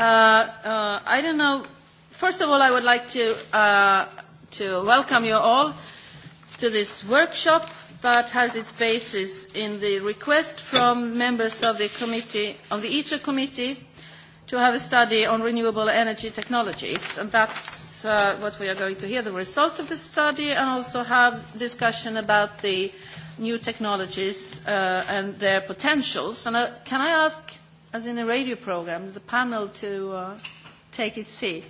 Uh, I don't know. First of all, I would like to, uh, to welcome you all to this workshop that has its basis in the request from members of the committee, of the ITRE committee to have a study on renewable energy technologies. And that's uh, what we are going to hear, the result of the study, and also have discussion about the new technologies uh, and their potentials. And uh, can I ask as in a radio program, the panel to uh, take its seat.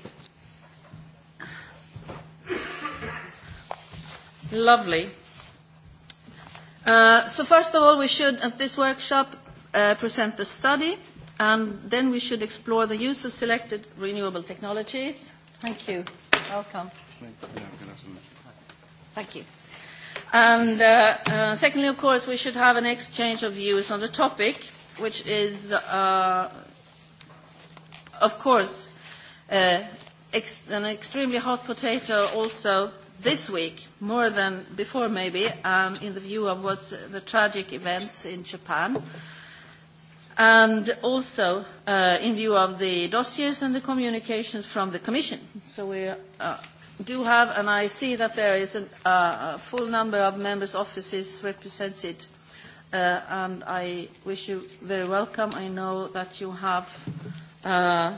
Lovely. Uh, so first of all, we should, at this workshop, uh, present the study, and then we should explore the use of selected renewable technologies. Thank you. Welcome. Thank you. And uh, uh, secondly, of course, we should have an exchange of views on the topic which is, uh, of course, uh, ex an extremely hot potato also this week, more than before maybe, um, in the view of what the tragic events in Japan, and also uh, in view of the dossiers and the communications from the Commission. So we uh, do have, and I see that there is a uh, full number of members' offices represented and I wish you very welcome. I know that you have uh,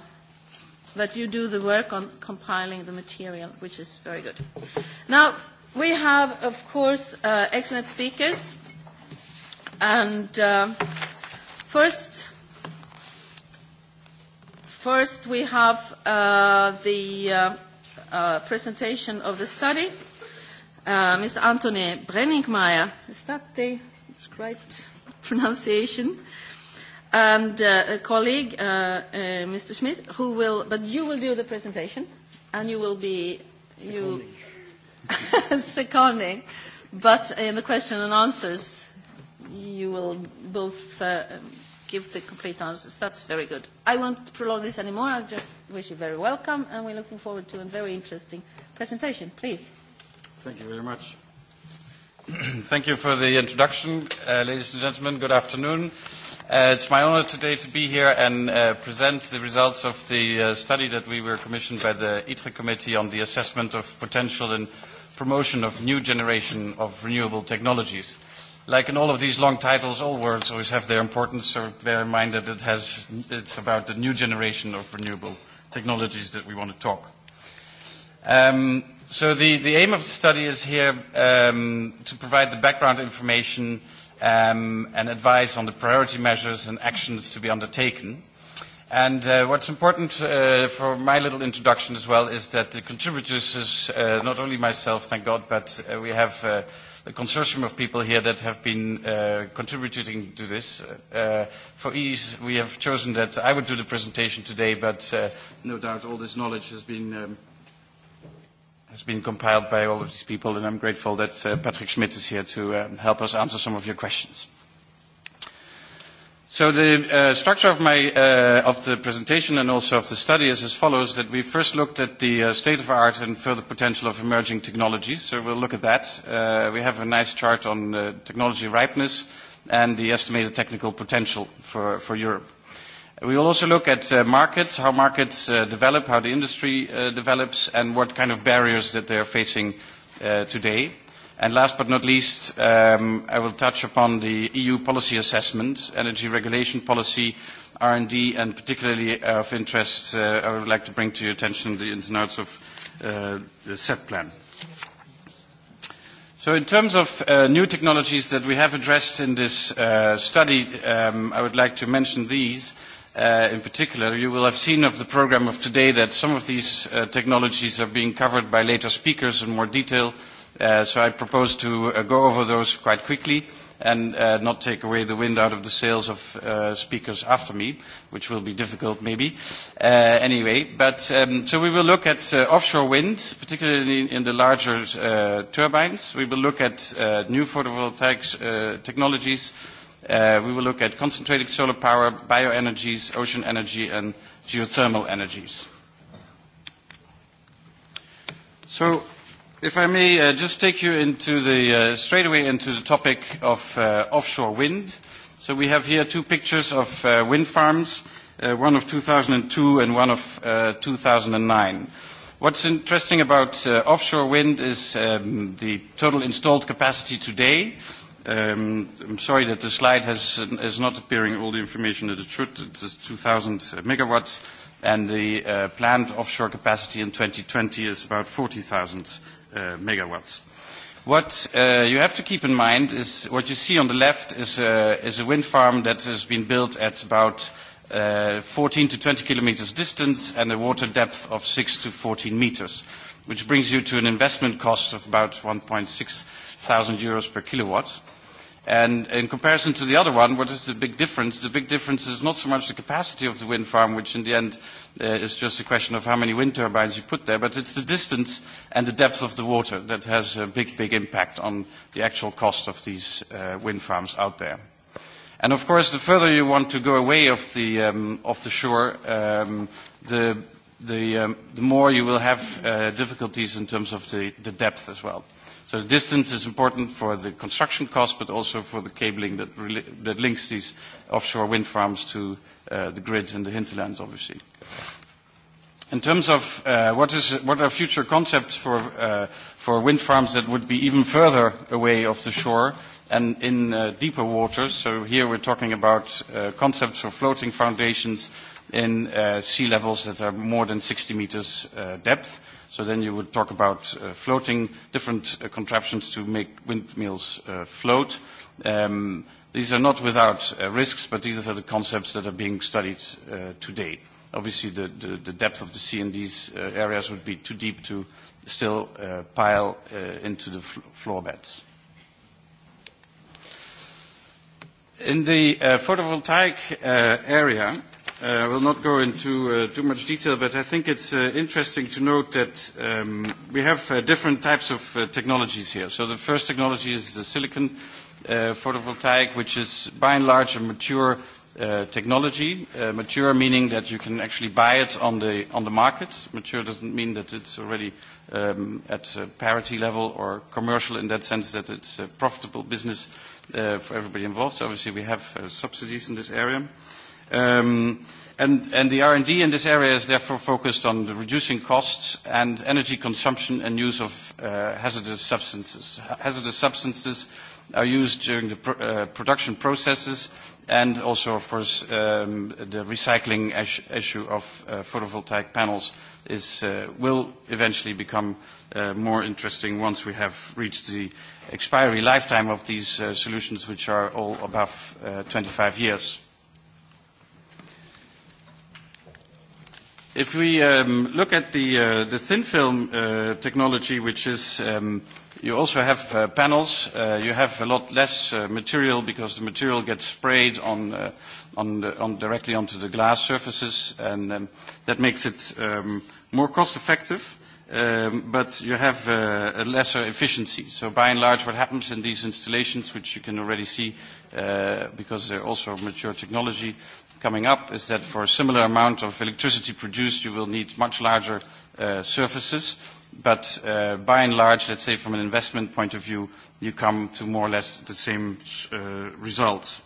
that you do the work on compiling the material, which is very good. Now we have, of course, uh, excellent speakers, and uh, first. First, we have uh, the uh, uh, presentation of the study. Uh, Mr. Anthony Brenningmeier, is that the right pronunciation, and uh, a colleague, uh, uh, Mr. Smith, who will, but you will do the presentation, and you will be, you, seconding, but in the question and answers, you will both uh, give the complete answers. That's very good. I won't prolong this anymore. I just wish you very welcome, and we're looking forward to a very interesting presentation. Please. Thank you very much. Thank you for the introduction. Uh, ladies and gentlemen, good afternoon. Uh, it's my honor today to be here and uh, present the results of the uh, study that we were commissioned by the ITRE Committee on the assessment of potential and promotion of new generation of renewable technologies. Like in all of these long titles, all words always have their importance, so bear in mind that it has, it's about the new generation of renewable technologies that we want to talk. Um, So the, the aim of the study is here um, to provide the background information um, and advice on the priority measures and actions to be undertaken. And uh, what's important uh, for my little introduction as well is that the contributors is uh, not only myself, thank God, but uh, we have uh, a consortium of people here that have been uh, contributing to this. Uh, for ease, we have chosen that I would do the presentation today, but uh, no doubt all this knowledge has been um, has been compiled by all of these people, and I'm grateful that uh, Patrick Schmidt is here to um, help us answer some of your questions. So the uh, structure of, my, uh, of the presentation and also of the study is as follows, that we first looked at the uh, state of art and further potential of emerging technologies, so we'll look at that. Uh, we have a nice chart on uh, technology ripeness and the estimated technical potential for, for Europe. We will also look at uh, markets, how markets uh, develop, how the industry uh, develops, and what kind of barriers that they are facing uh, today. And last but not least, um, I will touch upon the EU policy assessment, energy regulation policy, R&D, and particularly of interest, uh, I would like to bring to your attention the ins and outs of uh, the SET plan. So in terms of uh, new technologies that we have addressed in this uh, study, um, I would like to mention these uh, in particular, you will have seen of the program of today that some of these uh, technologies are being covered by later speakers in more detail. Uh, so I propose to uh, go over those quite quickly and uh, not take away the wind out of the sails of uh, speakers after me, which will be difficult maybe. Uh, anyway, but um, so we will look at uh, offshore wind, particularly in the larger uh, turbines. We will look at uh, new photovoltaic uh, technologies Uh, we will look at concentrated solar power, bioenergies, ocean energy, and geothermal energies. So, if I may uh, just take you into the, uh, straight away into the topic of uh, offshore wind. So we have here two pictures of uh, wind farms, uh, one of 2002 and one of uh, 2009. What's interesting about uh, offshore wind is um, the total installed capacity today, Um, I'm sorry that the slide has, is not appearing all the information that it should. It's 2,000 megawatts, and the uh, planned offshore capacity in 2020 is about 40,000 uh, megawatts. What uh, you have to keep in mind is what you see on the left is a, is a wind farm that has been built at about uh, 14 to 20 kilometers distance and a water depth of 6 to 14 meters, which brings you to an investment cost of about 1.6 thousand euros per kilowatt. And in comparison to the other one, what is the big difference? The big difference is not so much the capacity of the wind farm, which in the end uh, is just a question of how many wind turbines you put there, but it's the distance and the depth of the water that has a big, big impact on the actual cost of these uh, wind farms out there. And of course, the further you want to go away of the, um, of the shore, um, the, the, um, the more you will have uh, difficulties in terms of the, the depth as well. So the distance is important for the construction cost, but also for the cabling that, that links these offshore wind farms to uh, the grid and the hinterland, obviously. In terms of uh, what, is, what are future concepts for, uh, for wind farms that would be even further away off the shore and in uh, deeper waters, so here we're talking about uh, concepts for floating foundations in uh, sea levels that are more than 60 meters uh, depth, So then you would talk about uh, floating different uh, contraptions to make windmills uh, float. Um, these are not without uh, risks, but these are the concepts that are being studied uh, today. Obviously, the, the, the depth of the sea in these uh, areas would be too deep to still uh, pile uh, into the fl floor beds. In the uh, photovoltaic uh, area, I will not go into too much detail, but I think it's interesting to note that we have different types of technologies here. So the first technology is the silicon photovoltaic, which is by and large a mature technology. Mature meaning that you can actually buy it on the on the market. Mature doesn't mean that it's already at parity level or commercial in that sense that it's a profitable business for everybody involved. So obviously, we have subsidies in this area and, and the R&D in this area is therefore focused on the reducing costs and energy consumption and use of hazardous substances. Hazardous substances are used during the production processes and also, of course, the recycling issue of photovoltaic panels will eventually become more interesting once we have reached the expiry lifetime of these solutions, which are all above 25 years. If we um, look at the, uh, the thin film uh, technology, which is um, you also have uh, panels, uh, you have a lot less uh, material because the material gets sprayed on, uh, on the, on directly onto the glass surfaces, and um, that makes it um, more cost effective but you have a lesser efficiency. So by and large, what happens in these installations, which you can already see, because they're also mature technology, coming up is that for a similar amount of electricity produced, you will need much larger uh, surfaces. But uh, by and large, let's say from an investment point of view, you come to more or less the same uh, results.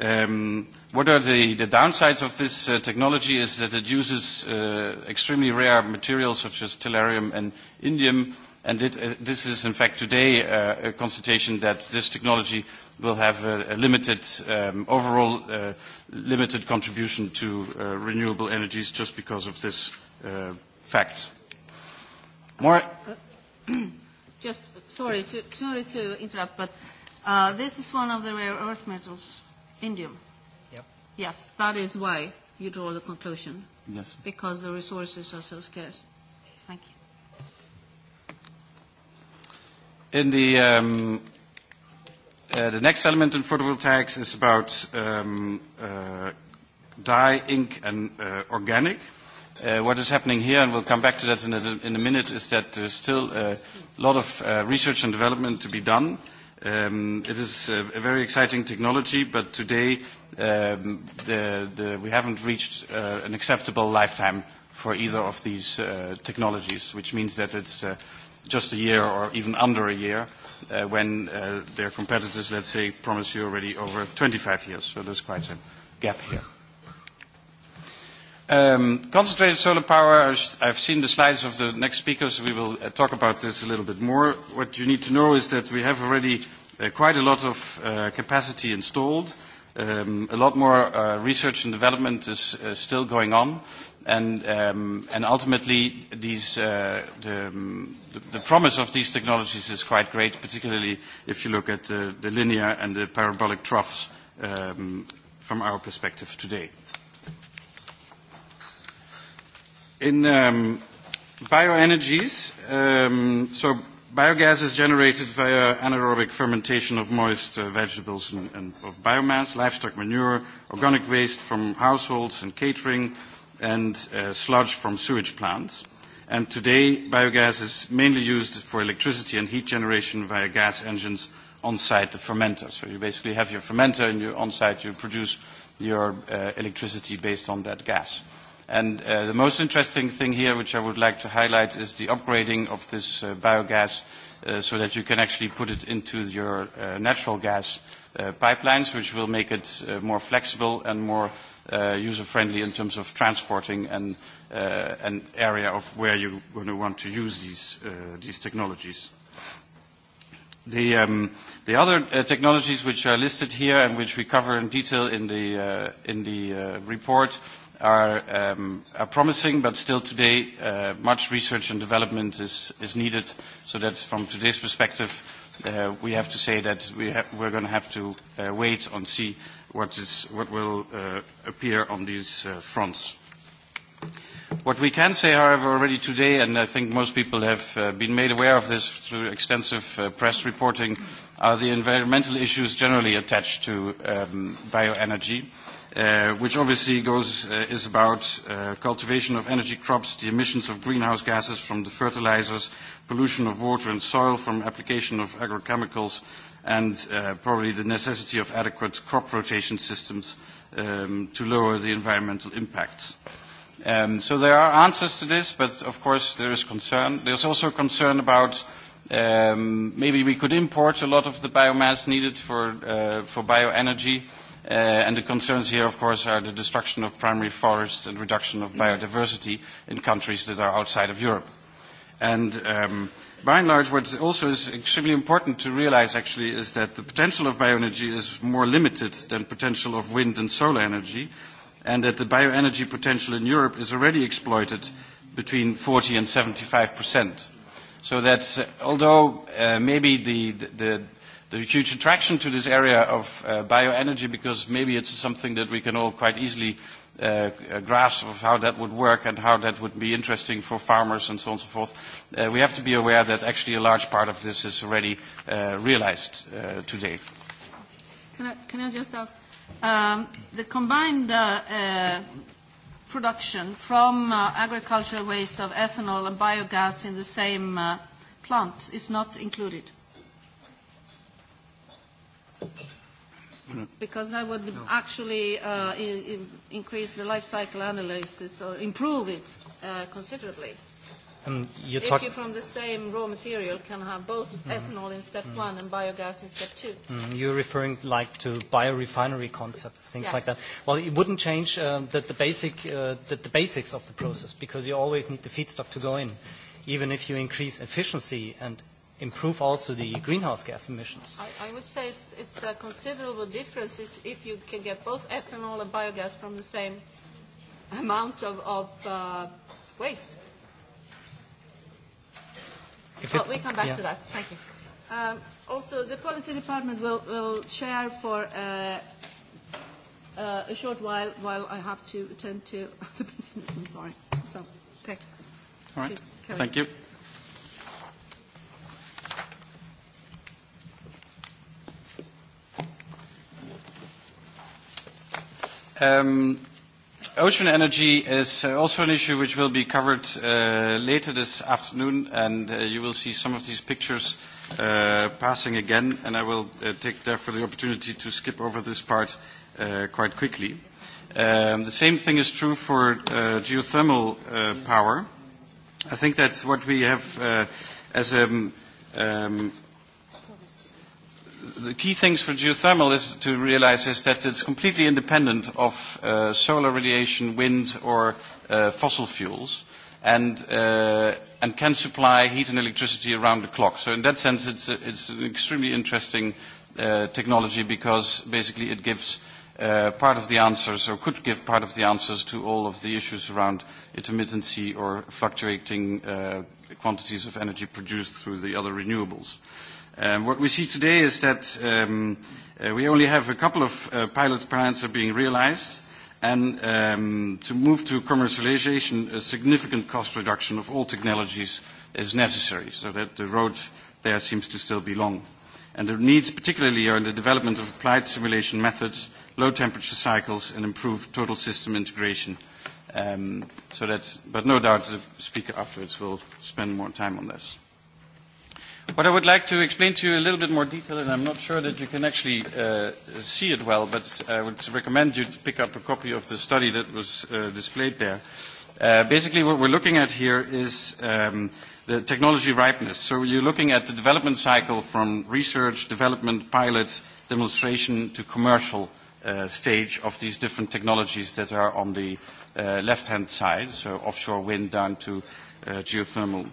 Um, what are the, the downsides of this uh, technology is that it uses uh, extremely rare materials such as tellurium and indium, And it, this is, in fact, today uh, a constatation that this technology will have a, a limited, um, overall uh, limited contribution to uh, renewable energies just because of this uh, fact. More? Just, sorry to, sorry to interrupt, but uh, this is one of the rare earth metals, indium. Yep. Yes, that is why you draw the conclusion. Yes. Because the resources are so scarce. In the, um, uh, the next element in photovoltaics is about um, uh, dye, ink, and uh, organic. Uh, what is happening here, and we'll come back to that in a, in a minute, is that there's still a lot of uh, research and development to be done. Um, it is a, a very exciting technology, but today um, the, the, we haven't reached uh, an acceptable lifetime for either of these uh, technologies, which means that it's uh, just a year or even under a year uh, when uh, their competitors, let's say, promise you already over 25 years. So there's quite a gap here. Um, concentrated solar power, I've seen the slides of the next speakers. We will uh, talk about this a little bit more. What you need to know is that we have already uh, quite a lot of uh, capacity installed. Um, a lot more uh, research and development is uh, still going on And, um, and ultimately, these, uh, the, the, the promise of these technologies is quite great, particularly if you look at uh, the linear and the parabolic troughs um, from our perspective today. In um, bioenergies, um, so biogas is generated via anaerobic fermentation of moist uh, vegetables and, and of biomass, livestock manure, organic waste from households and catering, and sludge from sewage plants. And today, biogas is mainly used for electricity and heat generation via gas engines on site, the fermenter. So you basically have your fermenter and you on site you produce your uh, electricity based on that gas. And uh, the most interesting thing here, which I would like to highlight, is the upgrading of this uh, biogas uh, so that you can actually put it into your uh, natural gas uh, pipelines, which will make it uh, more flexible and more uh, user-friendly in terms of transporting and uh, an area of where you're going to want to use these, uh, these technologies. The, um, the other uh, technologies which are listed here and which we cover in detail in the, uh, in the uh, report are, um, are promising, but still today uh, much research and development is, is needed. So that from today's perspective, uh, we have to say that we ha- we're going to have to uh, wait and see what, is, what will uh, appear on these uh, fronts. What we can say, however, already today, and I think most people have uh, been made aware of this through extensive uh, press reporting, are the environmental issues generally attached to um, bioenergy, uh, which obviously goes, uh, is about uh, cultivation of energy crops, the emissions of greenhouse gases from the fertilizers, pollution of water and soil from application of agrochemicals, and uh, probably the necessity of adequate crop rotation systems um, to lower the environmental impacts. Um, so there are answers to this, but of course there is concern. There's also concern about um, maybe we could import a lot of the biomass needed for, uh, for bioenergy. Uh, and the concerns here, of course, are the destruction of primary forests and reduction of biodiversity in countries that are outside of Europe. And um, by and large, what also is extremely important to realize actually is that the potential of bioenergy is more limited than potential of wind and solar energy, and that the bioenergy potential in Europe is already exploited between 40 and 75 percent. So that's, uh, although uh, maybe the, the, the huge attraction to this area of uh, bioenergy, because maybe it's something that we can all quite easily uh, grasp of how that would work and how that would be interesting for farmers and so on and so forth, uh, we have to be aware that actually a large part of this is already uh, realized uh, today. Can I, can I just ask, um, the combined uh, uh, production from uh, agricultural waste of ethanol and biogas in the same uh, plant is not included? because that would actually uh, in, in increase the life cycle analysis or improve it uh, considerably. And you talk if you from the same raw material can have both mm. ethanol in step mm. one and biogas in step two. Mm. You're referring like to biorefinery concepts, things yes. like that. Well, it wouldn't change uh, the, the, basic, uh, the, the basics of the process because you always need the feedstock to go in. Even if you increase efficiency and improve also the greenhouse gas emissions. I, I would say it's, it's a considerable difference is if you can get both ethanol and biogas from the same amount of, of uh, waste. If well, we come back yeah. to that. Thank you. Um, also, the policy department will, will share for uh, uh, a short while while I have to attend to other business. I'm sorry. So, okay. All right. Thank you. Um, ocean energy is also an issue which will be covered uh, later this afternoon, and uh, you will see some of these pictures uh, passing again, and I will uh, take therefore the opportunity to skip over this part uh, quite quickly. Um, the same thing is true for uh, geothermal uh, power. I think that what we have uh, as a um, the key things for geothermal is to realize is that it's completely independent of uh, solar radiation, wind, or uh, fossil fuels, and uh, and can supply heat and electricity around the clock. So in that sense, it's a, it's an extremely interesting uh, technology because basically it gives uh, part of the answers, or could give part of the answers to all of the issues around intermittency or fluctuating uh, quantities of energy produced through the other renewables. Um, what we see today is that um, uh, we only have a couple of uh, pilot plants are being realized, and um, to move to commercialization, a significant cost reduction of all technologies is necessary, so that the road there seems to still be long. And the needs particularly are in the development of applied simulation methods, low temperature cycles, and improved total system integration. Um, so that's, but no doubt the speaker afterwards will spend more time on this. What I would like to explain to you in a little bit more detail, and I'm not sure that you can actually uh, see it well, but I would recommend you to pick up a copy of the study that was uh, displayed there. Uh, basically, what we're looking at here is um, the technology ripeness. So you're looking at the development cycle from research, development, pilot, demonstration to commercial uh, stage of these different technologies that are on the uh, left-hand side, so offshore wind down to uh, geothermal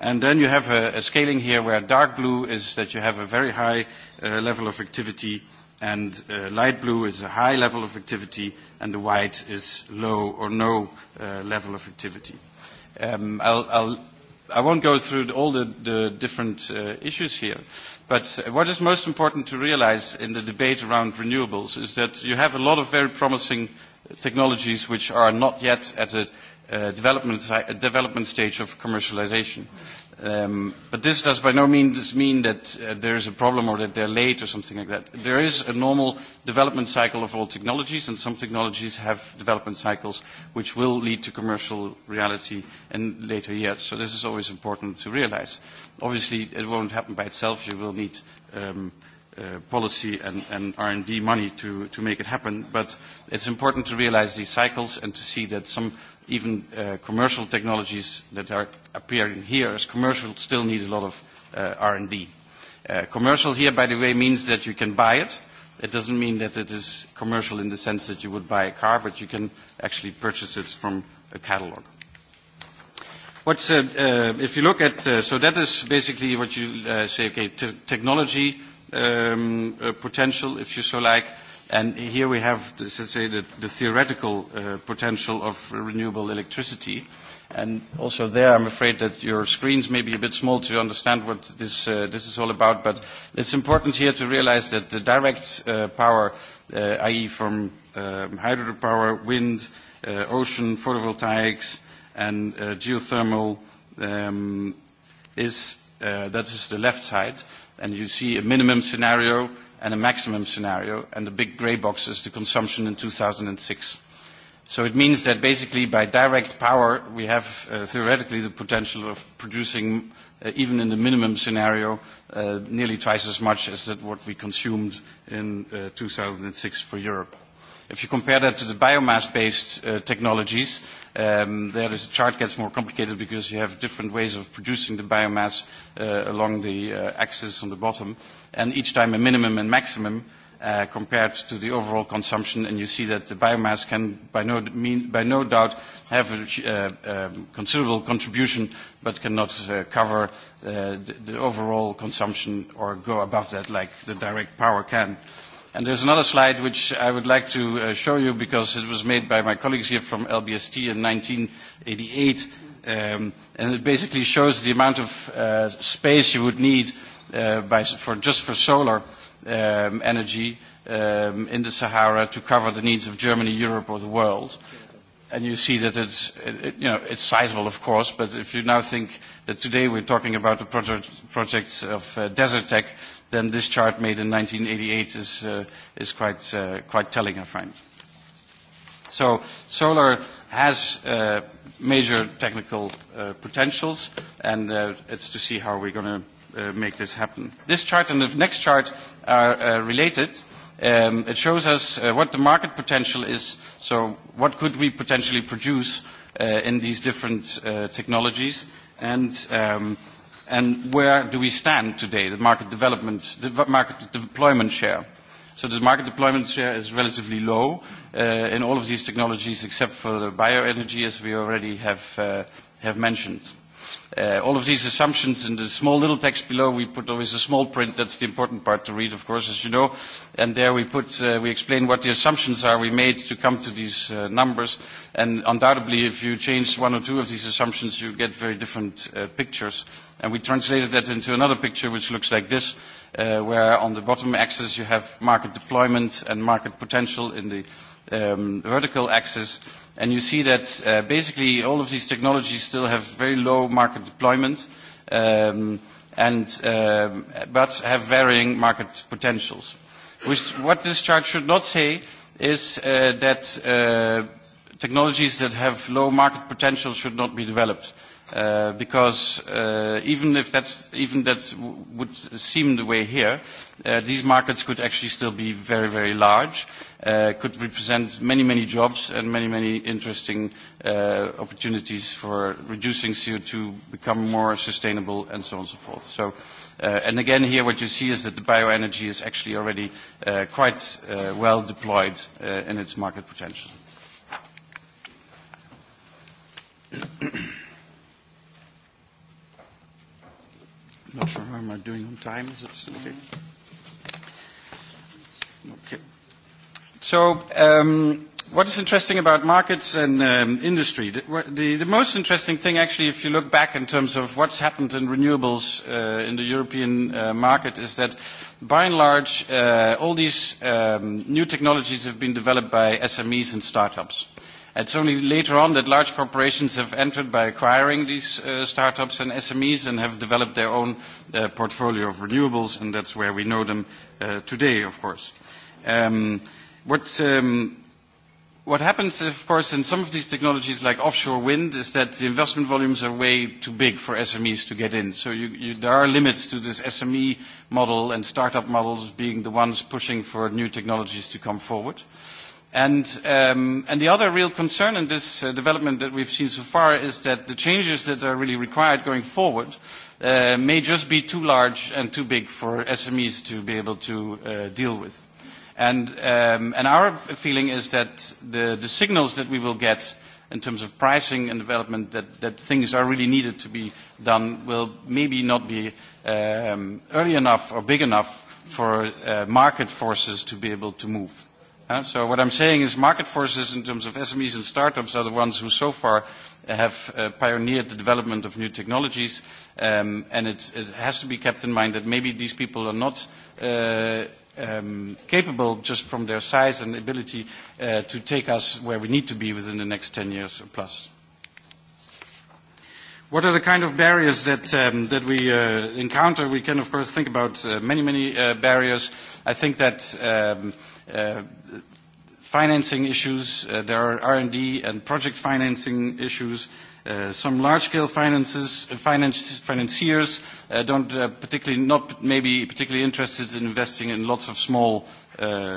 And then you have a, a scaling here where dark blue is that you have a very high uh, level of activity and uh, light blue is a high level of activity and the white is low or no uh, level of activity. Um, I'll, I'll, I won't go through all the, the different uh, issues here, but what is most important to realize in the debate around renewables is that you have a lot of very promising technologies which are not yet at a uh, development, development stage of commercialization. Um, but this does by no means mean that uh, there is a problem or that they're late or something like that. There is a normal development cycle of all technologies, and some technologies have development cycles which will lead to commercial reality in later years. So this is always important to realize. Obviously, it won't happen by itself. You will need um, uh, uh, policy and, and R&D money to, to make it happen. But it's important to realize these cycles and to see that some even uh, commercial technologies that are appearing here as commercial still need a lot of uh, R&D. Uh, commercial here, by the way, means that you can buy it. It doesn't mean that it is commercial in the sense that you would buy a car, but you can actually purchase it from a catalog. What's, uh, uh, if you look at, uh, so that is basically what you uh, say, okay, te technology um, uh, potential, if you so like. And here we have, let's say, the, the theoretical uh, potential of renewable electricity. And also there, I'm afraid that your screens may be a bit small to understand what this, uh, this is all about, but it's important here to realize that the direct uh, power, uh, i.e. from um, hydropower, wind, uh, ocean, photovoltaics, and uh, geothermal, um, is, uh, that is the left side and you see a minimum scenario and a maximum scenario, and the big gray box is the consumption in 2006. So it means that basically by direct power, we have uh, theoretically the potential of producing, uh, even in the minimum scenario, uh, nearly twice as much as that what we consumed in uh, 2006 for Europe. If you compare that to the biomass-based uh, technologies, Um, there is, the chart gets more complicated because you have different ways of producing the biomass uh, along the uh, axis on the bottom, and each time a minimum and maximum uh, compared to the overall consumption, and you see that the biomass can by no, mean, by no doubt have a uh, um, considerable contribution, but cannot uh, cover uh, the, the overall consumption or go above that like the direct power can. Uh, And there's another slide which I would like to uh, show you because it was made by my colleagues here from LBST in 1988. Um, and it basically shows the amount of uh, space you would need uh, by, for, just for solar um, energy um, in the Sahara to cover the needs of Germany, Europe, or the world. And you see that it's, it, you know, it's sizable, of course, but if you now think that today we're talking about the project, projects of uh, Desert Tech, than this chart made in 1988 is, uh, is quite, uh, quite telling, I find. So solar has uh, major technical uh, potentials, and uh, it's to see how we're going to uh, make this happen. This chart and the next chart are uh, related. Um, it shows us uh, what the market potential is, so what could we potentially produce uh, in these different uh, technologies, and um, and where do we stand today, the market development, the market deployment share. So the market deployment share is relatively low in all of these technologies except for the bioenergy, as we already have, uh, have mentioned. all of these assumptions in the small little text below, we put always a small print. That's the important part to read, of course, as you know. And there we put, uh, we explain what the assumptions are we made to come to these uh, numbers. And undoubtedly, if you change one or two of these assumptions, you get very different uh, pictures And we translated that into another picture which looks like this, uh, where on the bottom axis you have market deployment and market potential in the um, vertical axis. And you see that uh, basically all of these technologies still have very low market deployment, um, and, um, but have varying market potentials. Which, what this chart should not say is uh, that uh, technologies that have low market potential should not be developed. Uh, uh, because uh, even if that's, even that would seem the way here, uh, these markets could actually still be very, very large, uh, could represent many, many jobs and many, many interesting uh, opportunities for reducing CO2, become more sustainable, and so on and so forth. So, uh, and again, here what you see is that the bioenergy is actually already uh, quite uh, well deployed uh, in its market potential. Not sure how am I doing on time. Is it okay? Okay. So, um, what is interesting about markets and um, industry? The, the, the most interesting thing, actually, if you look back in terms of what's happened in renewables uh, in the European uh, market, is that by and large, uh, all these um, new technologies have been developed by SMEs and startups. It's only later on that large corporations have entered by acquiring these uh, startups and SMEs and have developed their own uh, portfolio of renewables, and that's where we know them uh, today, of course. Um, what, um, what happens, of course, in some of these technologies like offshore wind is that the investment volumes are way too big for SMEs to get in. So you, you, there are limits to this SME model and startup models being the ones pushing for new technologies to come forward. And, um, and the other real concern in this uh, development that we've seen so far is that the changes that are really required going forward uh, may just be too large and too big for SMEs to be able to uh, deal with. And, um, and our feeling is that the, the signals that we will get in terms of pricing and development that, that things are really needed to be done will maybe not be um, early enough or big enough for uh, market forces to be able to move. Uh, so what I'm saying is market forces in terms of SMEs and startups are the ones who so far have uh, pioneered the development of new technologies, um, and it's, it has to be kept in mind that maybe these people are not uh, um, capable just from their size and ability uh, to take us where we need to be within the next 10 years or plus. What are the kind of barriers that, um, that we uh, encounter? We can, of course, think about uh, many, many uh, barriers. I think that um, – financing issues, there are R&D and project financing issues. some large-scale financiers don't particularly, not maybe particularly interested in investing in lots of small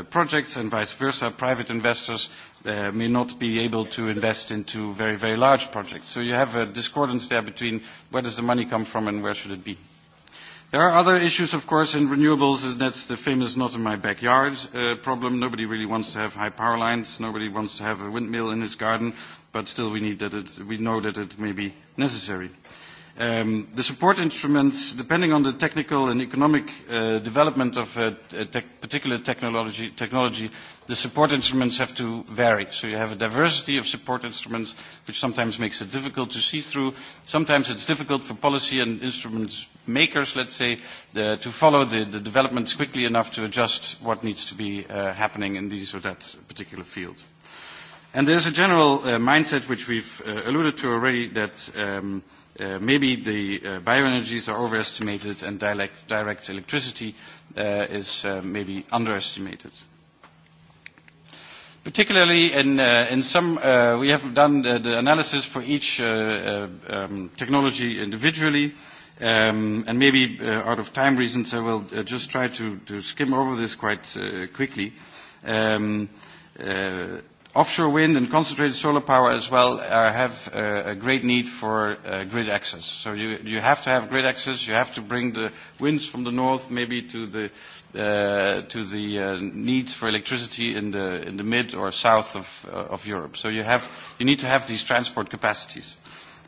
projects, and vice versa. Private investors may not be able to invest into very, very large projects. So you have a discordance there between where does the money come from and where should it be. There are other issues, of course, in renewables, and that's the famous not in my backyard uh, problem. Nobody really wants to have high power lines. Nobody wants to have a windmill in his garden, but still we, need that it, we know that it may be necessary. Um, the support instruments, depending on the technical and economic uh, development of a, a te particular technology, technology, the support instruments have to vary. So you have a diversity of support instruments, which sometimes makes it difficult to see through. Sometimes it's difficult for policy and instruments makers, let's say, the, to follow the, the developments quickly enough to adjust what needs to be uh, happening in these or that particular field. And there's a general uh, mindset which we've uh, alluded to already that um, uh, maybe the uh, bioenergies are overestimated and direct, direct electricity uh, is uh, maybe underestimated. Particularly in, uh, in some, uh, we have done the, the analysis for each uh, uh, um, technology individually. Uh, Um, and maybe uh, out of time reasons, I will uh, just try to, to skim over this quite uh, quickly. Um, uh, offshore wind and concentrated solar power as well are, have uh, a great need for uh, grid access. So you, you have to have grid access. You have to bring the winds from the north maybe to the uh, to the uh, needs for electricity in the in the mid or south of uh, of Europe. So you have you need to have these transport capacities.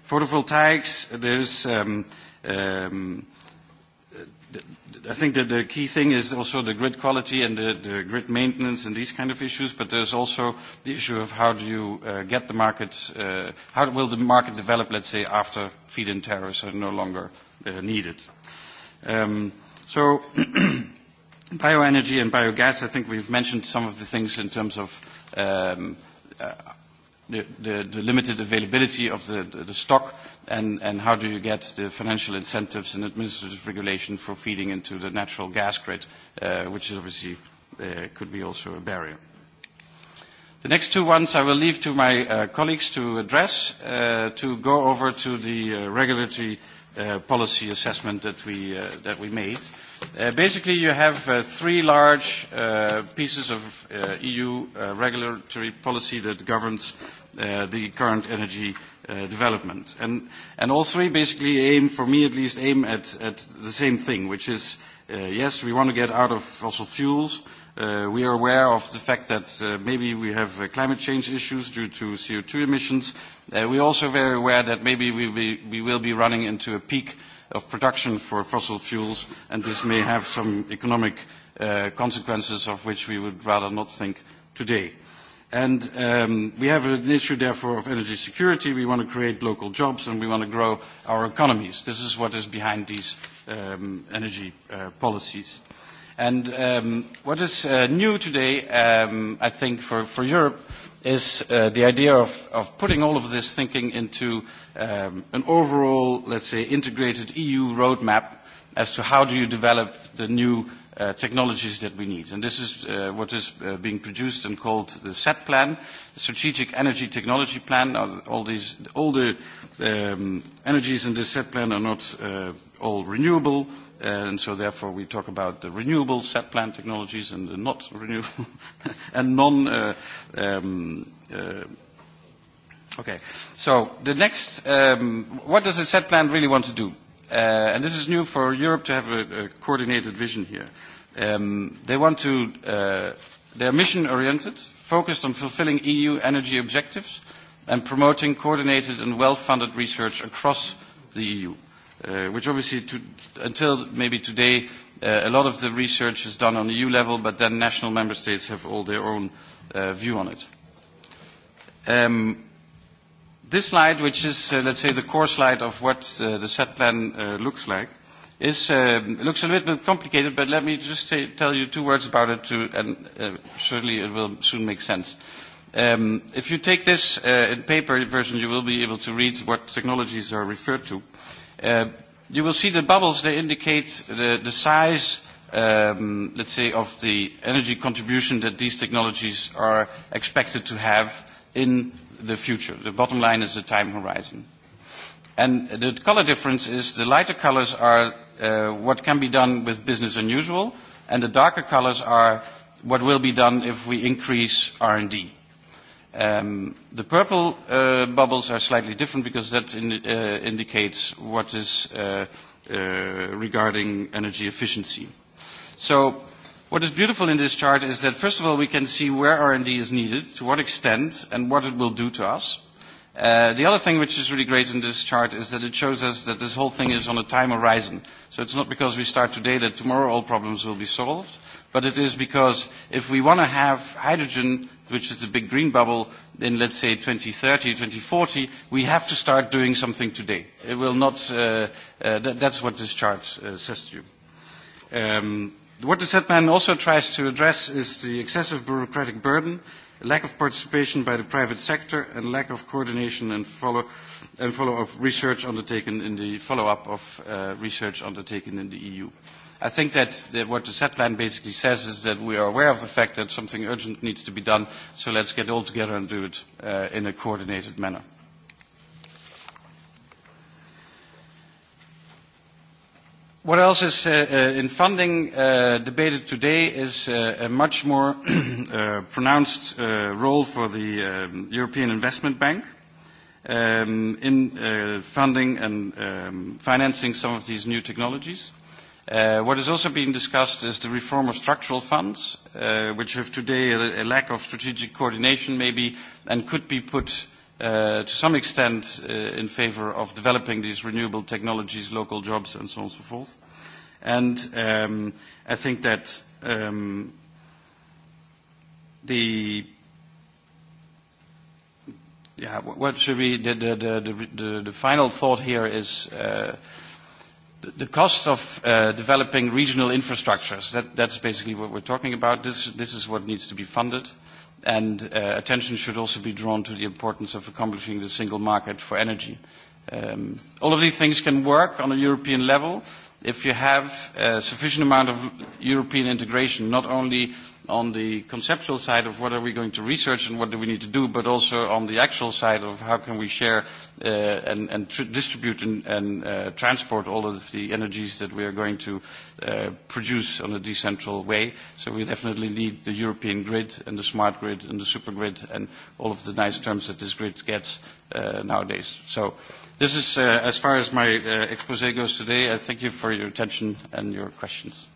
Photovoltaics. There's um, Um, I think that the key thing is also the grid quality and the, the grid maintenance and these kind of issues, but there's also the issue of how do you uh, get the market, uh, how will the market develop, let's say, after feed-in tariffs are no longer uh, needed. Um, so bioenergy and biogas, I think we've mentioned some of the things in terms of um, uh, the, the, the limited availability of the, the, stock and, how do you get the financial incentives and administrative regulation for feeding into the natural gas grid, which is obviously could be also a barrier. The next two ones I will leave to my colleagues to address, to go over to the regulatory policy assessment that we, made basically, you have uh, three large uh, pieces of uh, EU uh, regulatory policy that governs uh, the current energy uh, development. And, and all three basically aim, for me at least, aim at, at the same thing, which is, uh, yes, we want to get out of fossil fuels. Uh, we are aware of the fact that uh, maybe we have uh, climate change issues due to CO2 emissions. Uh, we are also very aware that maybe we, we will be running into a peak of production for fossil fuels, and this may have some economic uh, consequences of which we would rather not think today. And um, we have an issue, therefore, of energy security. We want to create local jobs, and we want to grow our economies. This is what is behind these um, energy uh, policies. And um, what is uh, new today, um, I think, for, for Europe is uh, the idea of, of putting all of this thinking into um, an overall, let's say, integrated EU roadmap as to how do you develop the new uh, technologies that we need. And this is uh, what is uh, being produced and called the SET plan, the Strategic Energy Technology Plan. All, these, all the um, energies in this SET plan are not uh, all renewable. And so therefore, we talk about the renewable set plant technologies and the not renewable and non. uh um uh Okay. So the next, um what does the set plan really want to do? Uh And this is new for Europe to have a a coordinated vision here. Um They want to, uh they're mission-oriented, focused on fulfilling EU energy objectives and promoting coordinated and well-funded research across the EU which obviously to, until maybe today uh, a lot of the research is done on EU level, but then national member states have all their own uh, view on it. Um, this slide, which is, uh, let's say, the core slide of what uh, the set plan uh, looks like, is, uh, looks a little bit complicated, but let me just say, tell you two words about it, to, and uh, surely it will soon make sense. Um, if you take this uh, in paper version, you will be able to read what technologies are referred to. Uh, Uh, you will see the bubbles, they indicate the, the size, um, let's say, of the energy contribution that these technologies are expected to have in the future. The bottom line is the time horizon. And the color difference is the lighter colors are uh, what can be done with business unusual, and the darker colors are what will be done if we increase R&D. Um, the purple uh, bubbles are slightly different because that in, uh, indicates what is uh, uh, regarding energy efficiency. So what is beautiful in this chart is that first of all we can see where R&D is needed, to what extent, and what it will do to us. Uh, the other thing which is really great in this chart is that it shows us that this whole thing is on a time horizon. So it's not because we start today that tomorrow all problems will be solved but it is because if we want to have hydrogen, which is the big green bubble, in let's say 2030, 2040, we have to start doing something today. It will not. Uh, uh, that, that's what this chart uh, says to you. Um, what the set plan also tries to address is the excessive bureaucratic burden, lack of participation by the private sector, and lack of coordination and follow, and follow of research undertaken in the follow-up of uh, research undertaken in the EU. I think that the, what the set plan basically says is that we are aware of the fact that something urgent needs to be done, so let's get all together and do it uh, in a coordinated manner. What else is uh, uh, in funding uh, debated today is uh, a much more uh, pronounced uh, role for the um, European Investment Bank um, in uh, funding and um, financing some of these new technologies. Uh, what is also being discussed is the reform of structural funds, uh, which have today a, a lack of strategic coordination maybe and could be put uh, to some extent uh, in favor of developing these renewable technologies, local jobs and so on and so forth. And um, I think that um, the yeah, what should be the, the, the, the, the final thought here is uh, the cost of uh, developing regional infrastructures, that, that's basically what we're talking about. This, this is what needs to be funded. And uh, attention should also be drawn to the importance of accomplishing the single market for energy. Um, all of these things can work on a European level if you have a sufficient amount of European integration, not only on the conceptual side of what are we going to research and what do we need to do, but also on the actual side of how can we share uh, and, and tr- distribute and, and uh, transport all of the energies that we are going to uh, produce on a decentral way. So we definitely need the European grid and the smart grid and the super grid and all of the nice terms that this grid gets uh, nowadays. So this is uh, as far as my uh, expose goes today. I thank you for your attention and your questions.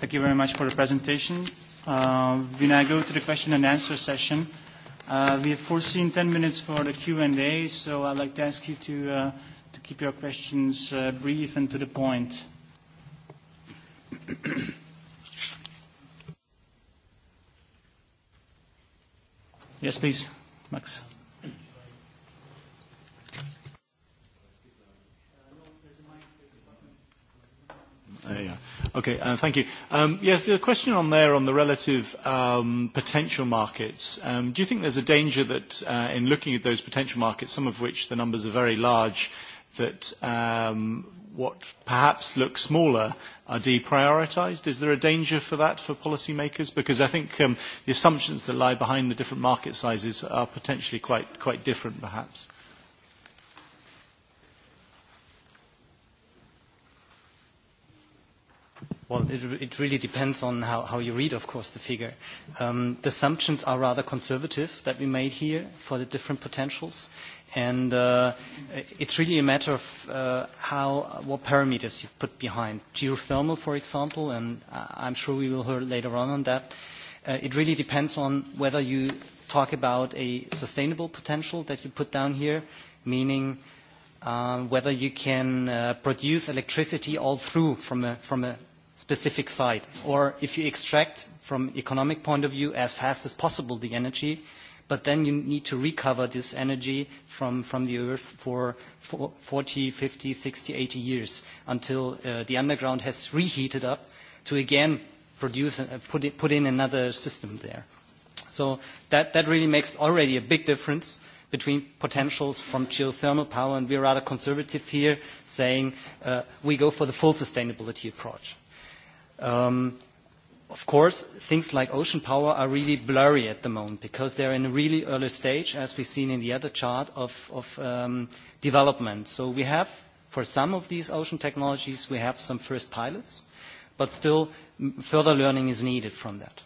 Thank you very much for the presentation. Uh, we now go to the question and answer session. Uh, we have foreseen 10 minutes for the Q&A, so I'd like to ask you to, uh, to keep your questions uh, brief and to the point. yes, please, Max. There you are. Okay, uh, thank you. Um, yes, a question on there on the relative um, potential markets. Um, do you think there's a danger that uh, in looking at those potential markets, some of which the numbers are very large, that um, what perhaps look smaller are deprioritised? Is there a danger for that for policymakers? Because I think um, the assumptions that lie behind the different market sizes are potentially quite, quite different, perhaps. Well, it, it really depends on how, how you read, of course, the figure. Um, the assumptions are rather conservative that we made here for the different potentials. And uh, it's really a matter of uh, how, what parameters you put behind. Geothermal, for example, and I'm sure we will hear later on on that. Uh, it really depends on whether you talk about a sustainable potential that you put down here, meaning uh whether you can uh, produce electricity all through from a, from a specific site, or if you extract from economic point of view as fast as possible the energy, but then you need to recover this energy from, from the earth for 40, 50, 60, 80 years until uh, the underground has reheated up to again produce uh, put, it, put in another system there. So that, that really makes already a big difference between potentials from geothermal power, and we're rather conservative here, saying uh, we go for the full sustainability approach. Um, of course, things like ocean power are really blurry at the moment because they're in a really early stage, as we've seen in the other chart, of, of um, development. So we have, for some of these ocean technologies, we have some first pilots, but still further learning is needed from that.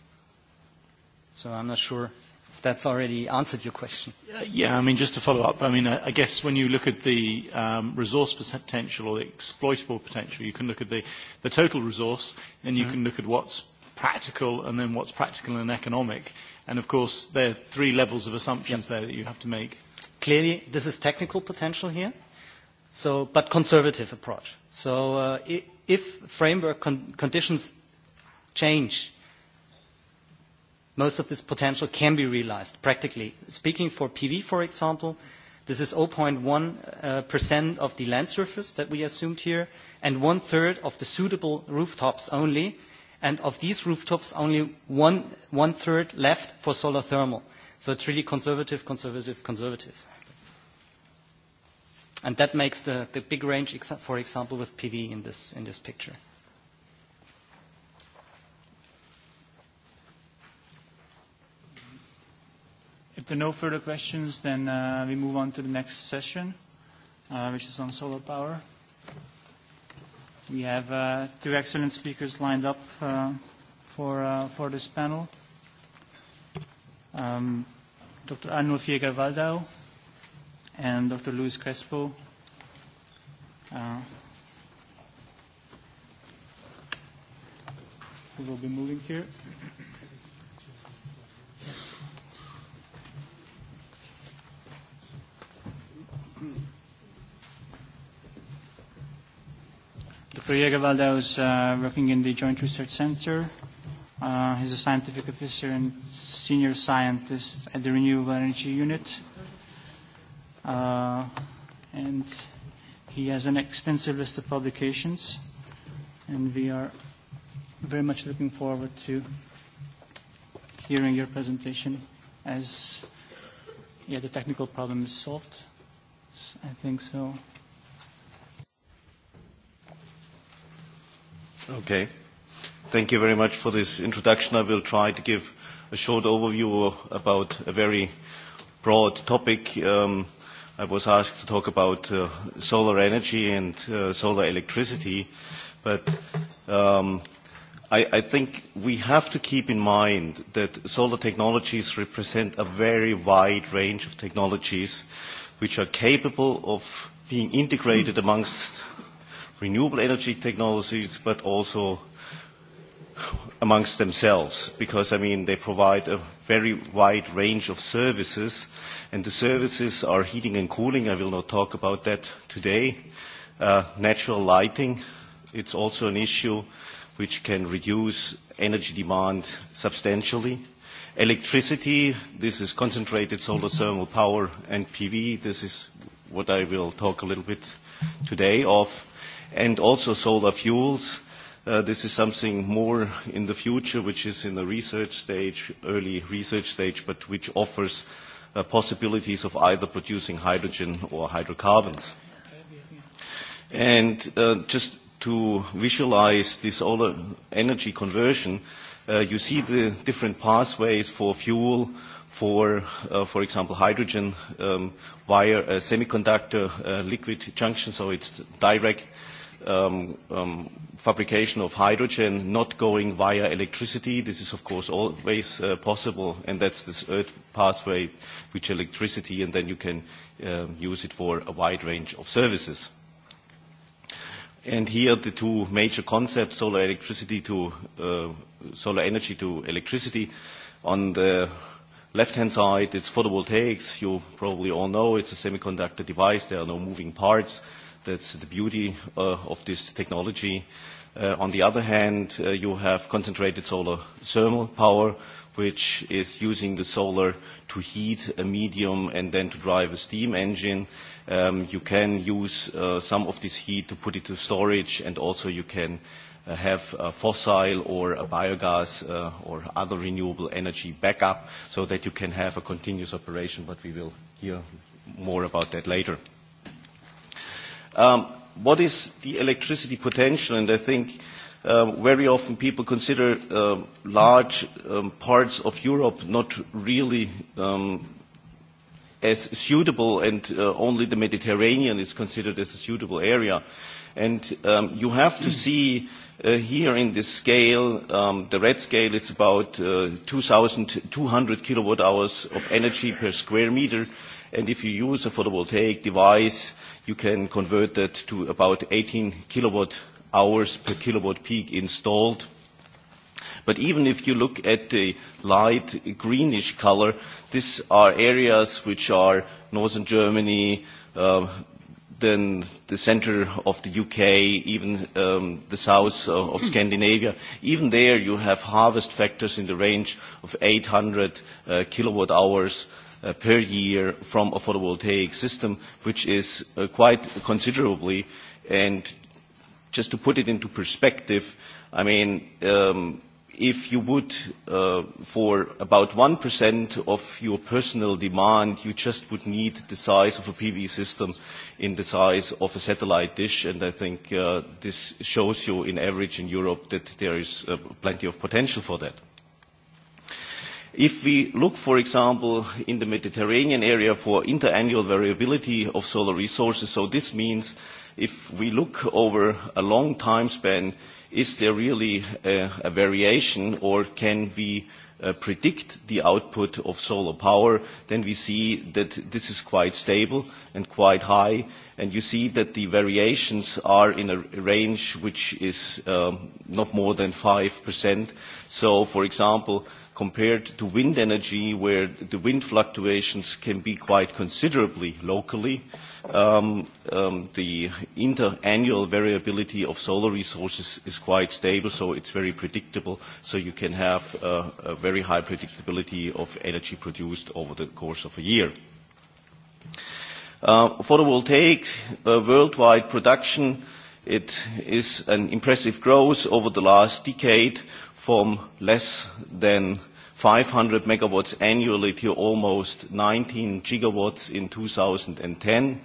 So I'm not sure that's already answered your question. Yeah, I mean, just to follow up, I mean, I guess when you look at the um, resource potential or the exploitable potential, you can look at the, the total resource, and you can look at what's practical and then what's practical and economic. And of course, there are three levels of assumptions there that you have to make. Clearly, this is technical potential here, so but conservative approach. So uh, if framework con- conditions change, most of this potential can be realized practically. Speaking for PV, for example, this is 0.1% of the land surface that we assumed here, and one-third of the suitable rooftops only. And of these rooftops, only one-third left for solar thermal. So it's really conservative, conservative, conservative. And that makes the the big range, for example, with PV in this in this picture. If there are no further questions, then uh, we move on to the next session, uh, which is on solar power. We have uh, two excellent speakers lined up uh, for, uh, for this panel. Um, Dr. Arnulf Jäger-Waldau and Dr. Luis Crespo. Uh, will be moving here. Dr. Diego is uh, working in the Joint Research Center. Uh, he's a scientific officer and senior scientist at the Renewable Energy Unit. Uh, and he has an extensive list of publications, and we are very much looking forward to hearing your presentation as yeah, the technical problem is solved. I think so. Okay. Thank you very much for this introduction. I will try to give a short overview about a very broad topic. Um, I was asked to talk about uh, solar energy and uh, solar electricity, but um, I, I think we have to keep in mind that solar technologies represent a very wide range of technologies which are capable of being integrated amongst renewable energy technologies, but also amongst themselves, because I mean they provide a very wide range of services, and the services are heating and cooling. I will not talk about that today. Uh, natural lighting, it's also an issue which can reduce energy demand substantially. Electricity, this is concentrated solar thermal power and PV. This is what I will talk a little bit today of and also solar fuels. This is something more in the future, which is in the research stage, early research stage, but which offers possibilities of either producing hydrogen or hydrocarbons. And just to visualize this solar energy conversion, you see the different pathways for fuel, for, for example, hydrogen via a semiconductor liquid junction, so it's direct um, um, fabrication of hydrogen not going via electricity. This is, of course, always uh, possible, and that's the third pathway, which electricity, and then you can uh, use it for a wide range of services. And here the two major concepts, solar electricity to uh, solar energy to electricity. On the left-hand side, it's photovoltaics. You probably all know it's a semiconductor device. There are no moving parts That's the beauty of this technology. On the other hand, you have concentrated solar thermal power, which is using the solar to heat a medium and then to drive a steam engine. You can use some of this heat to put it to storage, and also you can have fossil or biogas or other renewable energy backup so that you can have a continuous operation, but we will hear more about that later. Um, what is the electricity potential? And I think uh, very often people consider uh, large um, parts of Europe not really um, as suitable, and uh, only the Mediterranean is considered as a suitable area. And um, you have to see uh, here in this scale, um, the red scale is about uh, 2,200 kilowatt hours of energy per square meter. And if you use a photovoltaic device, uh, you can convert that to about 18 kilowatt hours per kilowatt peak installed. But even if you look at the light greenish color, these are areas which are northern Germany, then the center of the UK, even um, the south of Scandinavia. Even there, you have harvest factors in the range of 800 uh, kilowatt hours per year from a photovoltaic system, which is uh, quite considerably. And just to put it into perspective, I mean, um, if you would, uh, for about 1% of your personal demand, you just would need the size of a PV system in the size of a satellite dish. And I think uh, this shows you in average in Europe that there is uh, plenty of potential for that. If we look, for example, in the Mediterranean area for interannual variability of solar resources, so this means if we look over a long time span, is there really a variation, or can we predict the output of solar power? Then we see that this is quite stable and quite high, and you see that the variations are in a range which is not more than 5%. So, for example, compared to wind energy, where the wind fluctuations can be quite considerably locally. The interannual variability of solar resources is quite stable, so it's very predictable. So you can have a very high predictability of energy produced over the course of a year. Photovoltaic worldwide production, it is an impressive growth over the last decade from less than 500 megawatts annually to almost 19 gigawatts in 2010.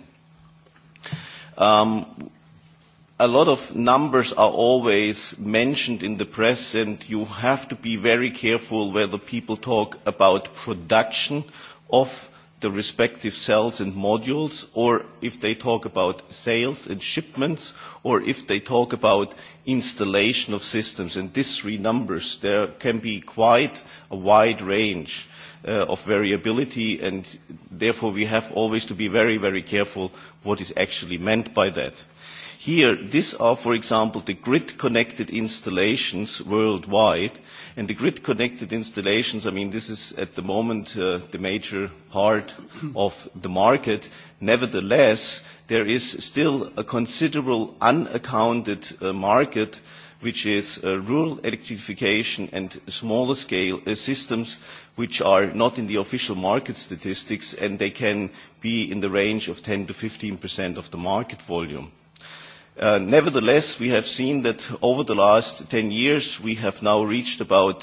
A lot of numbers are always mentioned in the press, and you have to be very careful whether people talk about production of the respective cells and modules, or if they talk about sales and shipments, or if they talk about installation of systems. And these three numbers, there can be quite a wide range of variability, and therefore we have always to be very, very careful what is actually meant by that. Here, these are, for example, the grid-connected installations worldwide. And the grid-connected installations, I mean, this is at the moment the major part of the market. Nevertheless, there is still a considerable unaccounted market which is rural electrification and smaller scale systems which are not in the official market statistics and they can be in the range of 10 to 15% of the market volume. Nevertheless, we have seen that over the last 10 years, we have now reached about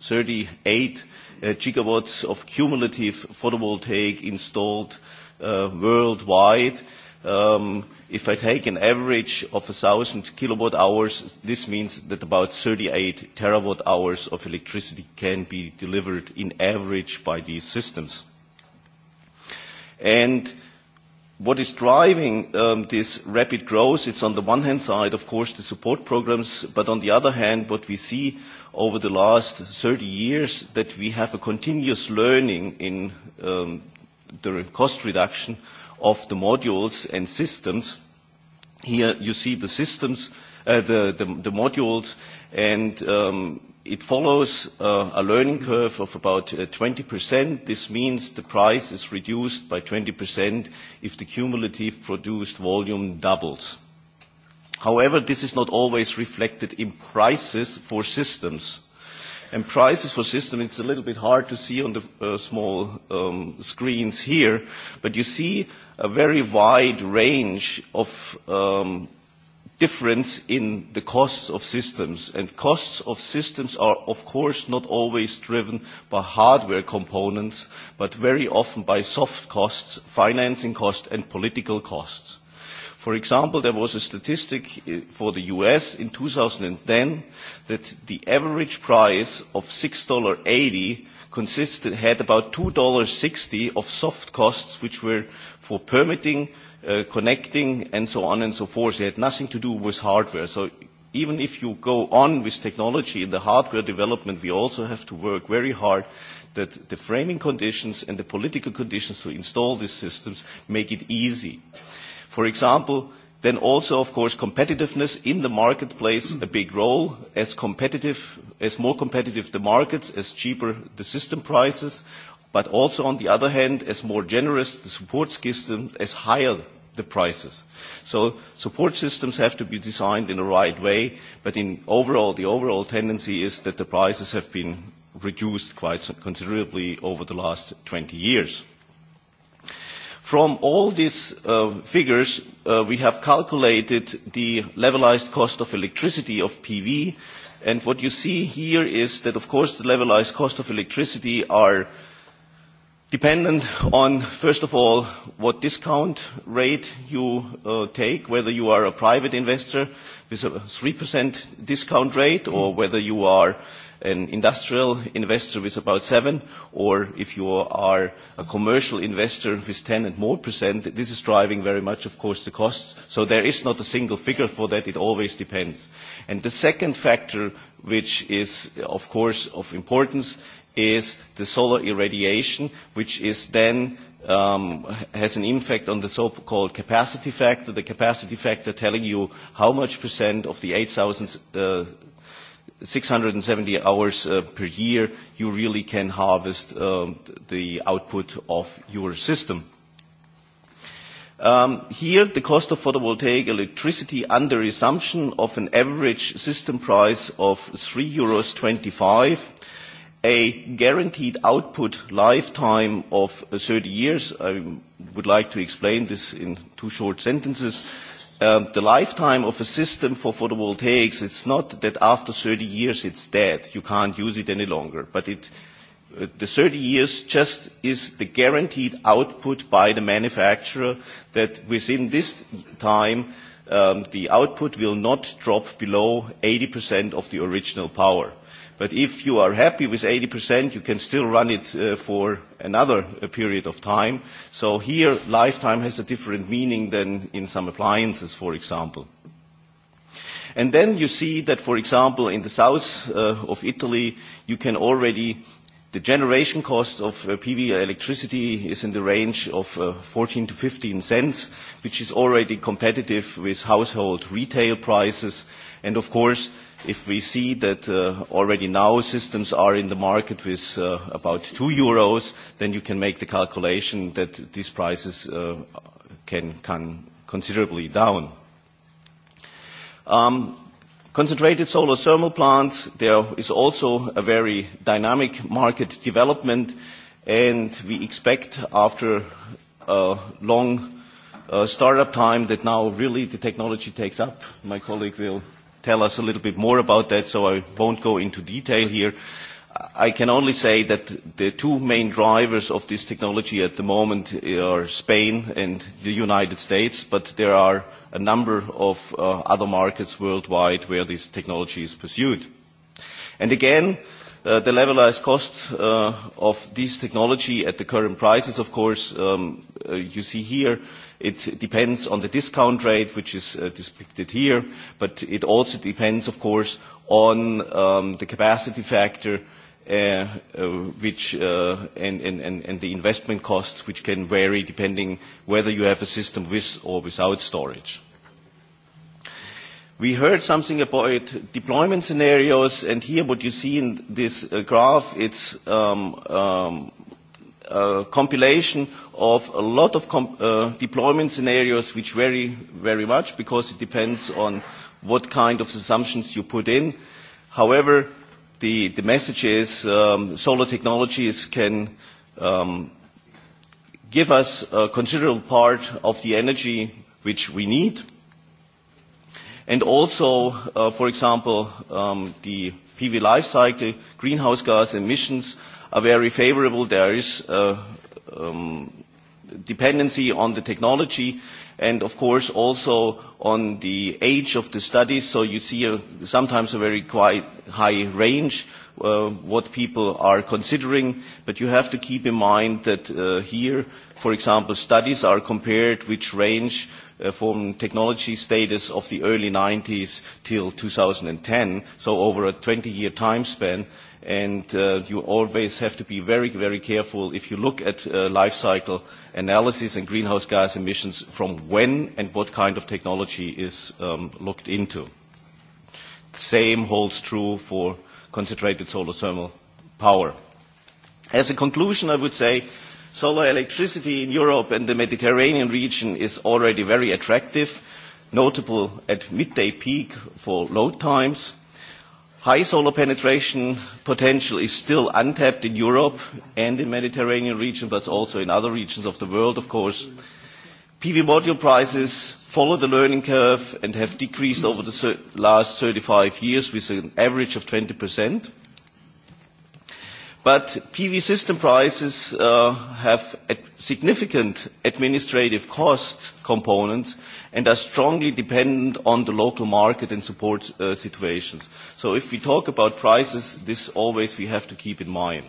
38 gigawatts of cumulative photovoltaic installed worldwide. If I take an average of 1,000 kilowatt hours, this means that about 38 terawatt hours of electricity can be delivered in average by these systems. And What is driving this rapid growth? It's on the one hand side, of course, the support programs, but on the other hand, what we see over the last 30 years, that we have a continuous learning in the cost reduction of the modules and systems. Here you see the systems, the modules, and It follows a learning curve of about 20%. This means the price is reduced by 20% if the cumulative produced volume doubles. However, this is not always reflected in prices for systems. And prices for systems, it's a little bit hard to see on the small screens here, but you see a very wide range of difference in the costs of systems. costs of systems are, of course, not always driven by hardware components, but very often by soft costs, financing costs, and political costs. For example, there was a statistic for the US in 2010 that the average price of $6.80 consisted, had about $2.60 of soft costs, which were for permitting, uh, connecting, and so on and so forth. It had nothing to do with hardware. So even if you go on with technology in the hardware development, we also have to work very hard that the framing conditions and the political conditions to install these systems make it easy. For example, then also, of course, competitiveness in the market plays a big role. As competitive, as more competitive the markets, as cheaper the system prices, but also on the other hand, as more generous the support system, as higher the prices. So support systems have to be designed in the right way, but in overall, the overall tendency is that the prices have been reduced quite considerably over the last 20 years. From all these figures, we have calculated the levelized cost of electricity of PV, and what you see here is that, of course, the levelized cost of electricity are dependent on, first of all, what discount rate you uh, take, whether you are a private investor with a 3% discount rate or whether you are an industrial investor with about 7 or if you are a commercial investor with 10 and more percent. This is driving very much, of course, the costs. So there is not a single figure for that. It always depends. And the second factor, which is, of course, of importance, is the solar irradiation, which is then um, has an impact on the so-called capacity factor. The capacity factor telling you how much percent of the 8,670 hours uh, per year you really can harvest um, the output of your system. Um, here, the cost of photovoltaic electricity under assumption of an average system price of €3.25 a guaranteed output lifetime of 30 years. I would like to explain this in two short sentences. The lifetime of a system for photovoltaics, it's not that after 30 years it's dead, you can't use it any longer. But it the 30 years just is the guaranteed output by the manufacturer that within this time, the output will not drop below 80% of the original power. But if you are happy with 80%, you can still run it uh, for another period of time. So here, lifetime has a different meaning than in some appliances, for example. And then you see that, for example, in the south uh, of Italy, you can already The generation cost of PV electricity is in the range of 14 to 15 cents, which is already competitive with household retail prices, And of course, if we see that uh, already now systems are in the market with uh, about 2 euros, then you can make the calculation that these prices uh, can come considerably down. Um, concentrated solar thermal plants, there is also a very dynamic market development, and we expect after a long uh, startup time that now really the technology takes up. My colleague will tell us a little bit more about that, so I won't go into detail here. I can only say that the two main drivers of this technology at the moment are Spain and the United States, but there are a number of other markets worldwide where this technology is pursued. And Again, the levelized cost of this technology at the current prices, of course, you see here, It depends on the discount rate, which is depicted here, but it also depends, of course, on the capacity factor, which and the investment costs, which can vary depending whether you have a system with or without storage. We heard something about deployment scenarios, and here what you see in this graph, it's a compilation of a lot of com- deployment scenarios which vary very much because it depends on what kind of assumptions you put in. However, the, the message is um, solar technologies can um, give us a considerable part of the energy which we need. And also, uh, for example, um, the PV life cycle, greenhouse gas emissions are very favorable. There is uh, um, dependency on the technology and of course also on the age of the studies. So you see a, sometimes a very quite high range uh, what people are considering, but you have to keep in mind that uh, here, for example, studies are compared which range uh, from technology status of the early 90s till 2010, so over a 20-year time span and uh, you always have to be very, very careful if you look at uh, life cycle analysis and greenhouse gas emissions from when and what kind of technology is um, looked into. The same holds true for concentrated solar thermal power. As a conclusion, I would say solar electricity in Europe and the Mediterranean region is already very attractive, notable at midday peak for load times, High solar penetration potential is still untapped in Europe and in Mediterranean region, but also in other regions of the world, of course. PV module prices follow the learning curve and have decreased over the last 35 years with an average of 20%. But PV system prices have a significant administrative cost components and are strongly dependent on the local market and support situations. So if we talk about prices, this always we have to keep in mind.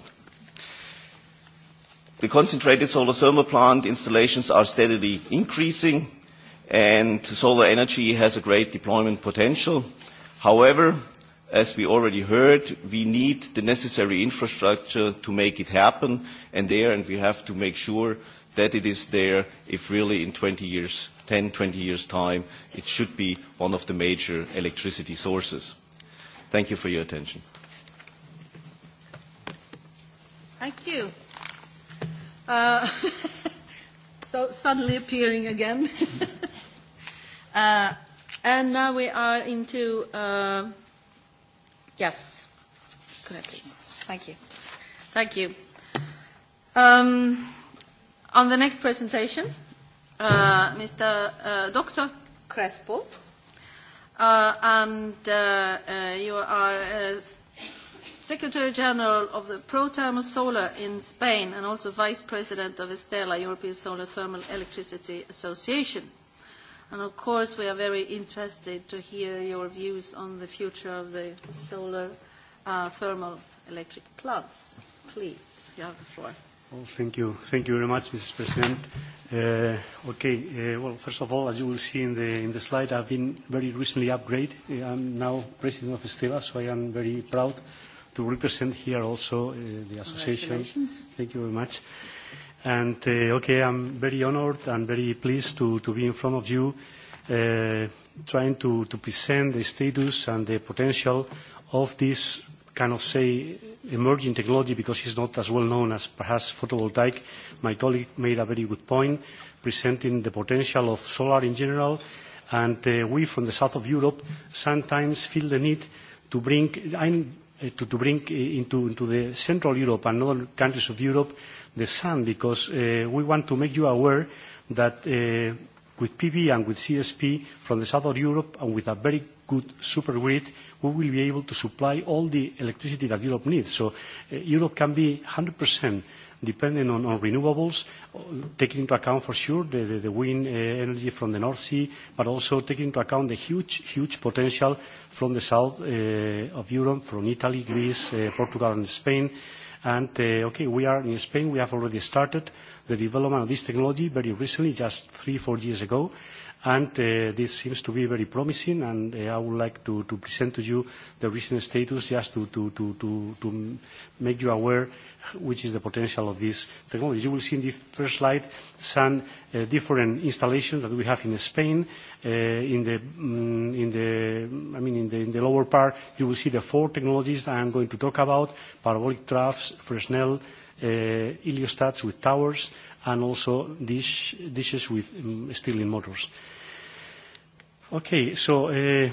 The concentrated solar thermal plant installations are steadily increasing, and solar energy has a great deployment potential. However, As we already heard, we need the necessary infrastructure to make it happen, and there, and we have to make sure that it is there if really in 20 years, 10, 20 years' time, it should be one of the major electricity sources. Thank you for your attention. Thank you. Uh, so suddenly appearing again. uh, and now we are into uh, Yes. Could I please? Thank you. Thank you. Um, on the next presentation, uh, Mr. Uh, Dr. Crespo, uh, and uh, uh, you are uh, Secretary General of the Pro Thermal Solar in Spain and also Vice President of Estela, European Solar Thermal Electricity Association. And of course, we are very interested to hear your views on the future of the solar uh, thermal electric plants. Please, you have the floor. Well, thank you. Thank you very much, Mr President. Uh, okay, uh, well, first of all, as you will see in the, in the slide, I've been very recently upgraded. I'm now president of Estela, so I am very proud to represent here also uh, the association. Thank you very much. And uh, okay, I'm very honored and very pleased to, to be in front of you uh, trying to, to present the status and the potential of this kind of, say, emerging technology because it's not as well known as perhaps photovoltaic. My colleague made a very good point presenting the potential of solar in general. And uh, we from the south of Europe sometimes feel the need to bring, to, to bring into, into the central Europe and other countries of Europe the sun because uh, we want to make you aware that uh, with PV and with CSP from the south of Europe and with a very good super grid, we will be able to supply all the electricity that Europe needs. So uh, Europe can be 100% dependent on, on renewables, taking into account for sure the, the, the wind uh, energy from the North Sea, but also taking into account the huge, huge potential from the south uh, of Europe, from Italy, Greece, uh, Portugal and Spain And okay, we are in Spain. We have already started the development of this technology very recently, just three, four years ago. And this seems to be very promising. And I would like to present to you the recent status just to make you aware which is the potential of this technology. You will see in the first slide some uh, different installations that we have in Spain. Uh, in the in the I mean in the, in the lower part, you will see the four technologies I am going to talk about: parabolic troughs, Fresnel, uh, heliostats with towers, and also dish, dishes with um, steel motors. Uh, Okay. So, uh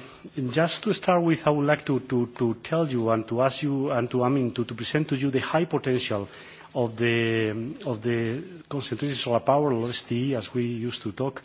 just to start with, I would like to to to tell you and to ask you and to, I mean, to to present to you the high potential of the of the concentrated solar power, or STE, as we used to talk.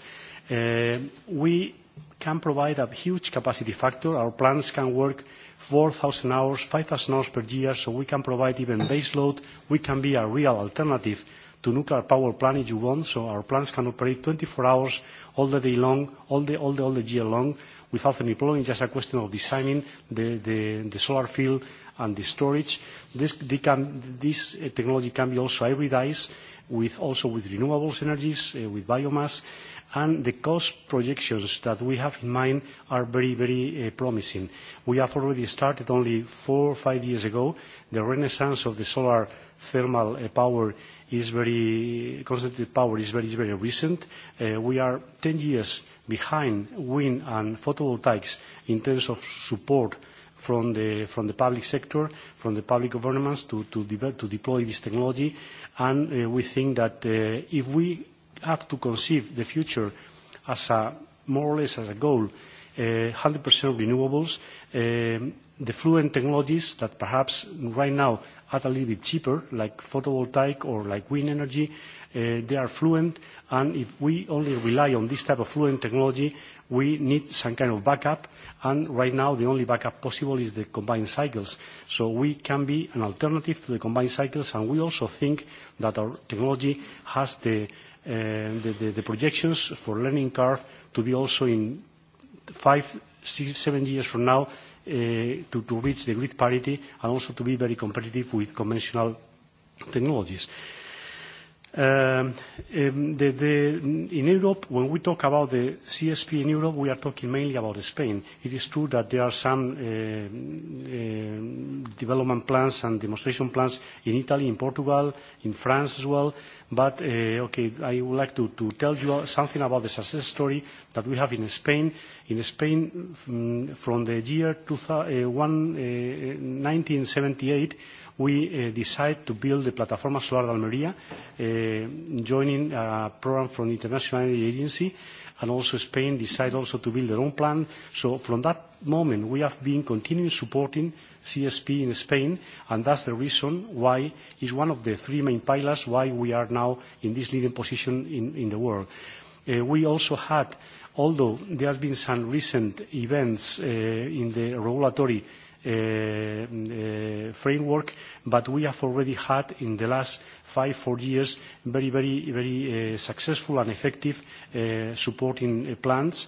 Uh We can provide a huge capacity factor. Our plants can work 4,000 hours, 5,000 hours per year, so we can provide even base load. We can be a real alternative to nuclear power plant if you want, so our plants can operate 24 hours all the day long, all the, all the, all the year long, without any problem. It's just a question of designing the, the, the solar field and the storage. This, they can, this technology can be also hybridized with also with renewables energies, uh, with biomass, and the cost projections that we have in mind are very, very uh, promising. We have already started only four or five years ago the renaissance of the solar thermal uh, power is very concentrated power is very, very recent. We are 10 years behind wind and photovoltaics in terms of support from the from the public sector, from the public governments to to develop to deploy this technology. And we think that if we have to conceive the future as a more or less as a goal, 100% renewables, the Fluence technologies that perhaps right now at a little bit cheaper, like photovoltaic or like wind energy. They are fluent, and if we only rely on this type of fluent technology, we need some kind of backup, and right now, the only backup possible is the combined cycles. So we can be an alternative to the combined cycles, and we also think that our technology has the the projections for learning curve to be also in five, six, seven years from now, to reach the grid parity and also to be very competitive with conventional technologies. In Europe, when we talk about the CSP in Europe, we are talking mainly about Spain. It is true that there are some development plans and demonstration plans in Italy, in Portugal, in France as well. But okay, I would like to tell you something about the success story that we have in Spain. In Spain, from the year 1978, we decided to build the Plataforma Solar de Almería, joining a program from the International Energy Agency, and also Spain decided also to build their own plant. So from that moment, we have been continuing supporting CSP in Spain, and that's the reason why it's one of the three main pillars why we are now in this leading position in the world. We also had, although there have been some recent events in the regulatory framework, but we have already had in the last five, four years, very, very, very successful and effective supporting plans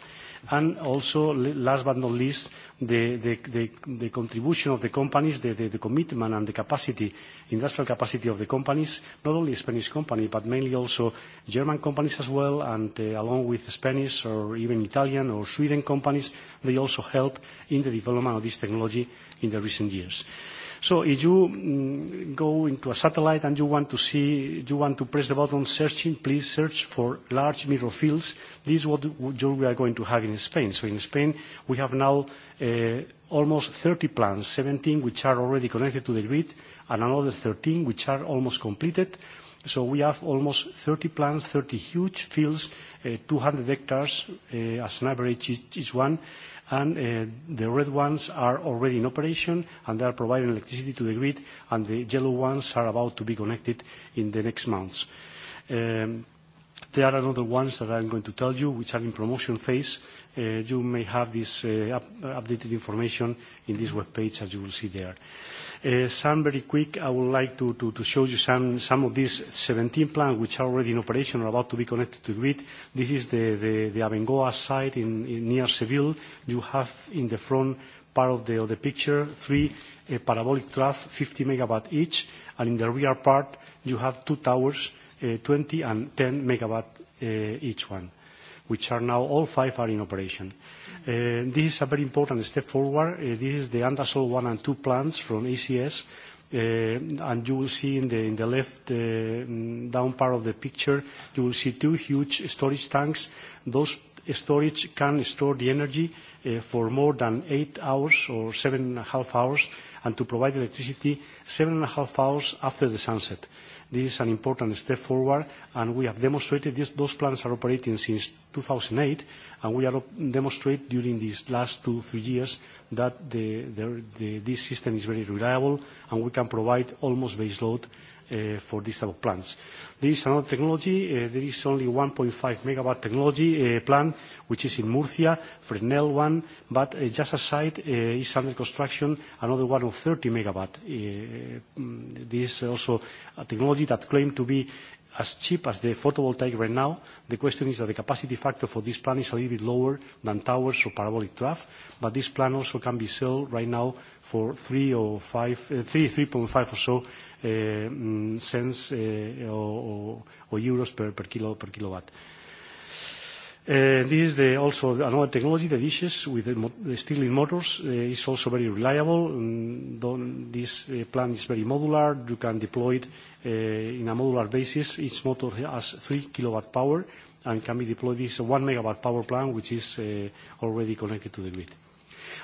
and also, last but not least, the contribution of the companies, the commitment and the capacity, industrial capacity of the companies, not only Spanish company, but mainly also German companies as well, and along with Spanish or even Italian or Sweden companies, they also help in the development of this technology in the recent years. So if you go into a satellite and you want to see, you want to press the button searching, please search for large mirror fields. This is what we are going to have in Spain. So in Spain, we have now almost 30 plants, 17 which are already connected to the grid, and another 13 which are almost completed. So we have almost 30 plants, 30 huge fields, 200 hectares as an average each one and the red ones are already in operation, and they are providing electricity to the grid, and the yellow ones are about to be connected in the next months. There are another ones that I'm going to tell you, which are in promotion phase, you may have this updated information in this webpage as you will see there. Some very quick, I would like to show you some of these 17 plants which are already in operation or about to be connected to grid. This is the Abengoa site near Seville. You have in the front part of the picture three parabolic troughs, 50 MW each, and in the rear part, you have two towers, 20 and 10 MW each one which are now all five are in operation. This is a very important step forward. This is the Andasol 1 and 2 plants from ACS, and you will see in the left down part of the picture, you will see two huge storage tanks. Those storage can store the energy for more than eight hours or seven and a half hours, and to provide electricity seven and a half hours after the sunset. This is an important step forward, and we have demonstrated this. Those plants are operating since 2008, and we are demonstrate during these last two, three years that the this system is very reliable, and we can provide almost base load for these type of plants. There is another technology. There is only 1.5 megawatt technology plant, which is in Murcia, Fresnel one, but just aside is under construction, another one of 30 megawatt. This is also a technology that claim to be as cheap as the photovoltaic right now. The question is that the capacity factor for this plant is a little bit lower than towers or parabolic trough, but this plant also can be sold right now for 3 or 5, 3.5 or so cents or euros per kilowatt. This is the also another technology, the dishes with the steel in motors. It's also very reliable. This plant is very modular. You can deploy it in a modular basis. Each motor has 3 kilowatt power and can be deployed. This is a 1 megawatt power plant, which is already connected to the grid.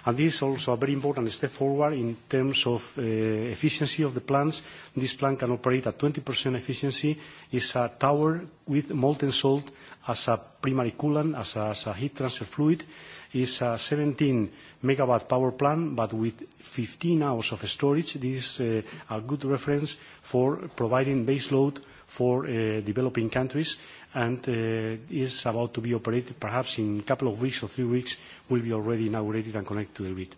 And this is also a very important step forward in terms of efficiency of the plants. This plant can operate at 20% efficiency. It's a tower with molten salt as a primary coolant, as a heat transfer fluid. It's a 17 megawatt power plant, but with 15 hours of storage. This is a good reference for providing base load for developing countries and is about to be operated. Perhaps in a couple of weeks or three weeks, will be already inaugurated and connected to the grid.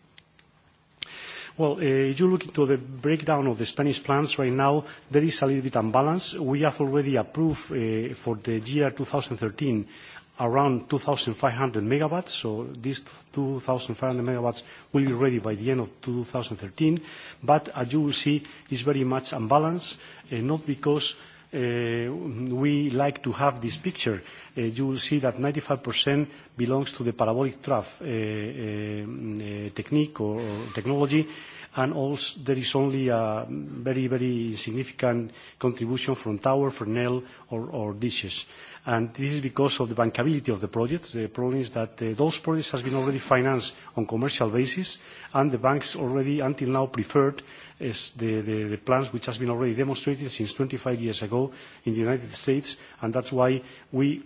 Well, if you look into the breakdown of the Spanish plans right now, there is a little bit imbalance. We have already approved for the year 2013 around 2,500 megawatts. So these 2,500 megawatts will be ready by the end of 2013. But as you will see, it's very much unbalanced, not because we like to have this picture. You will see that 95% belongs to the parabolic trough technique or technology, and also there is only a very, very significant contribution from tower, Fresnel, or dishes. And this is because of the bankability of the projects. The problem is that those projects has been already financed on commercial basis, and the banks already, until now, preferred is the, the, the plans which has been already demonstrated since 25 years ago in the United States, and that's why we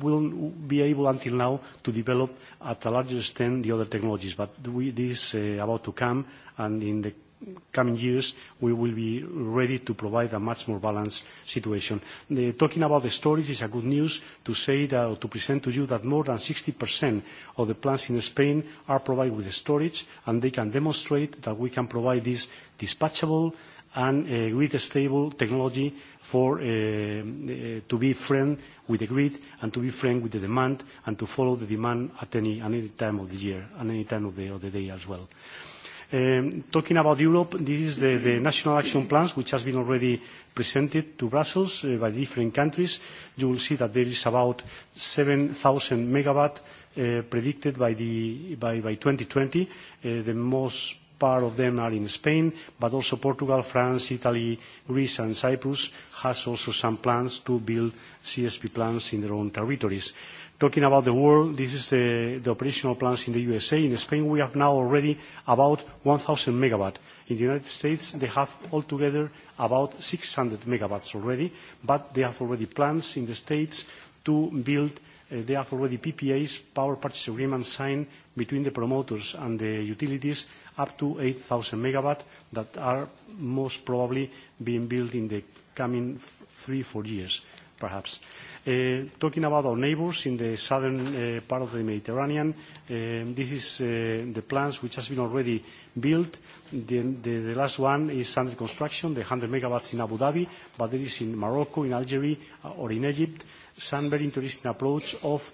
will be able until now to develop at a larger extent the other technologies. But we, this about to come, and in the coming years, we will be ready to provide a much more balanced situation. Talking about the storage, it's a good news to say that, or to present to you that more than 60% of the plants in Spain are provided with storage, and they can demonstrate that we can provide this dispatchable and grid-stable technology for to be friend with the grid and to be friend with the demand, and to follow the demand at any time of the year, and any time of the day as well. Talking about Europe, this is the national action plans, which has been already presented to Brussels by different countries. You will see that there is about 7,000 megawatt predicted by 2020. The most part of them are in Spain, but also Portugal, France, Italy, Greece, and Cyprus has also some plans to build CSP plants in their own territories. Talking about the world, this is the, operational plans in the USA. In Spain, we have now already about 1,000 megawatt. In the United States, they have altogether about 600 megawatts already, but they have already plans in the States to build, they have already PPAs, power purchase agreements signed between the promoters and the utilities up to 8,000 megawatt that are most probably being built in the coming three, four years, perhaps. Talking about our neighbors in the southern part of the Mediterranean, this is the plants which has been already built. The last one is under construction, the 100 megawatts in Abu Dhabi, but there is in Morocco, in Algeria, or in Egypt, some very interesting approach of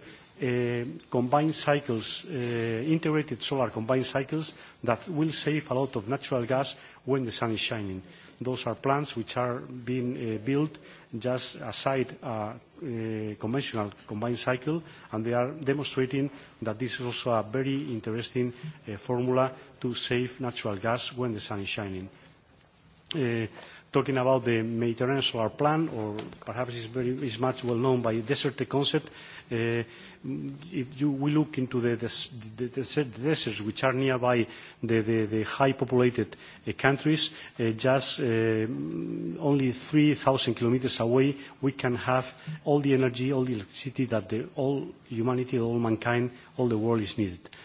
combined cycles, integrated solar combined cycles that will save a lot of natural gas when the sun is shining. Those are plants which are being built just a side conventional combined cycle, and they are demonstrating that this is also a very interesting formula to save natural gas when the sun is shining talking about the Mediterranean Solar Plan, or perhaps it's, very, it's much well known by desert concept. Uh, if you, we look into the, the, the deserts which are nearby the, the, the high populated uh, countries, uh, just uh, only 3,000 kilometers away, we can have all the energy, all the electricity that the, all humanity, all mankind, all the world is needed. Uh,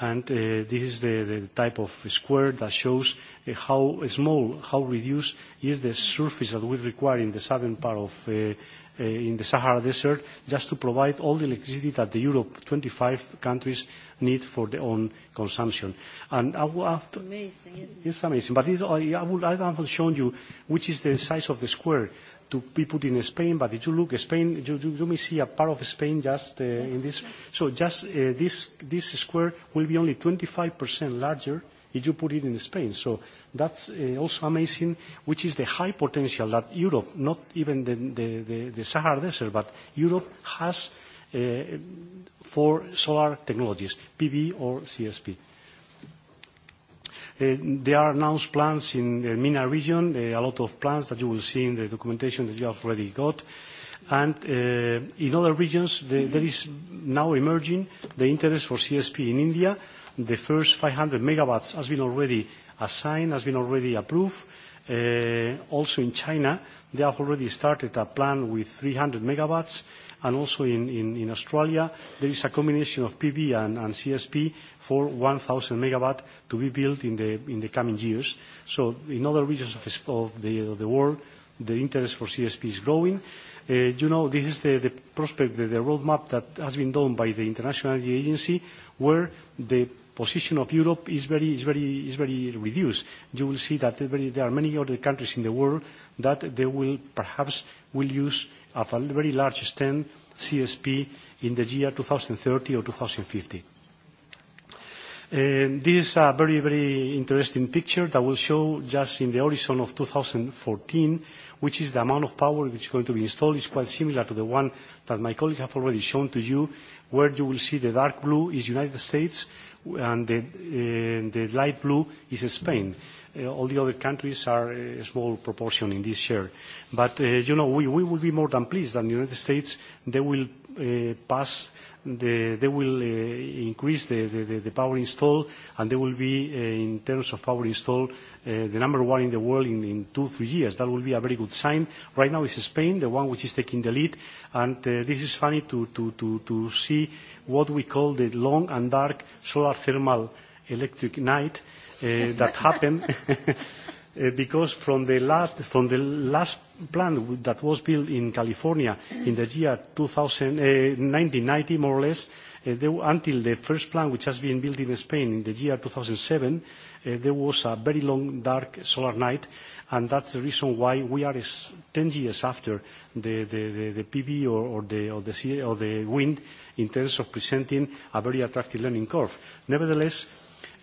and uh, this is the, the type of square that shows uh, how small, how reduced is the surface that we require in the southern part of uh, uh, in the Sahara Desert just to provide all the electricity that the Europe 25 countries need for their own consumption. And I will have to, it's amazing, isn't it? It's amazing. But it, I, I, will, I haven't shown you which is the size of the square to be put in Spain, but if you look, Spain, you, you, you may see a part of Spain just uh, in this. So just uh, this, this square will be only 25% larger if you put it in Spain. So that's uh, also amazing, which is the high potential that Europe, not even the, the, the, the Sahara Desert, but Europe has uh, for solar technologies, PV or CSP. There are announced plans in the MENA region, a lot of plans that you will see in the documentation that you have already got. And in other regions, there is now emerging the interest for CSP in India. The first 500 megawatts has been already assigned, has been already approved. Also in China, they have already started a plan with 300 megawatts and also in Australia, there is a combination of PV and CSP for 1,000 megawatt to be built in the coming years. So in other regions of the world, the interest for CSP is growing. You know, this is the prospect, the roadmap that has been done by the International Energy Agency, where the position of Europe is very, is very, is very reduced. You will see that there are many other countries in the world that they will perhaps will use of a very large extent CSP in the year 2030 or 2050. This is a very, very interesting picture that will show just in the horizon of 2014, which is the amount of power which is going to be installed. It's quite similar to the one that my colleague have already shown to you, where you will see the dark blue is United States, and the light blue is Spain. All the other countries are a small proportion in this share. But you know, we, we will be more than pleased that in the United States they will pass, the, they will increase the, the, the power installed, and they will be in terms of power installed the number one in the world in, in two three years. That will be a very good sign. Right now it's Spain, the one which is taking the lead, and this is funny to, to, to, to see what we call the long and dark solar thermal electric night that happened because from the last plant that was built in California in the year 1990, more or less, until the first plant which has been built in Spain in the year 2007, there was a very long, dark solar night, and that's the reason why we are 10 years after the PV or the wind in terms of presenting a very attractive learning curve. Nevertheless,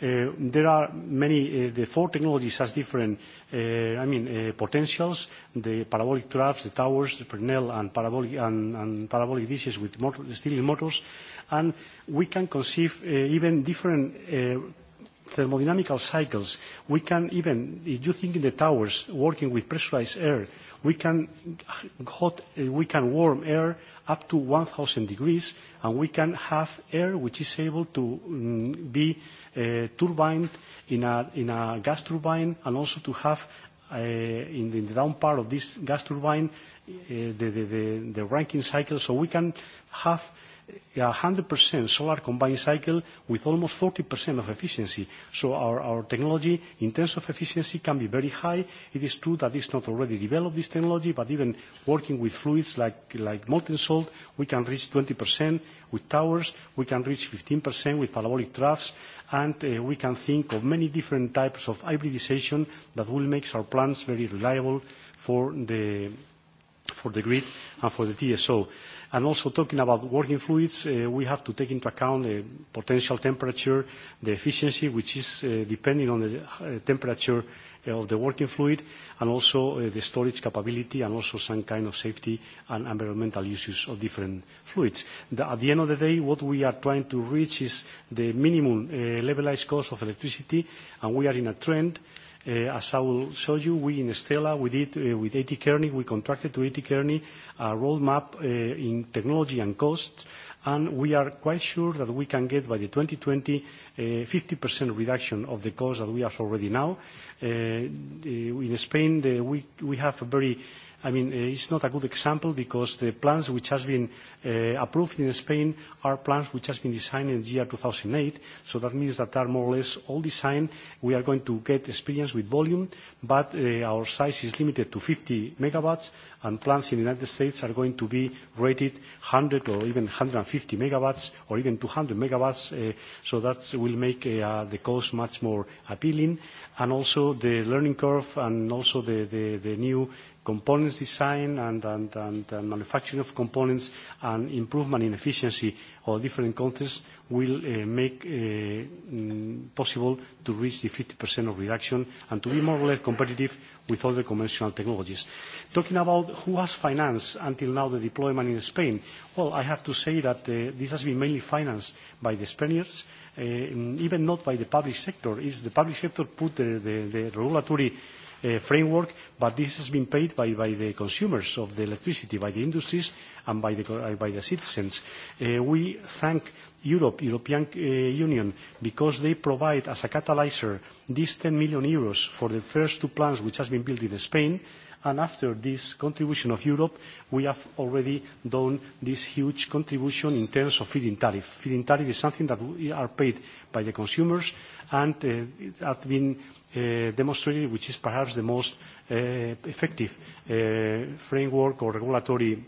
there are many, the four technologies has different, I mean, potentials. The parabolic traps, the towers, the Fresnel and parabolic, and, and parabolic dishes with motor, steel motors. And we can conceive even different thermodynamical cycles. We can even, if you think in the towers, working with pressurized air, we can hot, we can warm air up to 1,000 degrees, and we can have air which is able to be uh, turbine, in a, in a gas turbine, and also to have uh, in, the, in the down part of this gas turbine uh, the, the, the, the ranking cycle, so we can have a 100% solar combined cycle with almost 40% of efficiency. So Our our technology, in terms of efficiency, can be very high. It is true that it's not already developed, this technology, but even working with fluids like molten salt, we can reach 20%. With towers, we can reach 15% with parabolic troughs and we can think of many different types of hybridization that will make our plants very reliable for the grid and for the TSO. And Also talking about working fluids, we have to take into account the potential temperature, the efficiency, which is depending on the temperature of the working fluid, and also the storage capability, and also some kind of safety and environmental issues of different fluids. at the end of the day, what we are trying to reach is the minimum levelized cost of electricity, and we are in a trend As I will show you, we in Stella, we did with A.T. we contracted to A.T. a roadmap in technology and cost and we are quite sure that we can get by the 2020 50% reduction of the cost that we have already now. In Spain, we have a very I mean, it's not a good example because the plans which has been approved in Spain are plans which has been designed in the year 2008. So that means that are more or less all designed. We are going to get experience with volume, but our size is limited to 50 megawatts, and plants in the United States are going to be rated 100 or even 150 megawatts or even 200 megawatts. So that will make the cost much more appealing. And also the learning curve and also the new components design and, and, and, and manufacturing of components and improvement in efficiency of different countries will uh, make uh, possible to reach the 50% of reduction and to be more or less competitive with other conventional technologies. Talking about who has financed until now the deployment in Spain, well, I have to say that uh, this has been mainly financed by the Spaniards, uh, even not by the public sector. It's the public sector put the, the, the regulatory uh, framework, but this has been paid by, by the consumers of the electricity, by the industries and by the, by the citizens. Uh, we thank Europe, European uh, Union, because they provide as a catalyzer these 10 million euros for the first two plants which has been built in Spain, and after this contribution of Europe, we have already done this huge contribution in terms of feed-in tariff. Feed-in tariff is something that we are paid by the consumers and uh, it has been uh, demonstrated, which is perhaps the most uh, effective framework or regulatory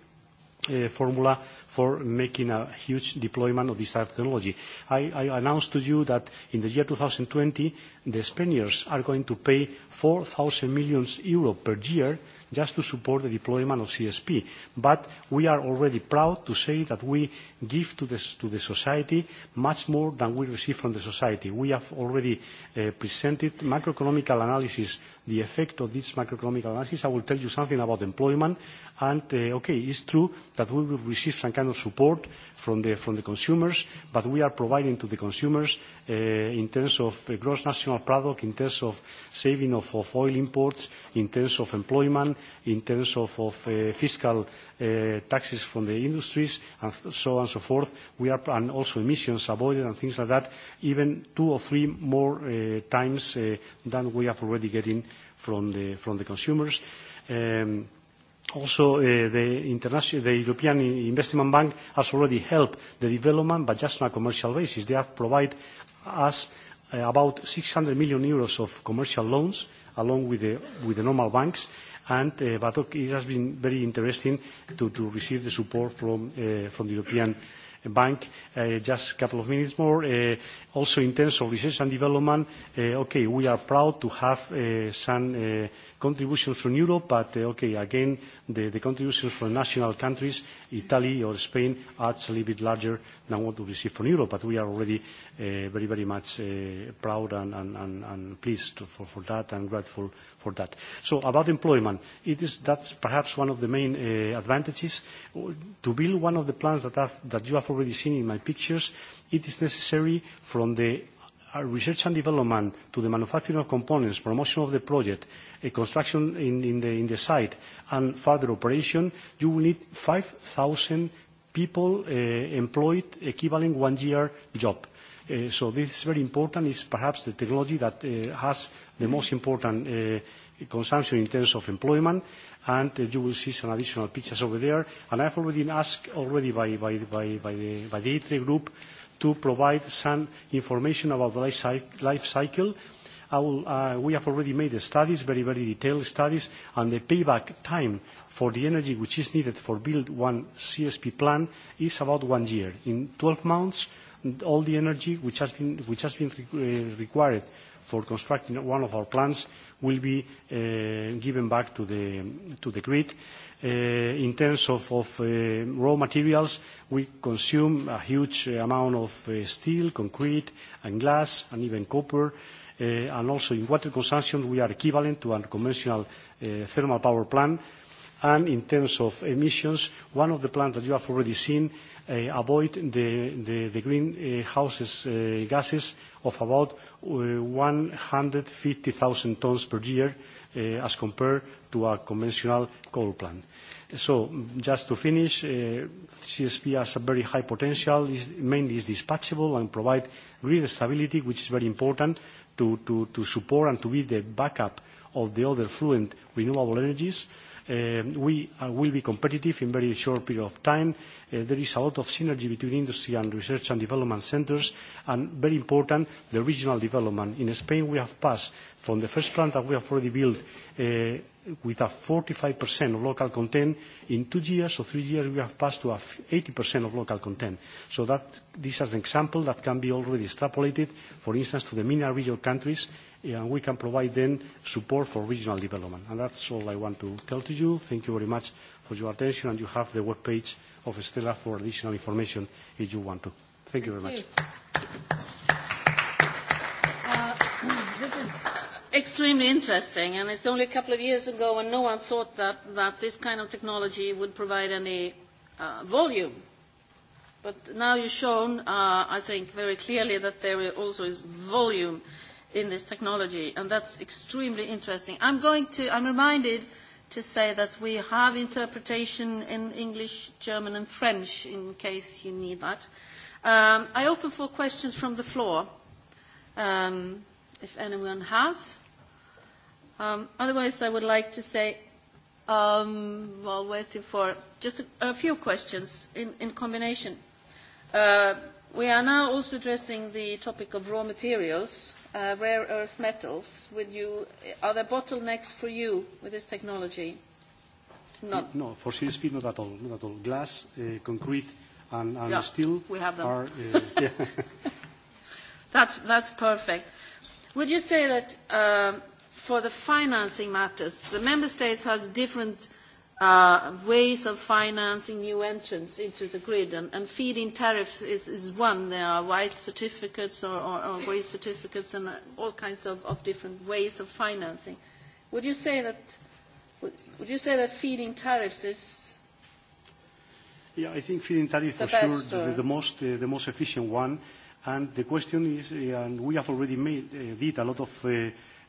formula for making a huge deployment of this technology. I announced to you that in the year 2020, the Spaniards are going to pay 4,000 million euros per year just to support the deployment of CSP. But we are already proud to say that we give to the, to the society much more than we receive from the society. We have already uh, presented macroeconomic analysis, the effect of this macroeconomic analysis. I will tell you something about employment And okay, it's true that we will receive some kind of support from the consumers, but we are providing to the consumers in terms of gross national product, in terms of saving of oil imports, in terms of employment, in terms of fiscal taxes from the industries, and so on and so forth. We are and also emissions avoided and things like that, even two or three more times than we are already getting from the consumers. Also, the international, the European Investment Bank has already helped the development, but just on a commercial basis. They have provided us about 600 million euros of commercial loans, along with the with the normal banks. and But it has been very interesting to to receive the support from from the European Bank. Just a couple of minutes more. Also in terms of research and development, okay, we are proud to have some contributions from Europe, but okay, again, the contributions from national countries, Italy or Spain, are actually a bit larger than what we receive from Europe. But we are already very, very much proud and pleased for that and grateful for that. So about employment, it is that's perhaps one of the main uh, advantages. To build one of the plans that, I've, that you have already seen in my pictures, it is necessary from the research and development to the manufacturing of components, promotion of the project, a construction in, in, the, in the site, and further operation, you will need 5,000 people uh, employed, equivalent one year job so this is very important. It's perhaps the technology that has the most important consumption in terms of employment, and you will see some additional pictures over there. And I've already been asked already by by by by the by the ITRE group to provide some information about the life cycle. I will We have already made the studies, very very detailed studies, and the payback time for the energy which is needed for build one CSP plant is about one year. In 12 months, all the energy which has been, which has been required for constructing one of our plants will be given back to the grid. In terms of raw materials, we consume a huge amount of steel, concrete, and glass, and even copper. And also in water consumption, we are equivalent to a conventional thermal power plant. And in terms of emissions, one of the plants that you have already seen avoid the greenhouse gases of about 150,000 tons per year as compared to a conventional coal plant. So just to finish, CSP has a very high potential. It mainly is dispatchable and provide grid stability, which is very important to support and to be the backup of the other fluent renewable energies. We will be competitive in very short period of time. There is a lot of synergy between industry and research and development centers, and very important, the regional development. In Spain, we have passed from the first plant that we have already built with a 45% of local content. In two years or three years, we have passed to 80% of local content. So that This is an example that can be already extrapolated, for instance, to the MENA region countries, and we can provide then support for regional development. And that's all I want to tell to you. Thank you very much for your attention, and you have the webpage of Stella for additional information if you want to. Thank you very much. This is extremely interesting, and it's only a couple of years ago when no one thought that, that this kind of technology would provide any uh, volume. But now you've shown, uh, I think, very clearly that there also is volume in this technology, and that's extremely interesting. I'm going to, I'm reminded to say that we have interpretation in English, German, and French in case you need that. Um, I open for questions from the floor, um, if anyone has. Um, otherwise, I would like to say, um, while waiting for just a, a few questions in, in combination. Uh, we are now also addressing the topic of raw materials uh, rare earth metals with you? Are there bottlenecks for you with this technology? Not- No, for CSP, not at all. Not at all. Glass, uh, concrete, and, and yeah, steel we have them. are. Uh, yeah. that's, that's perfect. Would you say that um for the financing matters, the member states has different uh, ways of financing new entrants into the grid. And, and feed-in tariffs is, is one. There are white certificates or, or, or grey certificates and all kinds of, different ways of financing. Would you say that, would, would you say that feed-in tariffs is yeah, I think feed-in tariff for sure the, the, most, the most efficient one. And the question is, and we have already made, did a lot of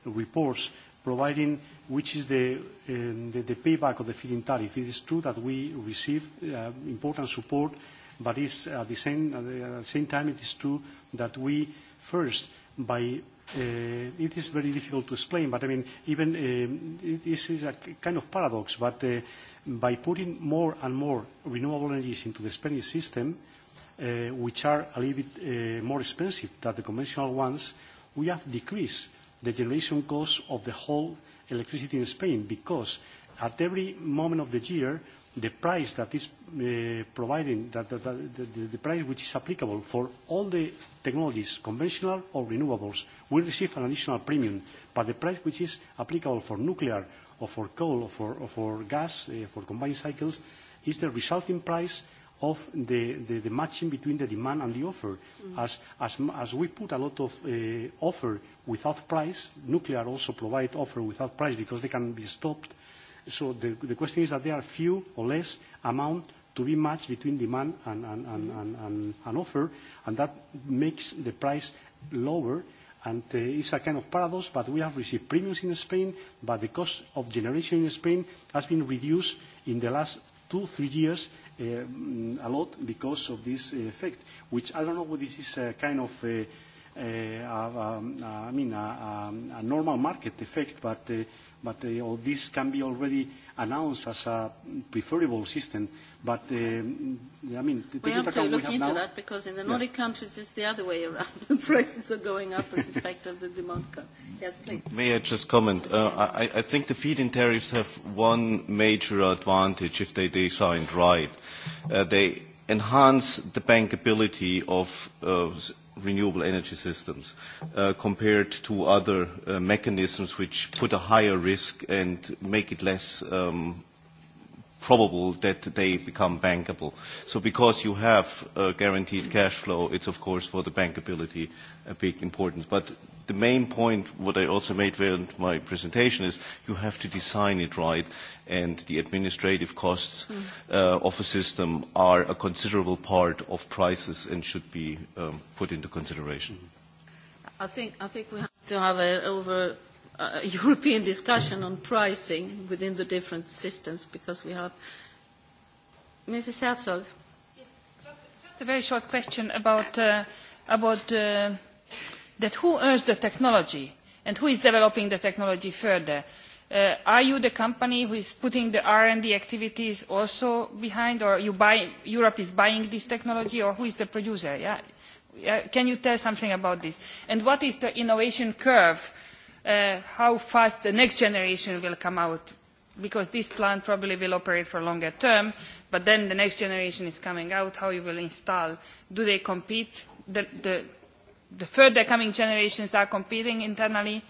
reports providing which is the, the, payback of the feed-in tariff. It is true that we receive important support, but it's at the, same, at the same time it is true that we first, by it is very difficult to explain, but I mean, even this is a kind of paradox, but by putting more and more renewable energies into the Spanish system, which are a little bit more expensive than the conventional ones, we have decreased the generation cost of the whole electricity in Spain because at every moment of the year, the price that is uh, providing, that, that, that, the, the price which is applicable for all the technologies, conventional or renewables, will receive an additional premium. But the price which is applicable for nuclear or for coal or for, or for gas, uh, for combined cycles, is the resulting price of the, the, the matching between the demand and the offer. As, as, as we put a lot of offer without price, nuclear also provide offer without price because they can be stopped. So the, the question is that there are few or less amount to be matched between demand and, and, offer, and that makes the price lower and it's a kind of paradox, but we have received premiums in Spain, but the cost of generation in Spain has been reduced in the last two, three years uh, a lot because of this effect, which I don't know whether this is a kind of a, a, a, a, I mean a, a, a normal market effect, but uh, but uh, all this can be already announced as a preferable system But uh, I mean, we have to look have into now, that because in the Nordic yeah. countries it's the other way around. prices are going up as effect of the demand cut. Yes, please. May I just comment? Uh, I, I think the feed-in tariffs have one major advantage if they designed right. Uh, they enhance the bankability of uh, renewable energy systems uh, compared to other uh, mechanisms which put a higher risk and make it less um, probable that they become bankable. So because you have uh, guaranteed cash flow, it's of course for the bankability a big importance. But the main point, what I also made during my presentation, is you have to design it right, and the administrative costs mm. uh, of a system are a considerable part of prices and should be um, put into consideration. I think, I think we have to have an over uh, European discussion on pricing within the different systems because we have. Mrs. Herzog. Yes, just a very short question about, uh, about uh, that who owns the technology and who is developing the technology further. Uh, are you the company who is putting the R&D activities also behind or you buy, Europe is buying this technology or who is the producer? Yeah? Can you tell something about this? And what is the innovation curve uh, how fast the next generation will come out, because this plant probably will operate for longer term, but then the next generation is coming out, how you will install. Do they compete? The, the, the further coming generations are competing internally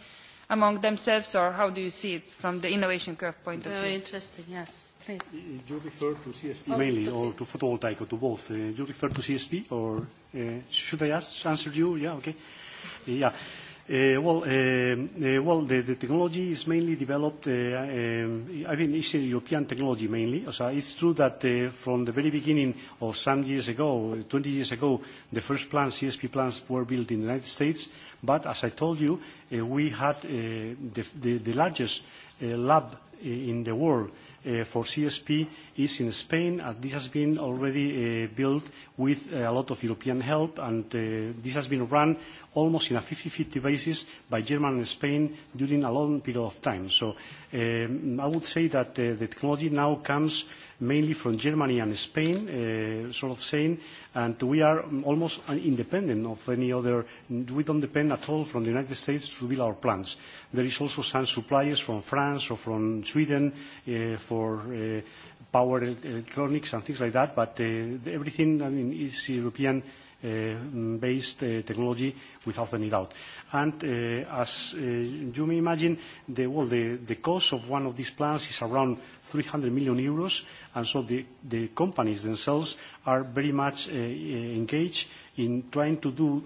among themselves, or how do you see it from the innovation curve point of view? Very interesting, yes. Please. You refer to CSP mainly, or to photovoltaic, or to both. Uh, you refer to CSP, or uh, should I ask, answer you? Yeah, okay. Yeah. Well, the technology is mainly developed, I mean, it's a European technology mainly. So it's true that from the very beginning of some years ago, 20 years ago, the first plants, CSP plants, were built in the United States. But as I told you, we had the largest lab in the world for CSP is in Spain, and this has been already built with a lot of European help, and this has been run almost in a 50/50 basis by Germany and Spain during a long period of time. So I would say that the technology now comes mainly from Germany and Spain, sort of saying, and we are almost independent of any other. We don't depend at all from the United States to build our plants. There is also some suppliers from France or from Sweden for power electronics and things like that, but everything, I mean, is European-based technology without any doubt. And as you may imagine, the, well, the, the cost of one of these plants is around 300 million euros, and so the, the companies themselves are very much engaged in trying to do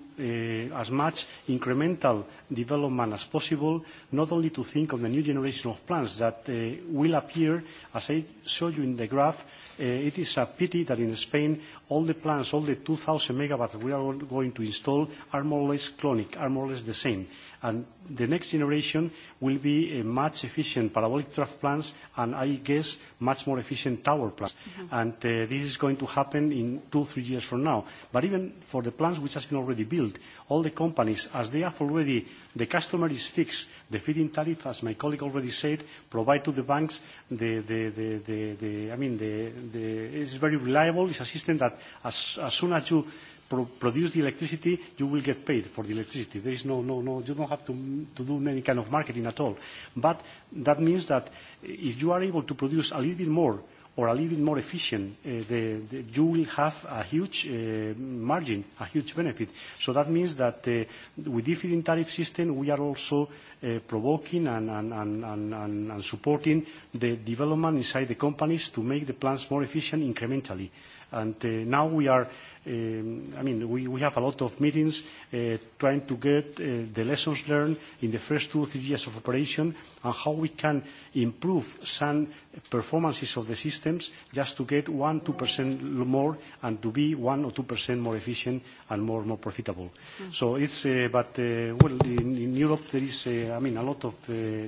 as much incremental development as possible, not only to think of the new generation of plants that will appear, as I showed you in the graph, it is a pity that in Spain, all the plants, all the 2,000 MW we are going to install are more or less clonic, are more or less the same And the next generation will be a much efficient parabolic trough plants and I guess much more efficient tower plants. And this is going to happen in two, three years from now. But even for the plants which has been already built, all the companies, as they have already, the customer is fixed. The feed-in tariff, as my colleague already said, provide to the banks the, the, the, the, the I mean, the, the, it's very reliable. It's a system that as, as soon as you pro produce the electricity, you will get paid for the electricity. There is no, no, no, you don't have to, to do any kind of marketing at all. But that means that if you are able to produce a little bit more or a little bit more efficient, uh, the, the, you will have a huge uh, margin, a huge benefit. So that means that uh, with the feed tariff system, we are also uh, provoking and, and, and, and, and supporting the development inside the companies to make the plants more efficient incrementally. And uh, now we are I mean, we, we have a lot of meetings uh, trying to get uh, the lessons learned in the first two, or three years of operation and how we can improve some performances of the systems just to get 1%, 2% more and to be 1% or 2% more efficient and more, more profitable. Mm. So it's, uh, but, uh, well, in, in Europe there is, uh, I mean, a lot of uh,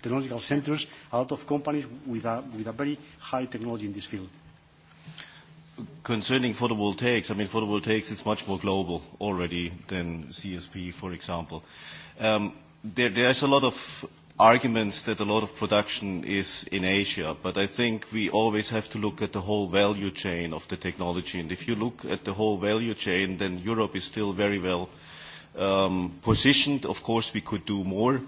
technological centers, a lot of companies with a, with a very high technology in this field. Concerning photovoltaics, I mean, photovoltaics is much more global already than CSP, for example. Um, there, there's a lot of arguments that a lot of production is in Asia, but I think we always have to look at the whole value chain of the technology. And if you look at the whole value chain, then Europe is still very well um, positioned. Of course, we could do more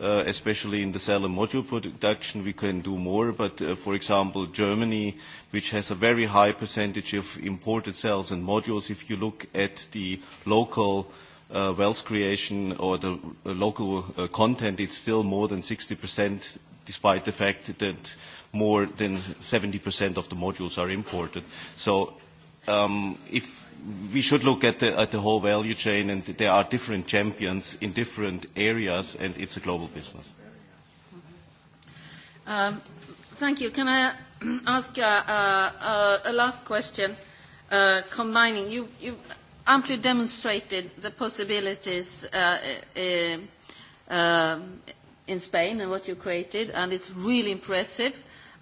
especially in the cell and module production, we can do more. But for example, Germany, which has a very high percentage of imported cells and modules, if you look at the local wealth creation or the local content, it's still more than 60%, despite the fact that more than 70% of the modules are imported. So if we should look at the, at the whole value chain, and there are different champions in different areas, and it's a global business. Um, thank you. Can I ask uh, uh, a last question? Uh, combining, you, you amply demonstrated the possibilities uh, uh, uh, in Spain and what you created, and it's really impressive,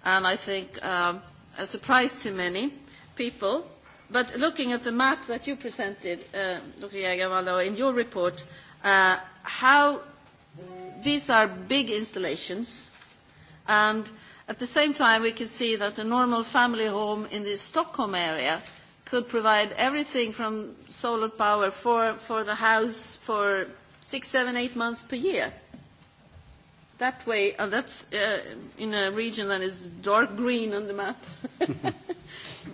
and I think um, a surprise to many people But looking at the map that you presented, uh, Dr. Jagavallo, in your report, uh, how these are big installations, and at the same time we can see that a normal family home in the Stockholm area could provide everything from solar power for, for the house for six, seven, eight months per year. That way, and that's uh, in a region that is dark green on the map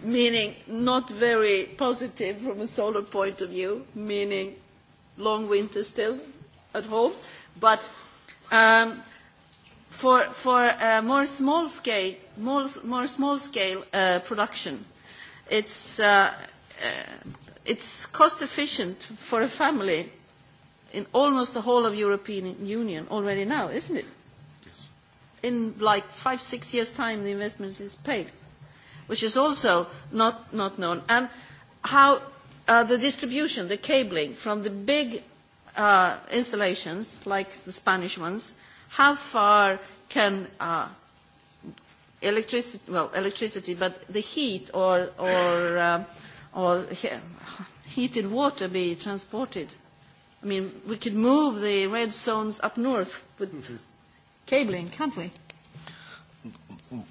meaning not very positive from a solar point of view, meaning long winter still at home. But um, for, for a more small scale, more, more small scale uh, production, it's, uh, uh, it's cost efficient for a family in almost the whole of European Union already now, isn't it? Yes. In like five, six years' time, the investment is paid which is also not, not known, and how uh, the distribution, the cabling from the big uh, installations, like the Spanish ones, how far can uh, electricity, well, electricity, but the heat or, or, uh, or heated water be transported? I mean, we could move the red zones up north with cabling, can't we?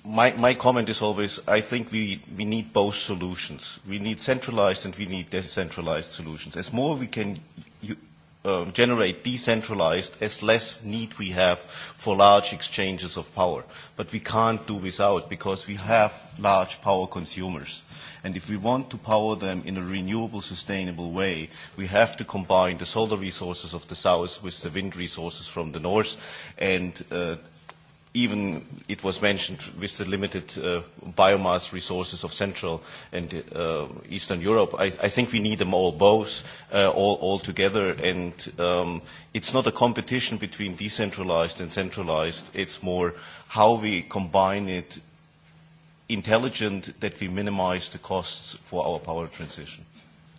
my, my comment is always, I think we, we need both solutions. We need centralized and we need decentralized solutions. As more we can you, um, generate decentralized, as less need we have for large exchanges of power. But we can't do without because we have large power consumers. And if we want to power them in a renewable, sustainable way, we have to combine the solar resources of the south with the wind resources from the north and uh, even it was mentioned with the limited uh, biomass resources of Central and uh, Eastern Europe, I, I think we need them all both, uh, all, all together. And um, it's not a competition between decentralized and centralized. It's more how we combine it intelligent that we minimize the costs for our power transition.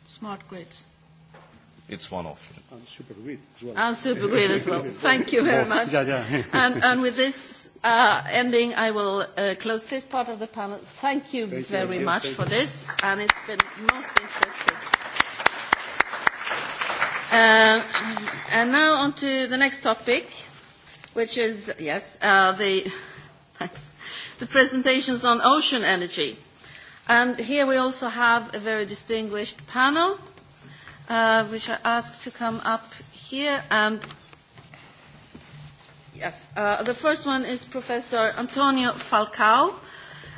Smart grids it's one option. And super grid as well. And super grid as well. Thank you very much. Yeah, yeah. and, and with this uh, ending, I will uh, close this part of the panel. Thank you Thank very you. much Thank for this, and it's been most interesting. Uh, and now on to the next topic, which is, yes, uh, the, the presentations on ocean energy. And here we also have a very distinguished panel uh, which I asked to come up here. And yes, uh, the first one is Professor Antonio Falcao.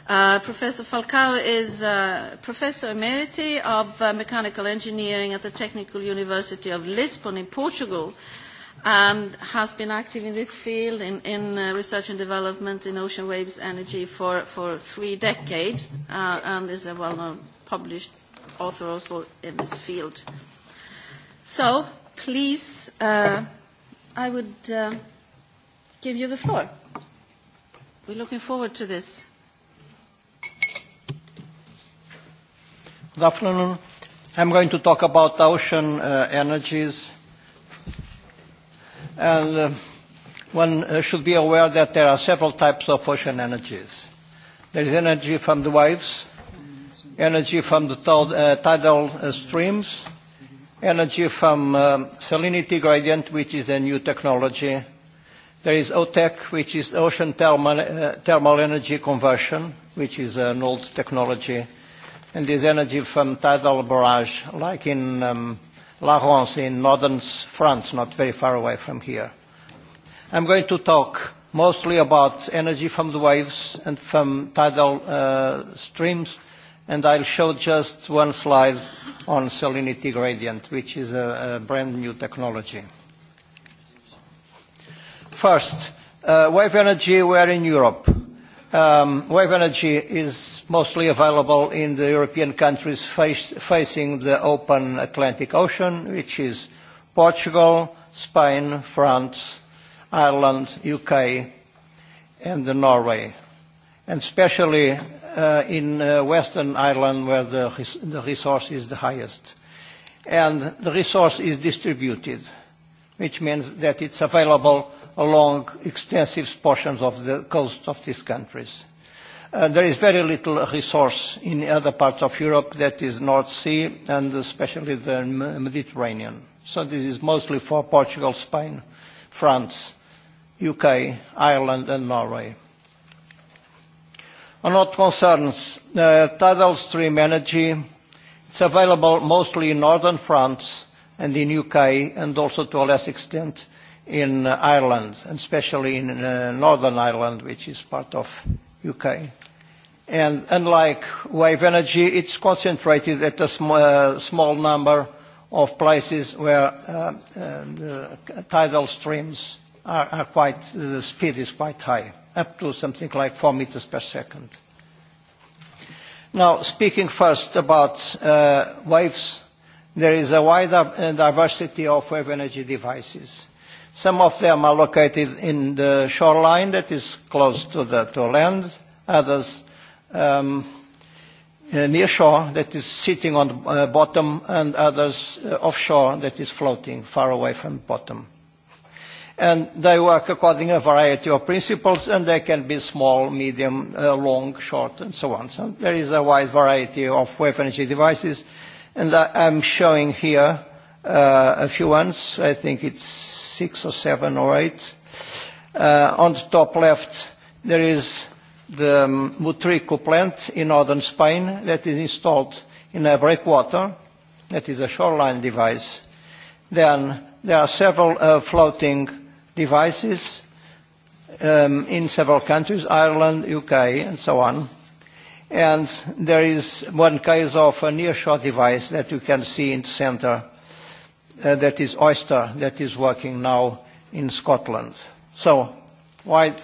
Uh, professor Falcao is uh, Professor Emeriti of uh, Mechanical Engineering at the Technical University of Lisbon in Portugal and has been active in this field in, in uh, research and development in ocean waves energy for, for three decades uh, and is a well-known published author also in this field. So, please, uh, I would uh, give you the floor. We're looking forward to this. Good afternoon. I'm going to talk about ocean uh, energies. And uh, one uh, should be aware that there are several types of ocean energies. There is energy from the waves, energy from the tidal uh, streams, energy from salinity gradient, which is a new technology. There is OTEC, which is ocean thermal, uh, thermal energy conversion, which is an old technology. And there's energy from tidal barrage, like in um, La Rance in northern France, not very far away from here. I'm going to talk mostly about energy from the waves and from tidal uh, streams and I'll show just one slide on salinity gradient, which is a brand-new technology. First, wave energy, we're in Europe. Wave energy is mostly available in the European countries facing the open Atlantic Ocean, which is Portugal, Spain, France, Ireland, U.K., and Norway. Especially uh, in uh, Western Ireland where the, res the resource is the highest. And the resource is distributed, which means that it's available along extensive portions of the coast of these countries. Uh, there is very little resource in other parts of Europe that is North Sea and especially the Mediterranean. So this is mostly for Portugal, Spain, France, UK, Ireland and Norway. On what concerns uh, tidal stream energy, is available mostly in northern France and in UK and also to a less extent in uh, Ireland, and especially in uh, Northern Ireland, which is part of UK. And unlike wave energy, it's concentrated at a sm uh, small number of places where uh, uh, tidal streams are, are quite, the speed is quite high up to something like 4 meters per second. Now, speaking first about uh, waves, there is a wider diversity of wave energy devices. Some of them are located in the shoreline that is close to the to land, others um, near shore that is sitting on the bottom, and others uh, offshore that is floating far away from the bottom and they work according to a variety of principles, and they can be small, medium, uh, long, short, and so on. So there is a wide variety of wave energy devices, and I, I'm showing here uh, a few ones. I think it's six or seven or eight. Uh, on the top left, there is the Mutrico plant in northern Spain that is installed in a breakwater. That is a shoreline device. Then there are several uh, floating devices um, in several countries, Ireland, UK, and so on. And there is one case of a near-shot device that you can see in the center, uh, that is Oyster, that is working now in Scotland. So, wide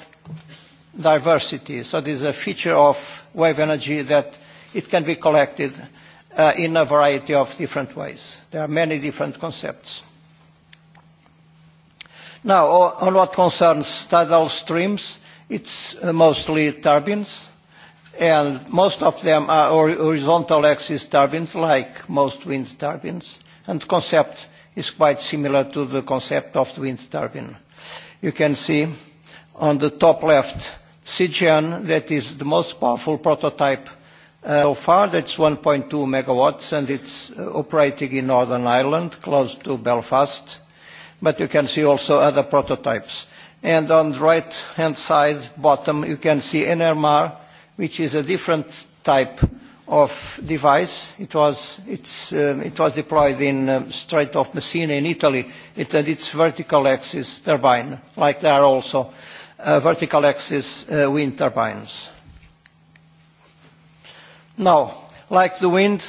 diversity. So this is a feature of wave energy that it can be collected uh, in a variety of different ways. There are many different concepts. Now, on what concerns tidal streams, it's mostly turbines, and most of them are horizontal axis turbines, like most wind turbines, and the concept is quite similar to the concept of the wind turbine. You can see on the top left, CGN, that is the most powerful prototype so far. That's 1.2 megawatts, and it's operating in Northern Ireland, close to Belfast but you can see also other prototypes. And on the right-hand side bottom, you can see NMR, which is a different type of device. It was, it's, um, it was deployed in um, Strait of Messina in Italy. It had its vertical axis turbine, like there are also uh, vertical axis uh, wind turbines. Now, like the wind,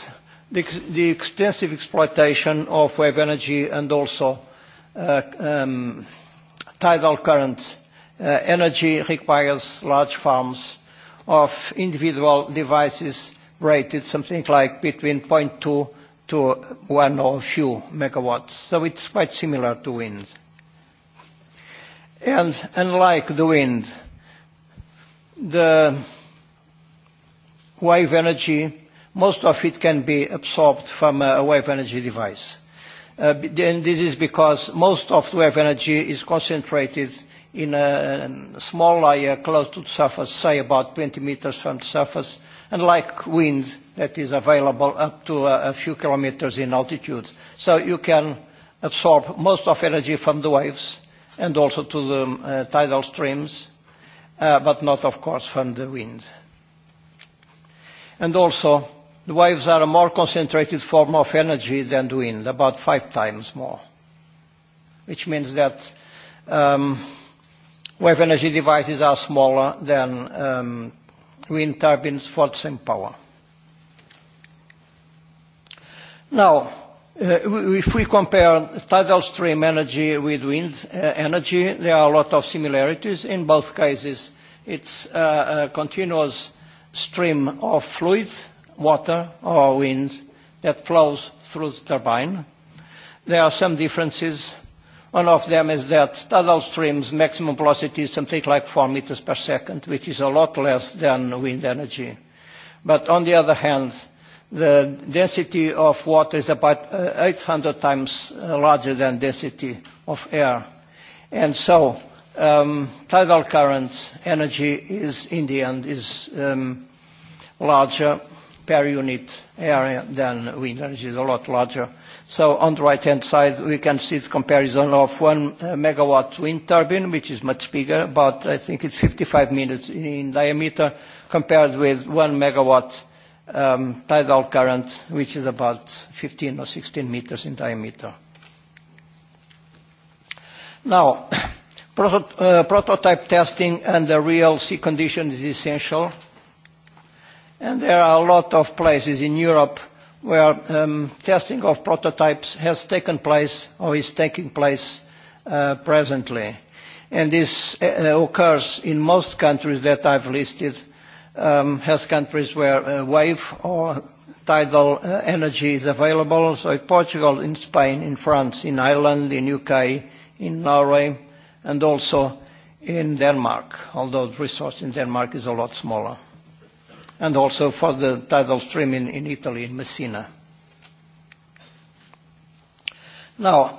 the, the extensive exploitation of wave energy and also tidal current energy requires large farms of individual devices rated something like between 0.2 to 1 or few megawatts. So it's quite similar to wind. And unlike the wind, the wave energy, most of it can be absorbed from a wave energy device and this is because most of the wave energy is concentrated in a small layer close to the surface, say about 20 meters from the surface, unlike wind that is available up to a few kilometers in altitude. So you can absorb most of energy from the waves and also to the uh, tidal streams, uh, but not, of course, from the wind. And also, The waves are a more concentrated form of energy than the wind, about five times more, which means that um, wave energy devices are smaller than um, wind turbines for the same power. Now, If we compare tidal stream energy with wind energy, there are a lot of similarities. In both cases, it's a continuous stream of fluid water or wind that flows through the turbine. There are some differences. One of them is that tidal streams' maximum velocity is something like 4 meters per second, which is a lot less than wind energy. But on the other hand, the density of water is about 800 times larger than density of air. And so um, tidal current energy is, in the end, is um, larger per unit area, then wind energy is a lot larger. So on the right-hand side, we can see the comparison of 1 megawatt wind turbine, which is much bigger, but I think it's 55 meters in diameter, compared with 1 megawatt um, tidal current, which is about 15 or 16 meters in diameter. Now, prototype testing and the real sea conditions is essential And there are a lot of places in Europe where um, testing of prototypes has taken place or is taking place uh, presently. And this uh, occurs in most countries that I've listed um, has countries where uh, wave or tidal uh, energy is available. So in Portugal, in Spain, in France, in Ireland, in UK, in Norway, and also in Denmark, although the resource in Denmark is a lot smaller and also for the tidal stream in, in Italy, in Messina. Now,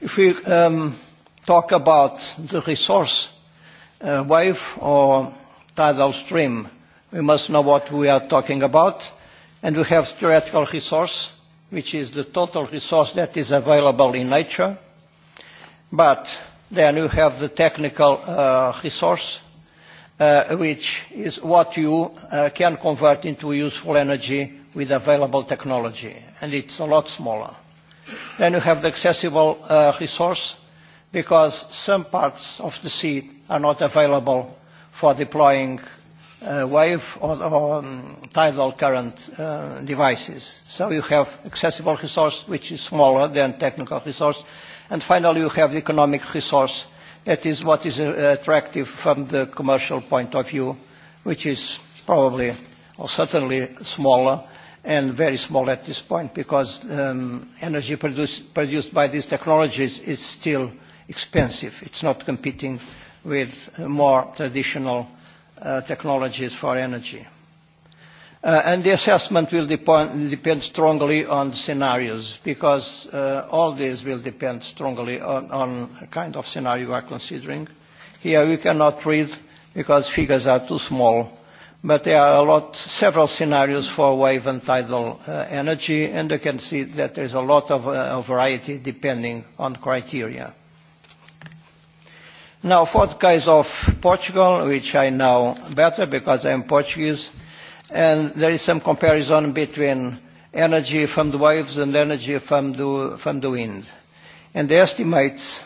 if we um, talk about the resource uh, wave or tidal stream, we must know what we are talking about. And we have theoretical resource, which is the total resource that is available in nature. But then you have the technical uh, resource, which is what you uh, can convert into useful energy with available technology, and it's a lot smaller. Then you have the accessible uh, resource, because some parts of the sea are not available for deploying uh, wave or, or um, tidal current uh, devices. So you have accessible resource, which is smaller than technical resource. And finally, you have economic resource, That is what is attractive from the commercial point of view, which is probably or certainly smaller and very small at this point because um, energy produced, produced by these technologies is still expensive. It's not competing with more traditional uh, technologies for energy and the assessment will depend, depend strongly on scenarios because uh, all these will depend strongly on, on the kind of scenario you are considering. Here we cannot read because figures are too small, but there are a lot, several scenarios for wave and tidal uh, energy, and you can see that there is a lot of uh, variety depending on criteria. Now, for the case of Portugal, which I know better because I am Portuguese, and there is some comparison between energy from the waves and energy from the, from the wind. And the estimate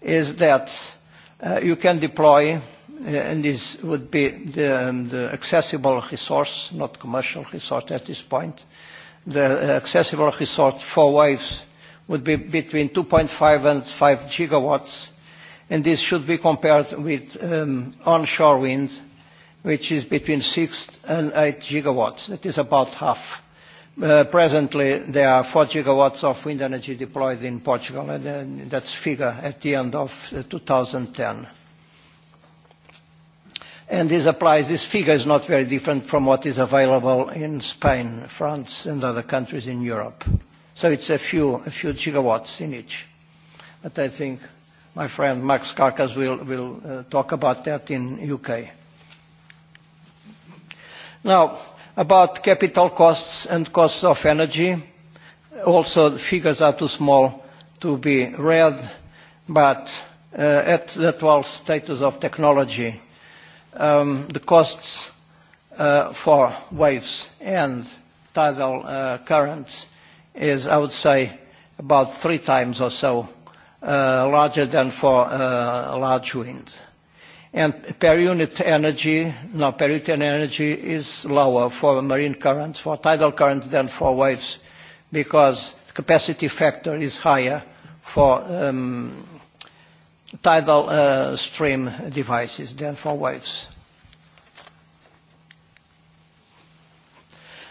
is that uh, you can deploy, uh, and this would be the, um, the accessible resource, not commercial resource at this point, the accessible resource for waves would be between 2.5 and 5 gigawatts, and this should be compared with um, onshore wind, which is between 6 and 8 gigawatts. That is about half. Presently, there are 4 gigawatts of wind energy deployed in Portugal, and that's figure at the end of 2010. And This applies, this figure is not very different from what is available in Spain, France, and other countries in Europe. So It's a few a few gigawatts in each. But I think my friend Max Carcas will will talk about that in U.K. Now, about capital costs and costs of energy, also the figures are too small to be read, but at the 12 status of technology, the costs for waves and tidal currents is, I would say, about three times or so larger than for large wind and per unit energy, no, per unit energy is lower for marine currents, for tidal currents than for waves, because the capacity factor is higher for tidal stream devices than for waves.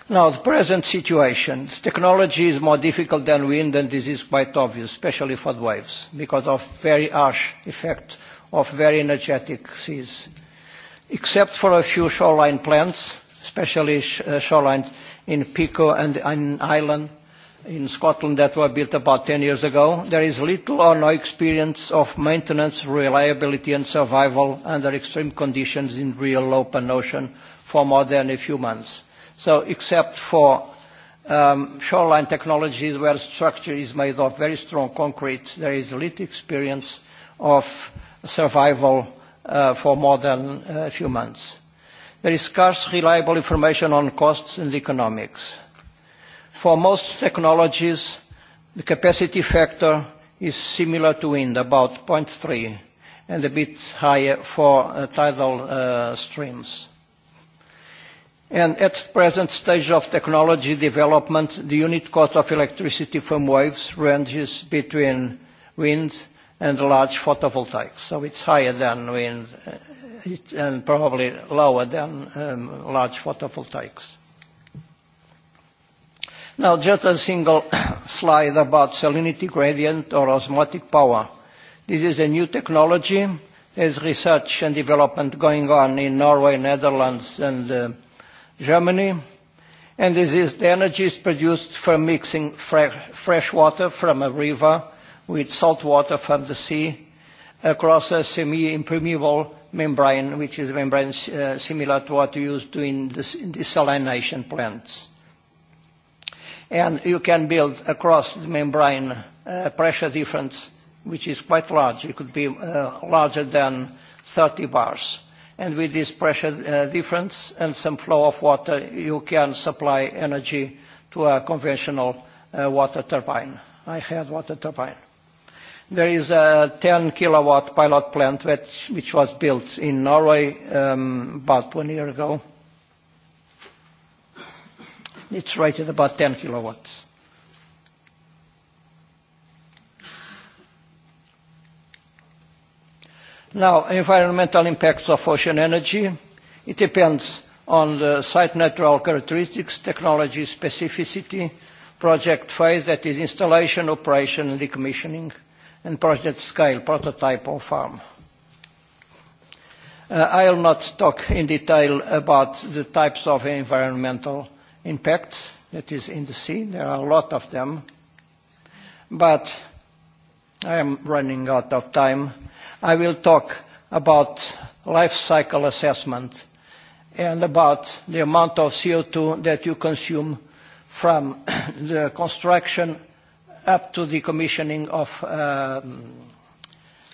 Now, the present situation, technology is more difficult than wind, and this is quite obvious, especially for the waves, because of very harsh effect of very energetic seas. Except for a few shoreline plants, especially shorelines in Pico and in Ireland, in Scotland that were built about 10 years ago, there is little or no experience of maintenance, reliability and survival under extreme conditions in real open ocean for more than a few months. So except for um, shoreline technologies where structure is made of very strong concrete, there is little experience of survival uh, for more than a few months. There is scarce reliable information on costs and economics. For most technologies, the capacity factor is similar to wind, about 0.3, and a bit higher for uh, tidal uh, streams. And at the present stage of technology development, the unit cost of electricity from waves ranges between wind and large photovoltaics. So it's higher than wind and probably lower than um, large photovoltaics. Now, just a single slide about salinity gradient or osmotic power. This is a new technology. There's research and development going on in Norway, Netherlands, and uh, Germany. And this is the energy is produced from mixing fre- fresh water from a river with salt water from the sea across a semi-impermeable membrane, which is a membrane uh, similar to what use in desalination plants. And you can build across the membrane uh, pressure difference, which is quite large. It could be uh, larger than 30 bars. And with this pressure uh, difference and some flow of water, you can supply energy to a conventional uh, water turbine. I had water turbine. There is a 10 kilowatt pilot plant which, which was built in Norway um, about one year ago. It's rated about 10 kilowatts. Now, environmental impacts of ocean energy. It depends on the site natural characteristics, technology specificity, project phase, that is installation, operation, and decommissioning and project scale prototype or farm. I will not talk in detail about the types of environmental impacts that is in the sea. There are a lot of them. But I am running out of time. I will talk about life cycle assessment and about the amount of CO2 that you consume from the construction up to the commissioning of uh,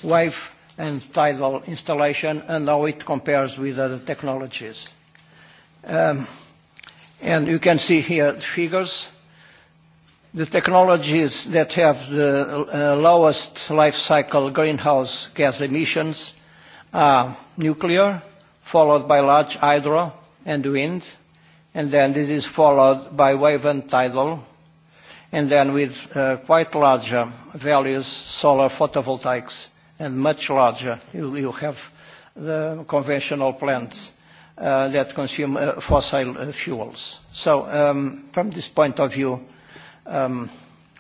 wave and tidal installation and how it compares with other technologies. Um, and you can see here the figures. The technologies that have the uh, lowest life cycle greenhouse gas emissions are nuclear, followed by large hydro and wind, and then this is followed by wave and tidal, and then with quite larger values, solar photovoltaics, and much larger, you, have the conventional plants that consume fossil fuels. So from this point of view,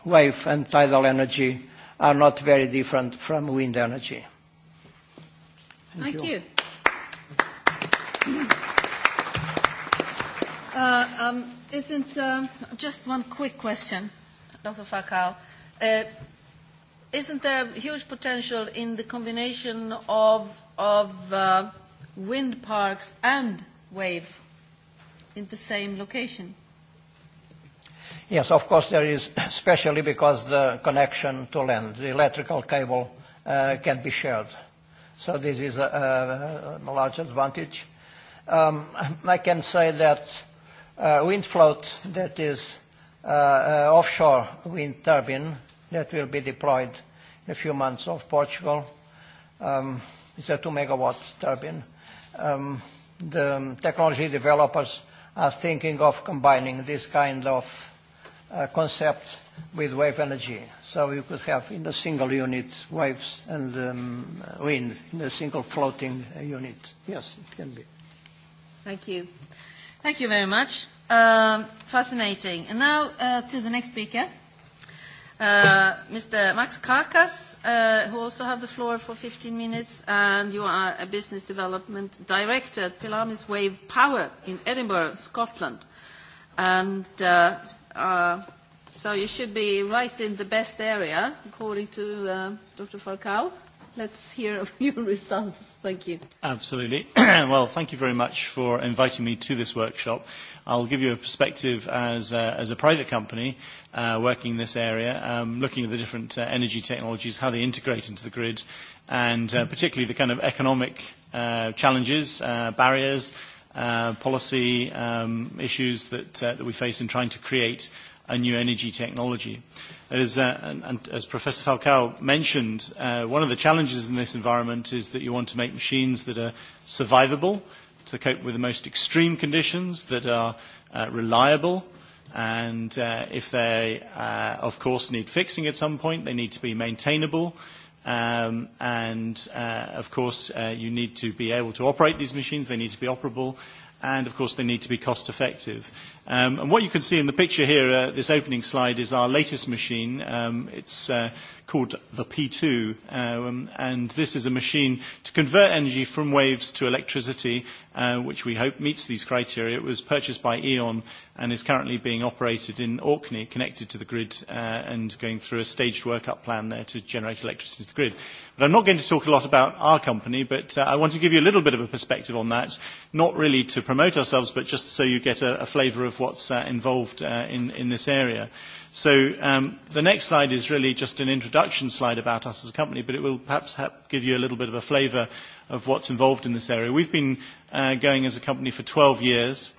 wave and tidal energy are not very different from wind energy. Thank, Thank you. isn't just one quick question? Dr. Fakao. Uh, isn't there huge potential in the combination of, of uh, wind parks and wave in the same location? Yes, of course there is, especially because the connection to land, the electrical cable uh, can be shared. So this is a, a, a large advantage. Um, I can say that uh, wind float that is offshore wind turbine that will be deployed in a few months off Portugal. It's a 2 MW turbine. The technology developers are thinking of combining this kind of concept with wave energy. So you could have in a single unit waves and wind in a single floating unit. Yes, it can be. Thank you. Thank you very much. Um, fascinating. And now uh, to the next speaker, uh, Mr. Max Karkas, uh, who also have the floor for 15 minutes, and you are a business development director at Pilamis Wave Power in Edinburgh, Scotland. And uh, uh, so you should be right in the best area, according to uh, Dr. Falcao let's hear of your results. Thank you. Absolutely. well, thank you very much for inviting me to this workshop. I'll give you a perspective as, a, as a private company uh, working in this area, um, looking at the different uh, energy technologies, how they integrate into the grid, and uh, particularly the kind of economic uh, challenges, uh, barriers, uh, policy um, issues that, uh, that we face in trying to create a new energy technology. Uh, As, uh, and, and as Professor Falcao mentioned, uh, one of the challenges in this environment is that you want to make machines that are survivable, to cope with the most extreme conditions, that are uh, reliable, and uh, if they, uh, of course, need fixing at some point, they need to be maintainable. Um, and, uh, of course, uh, you need to be able to operate these machines. They need to be operable and of course they need to be cost effective. Um, and what you can see in the picture here, uh, this opening slide, is our latest machine. Um, it's uh, called the P2, um, and this is a machine to convert energy from waves to electricity, uh, which we hope meets these criteria. It was purchased by E.ON and is currently being operated in Orkney, connected to the grid uh, and going through a staged workup plan there to generate electricity to the grid. But I'm not going to talk a lot about our company, but uh, I want to give you a little bit of a perspective on that, not really to promote ourselves, but just so you get a, a flavour of what's uh, involved uh, in, in this area. So um, the next slide is really just an introduction slide about us as a company, but it will perhaps help give you a little bit of a flavour of what's involved in this area. We've been uh, going as a company for 12 years.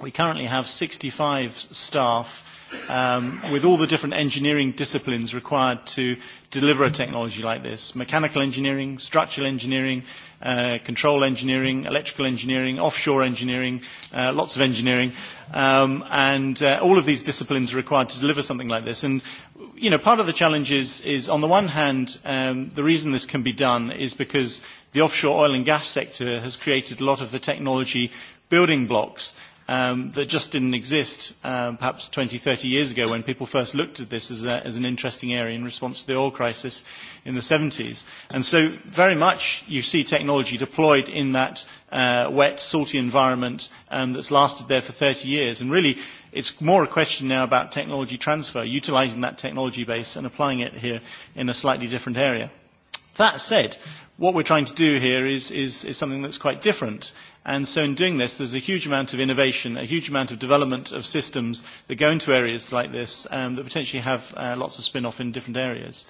We currently have 65 staff um, with all the different engineering disciplines required to deliver a technology like this mechanical engineering, structural engineering, uh, control engineering, electrical engineering, offshore engineering, uh, lots of engineering, um, and uh, all of these disciplines are required to deliver something like this. And you know, part of the challenge is, is on the one hand, um, the reason this can be done is because the offshore oil and gas sector has created a lot of the technology building blocks um, that just didn't exist um, perhaps 20, 30 years ago when people first looked at this as, a, as an interesting area in response to the oil crisis in the 70s. And so very much you see technology deployed in that uh, wet, salty environment um, that's lasted there for 30 years. And really it's more a question now about technology transfer, utilising that technology base and applying it here in a slightly different area. That said, what we're trying to do here is, is, is something that's quite different. And so in doing this, there's a huge amount of innovation, a huge amount of development of systems that go into areas like this um, that potentially have uh, lots of spin-off in different areas.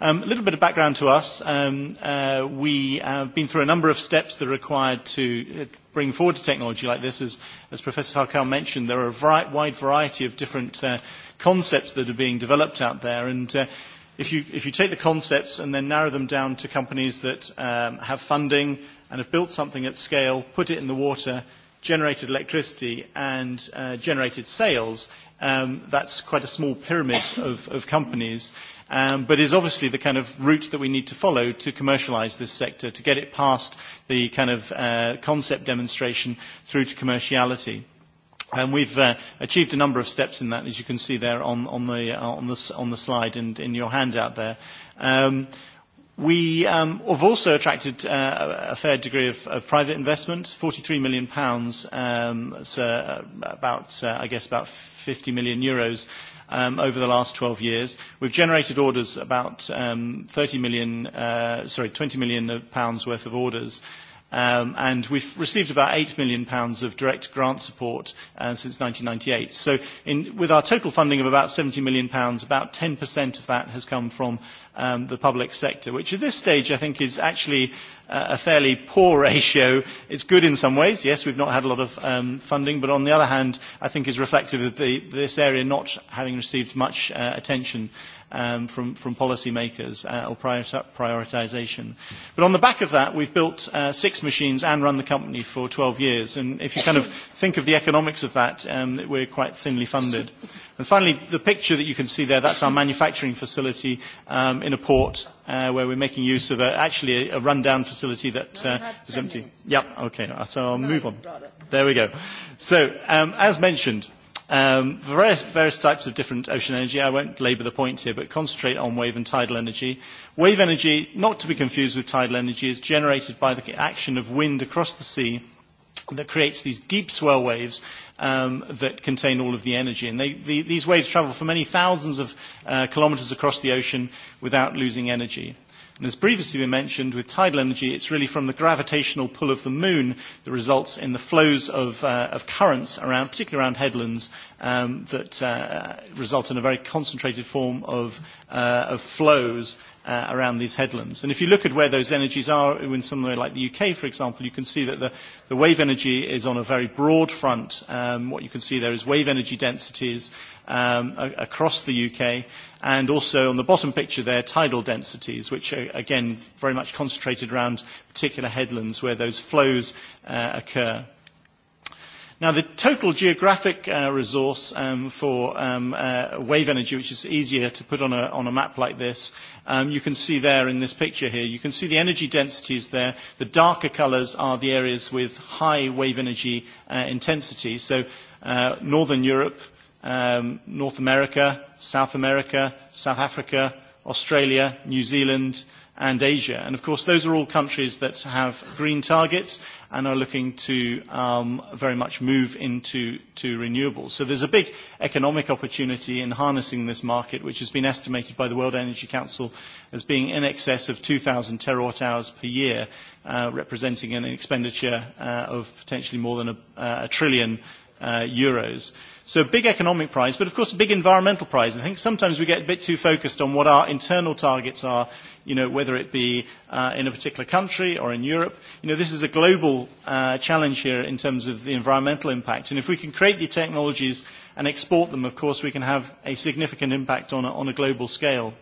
Um, a little bit of background to us. Um, uh, we have been through a number of steps that are required to bring forward a technology like this. As, as Professor Falcao mentioned, there are a vari- wide variety of different uh, concepts that are being developed out there. And uh, if, you, if you take the concepts and then narrow them down to companies that um, have funding, and have built something at scale, put it in the water, generated electricity and uh, generated sales, um, that's quite a small pyramid of, of companies, um, but is obviously the kind of route that we need to follow to commercialize this sector, to get it past the kind of uh, concept demonstration through to commerciality. And we've uh, achieved a number of steps in that, as you can see there on, on, the, on, the, on the slide and in your handout there. Um, We um, have also attracted uh, a fair degree of, of private investment, £43 million, pounds, um, so about, uh, I guess, about 50 million euros um, over the last 12 years. We've generated orders about um, 30 million, uh, sorry, 20 million pounds worth of orders. Um, and we've received about £8 million pounds of direct grant support uh, since 1998. So in, with our total funding of about £70 million, pounds, about 10% of that has come from um, the public sector, which at this stage I think is actually a fairly poor ratio. It's good in some ways. Yes, we've not had a lot of um, funding, but on the other hand, I think is reflective of the, this area not having received much uh, attention um, from, from policymakers uh, or prioritisation. But on the back of that, we've built uh, six machines and run the company for 12 years. And if you kind of think of the economics of that, um, we're quite thinly funded. And finally, the picture that you can see there, that's our manufacturing facility um, in a port uh, where we're making use of a, actually a, a rundown facility that uh, is empty. Yep, okay, so I'll move on. There we go. So, um, as mentioned, um, various, various types of different ocean energy. I won't labour the point here, but concentrate on wave and tidal energy. Wave energy, not to be confused with tidal energy, is generated by the action of wind across the sea that creates these deep swell waves um, that contain all of the energy. And they, the, these waves travel for many thousands of uh, kilometers across the ocean without losing energy. And as previously been mentioned, with tidal energy, it's really from the gravitational pull of the moon that results in the flows of, uh, of currents, around, particularly around headlands, um, that uh, result in a very concentrated form of, uh, of flows uh, around these headlands. And if you look at where those energies are in somewhere like the UK, for example, you can see that the, the wave energy is on a very broad front. Um, what you can see there is wave energy densities um, across the UK, and also on the bottom picture there, tidal densities, which are again very much concentrated around particular headlands where those flows uh, occur. Now, the total geographic uh, resource um, for um, uh, wave energy, which is easier to put on a, on a map like this, um, you can see there in this picture here, you can see the energy densities there. The darker colours are the areas with high wave energy uh, intensity. So uh, Northern Europe, um, North America, South America, South Africa, Australia, New Zealand, and Asia. And of course, those are all countries that have green targets and are looking to um, very much move into to renewables. So there's a big economic opportunity in harnessing this market, which has been estimated by the World Energy Council as being in excess of 2,000 terawatt hours per year, uh, representing an expenditure uh, of potentially more than a, a trillion uh, euros. So big economic prize, but of course a big environmental prize. I think sometimes we get a bit too focused on what our internal targets are you know, whether it be uh, in a particular country or in Europe. You know, this is a global uh, challenge here in terms of the environmental impact. And if we can create the technologies and export them, of course, we can have a significant impact on a, on a global scale.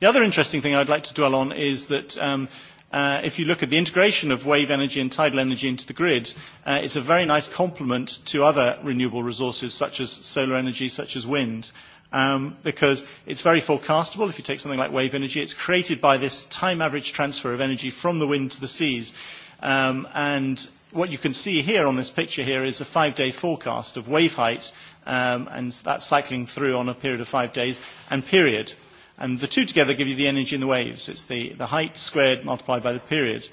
The other interesting thing I'd like to dwell on is that um, uh, if you look at the integration of wave energy and tidal energy into the grid, uh, it's a very nice complement to other renewable resources such as solar energy, such as wind um, because it's very forecastable. If you take something like wave energy, it's created by this time average transfer of energy from the wind to the seas. Um, and what you can see here on this picture here is a five-day forecast of wave height, um, and that's cycling through on a period of five days, and period. And the two together give you the energy in the waves. It's the, the height squared multiplied by the period.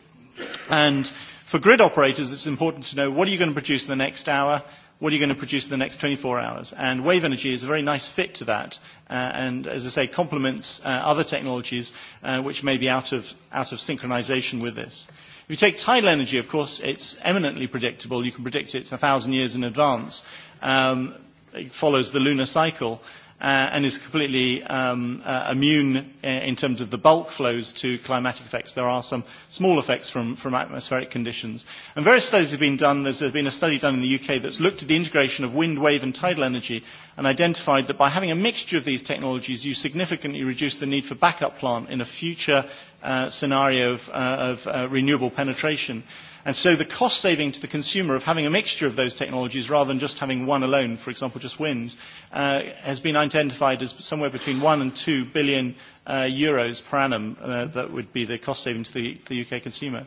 And for grid operators, it's important to know what are you going to produce in the next hour, what are you going to produce in the next 24 hours? And wave energy is a very nice fit to that, uh, and as I say, complements uh, other technologies uh, which may be out of, out of synchronization with this. If you take tidal energy, of course, it's eminently predictable. You can predict it a thousand years in advance. Um, it follows the lunar cycle and is completely um, uh, immune in terms of the bulk flows to climatic effects. There are some small effects from, from atmospheric conditions. And various studies have been done. There's been a study done in the UK that's looked at the integration of wind, wave and tidal energy and identified that by having a mixture of these technologies, you significantly reduce the need for backup plant in a future uh, scenario of, uh, of uh, renewable penetration. And so the cost saving to the consumer of having a mixture of those technologies rather than just having one alone, for example, just wind, uh, has been identified as somewhere between 1 and 2 billion uh, euros per annum. Uh, that would be the cost saving to the, the UK consumer.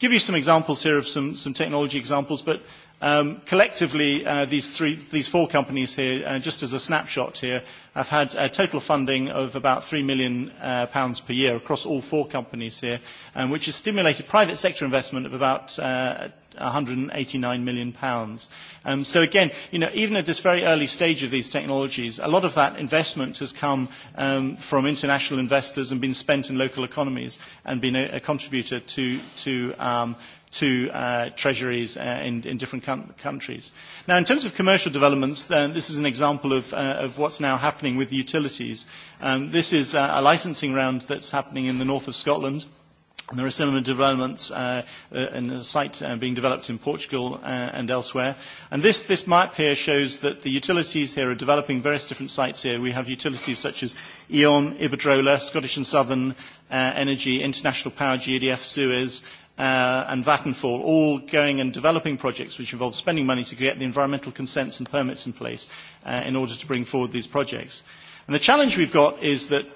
Give you some examples here of some, some technology examples, but Um, collectively, uh, these, three, these four companies here, uh, just as a snapshot here, have had a total funding of about three million uh, pounds per year across all four companies here, and which has stimulated private sector investment of about uh, 189 million pounds. Um, so again, you know, even at this very early stage of these technologies, a lot of that investment has come um, from international investors and been spent in local economies and been a, a contributor to, to um, to uh, treasuries uh, in, in different com- countries. Now, in terms of commercial developments, then this is an example of, uh, of what's now happening with utilities. Um, this is uh, a licensing round that's happening in the north of Scotland. There are similar developments uh, in a site uh, being developed in Portugal uh, and elsewhere. And this, this map here shows that the utilities here are developing various different sites here. We have utilities such as E.ON, Iberdrola, Scottish and Southern uh, Energy, International Power, GDF, Suez, uh, and Vattenfall, all going and developing projects which involve spending money to get the environmental consents and permits in place uh, in order to bring forward these projects. And the challenge we've got is that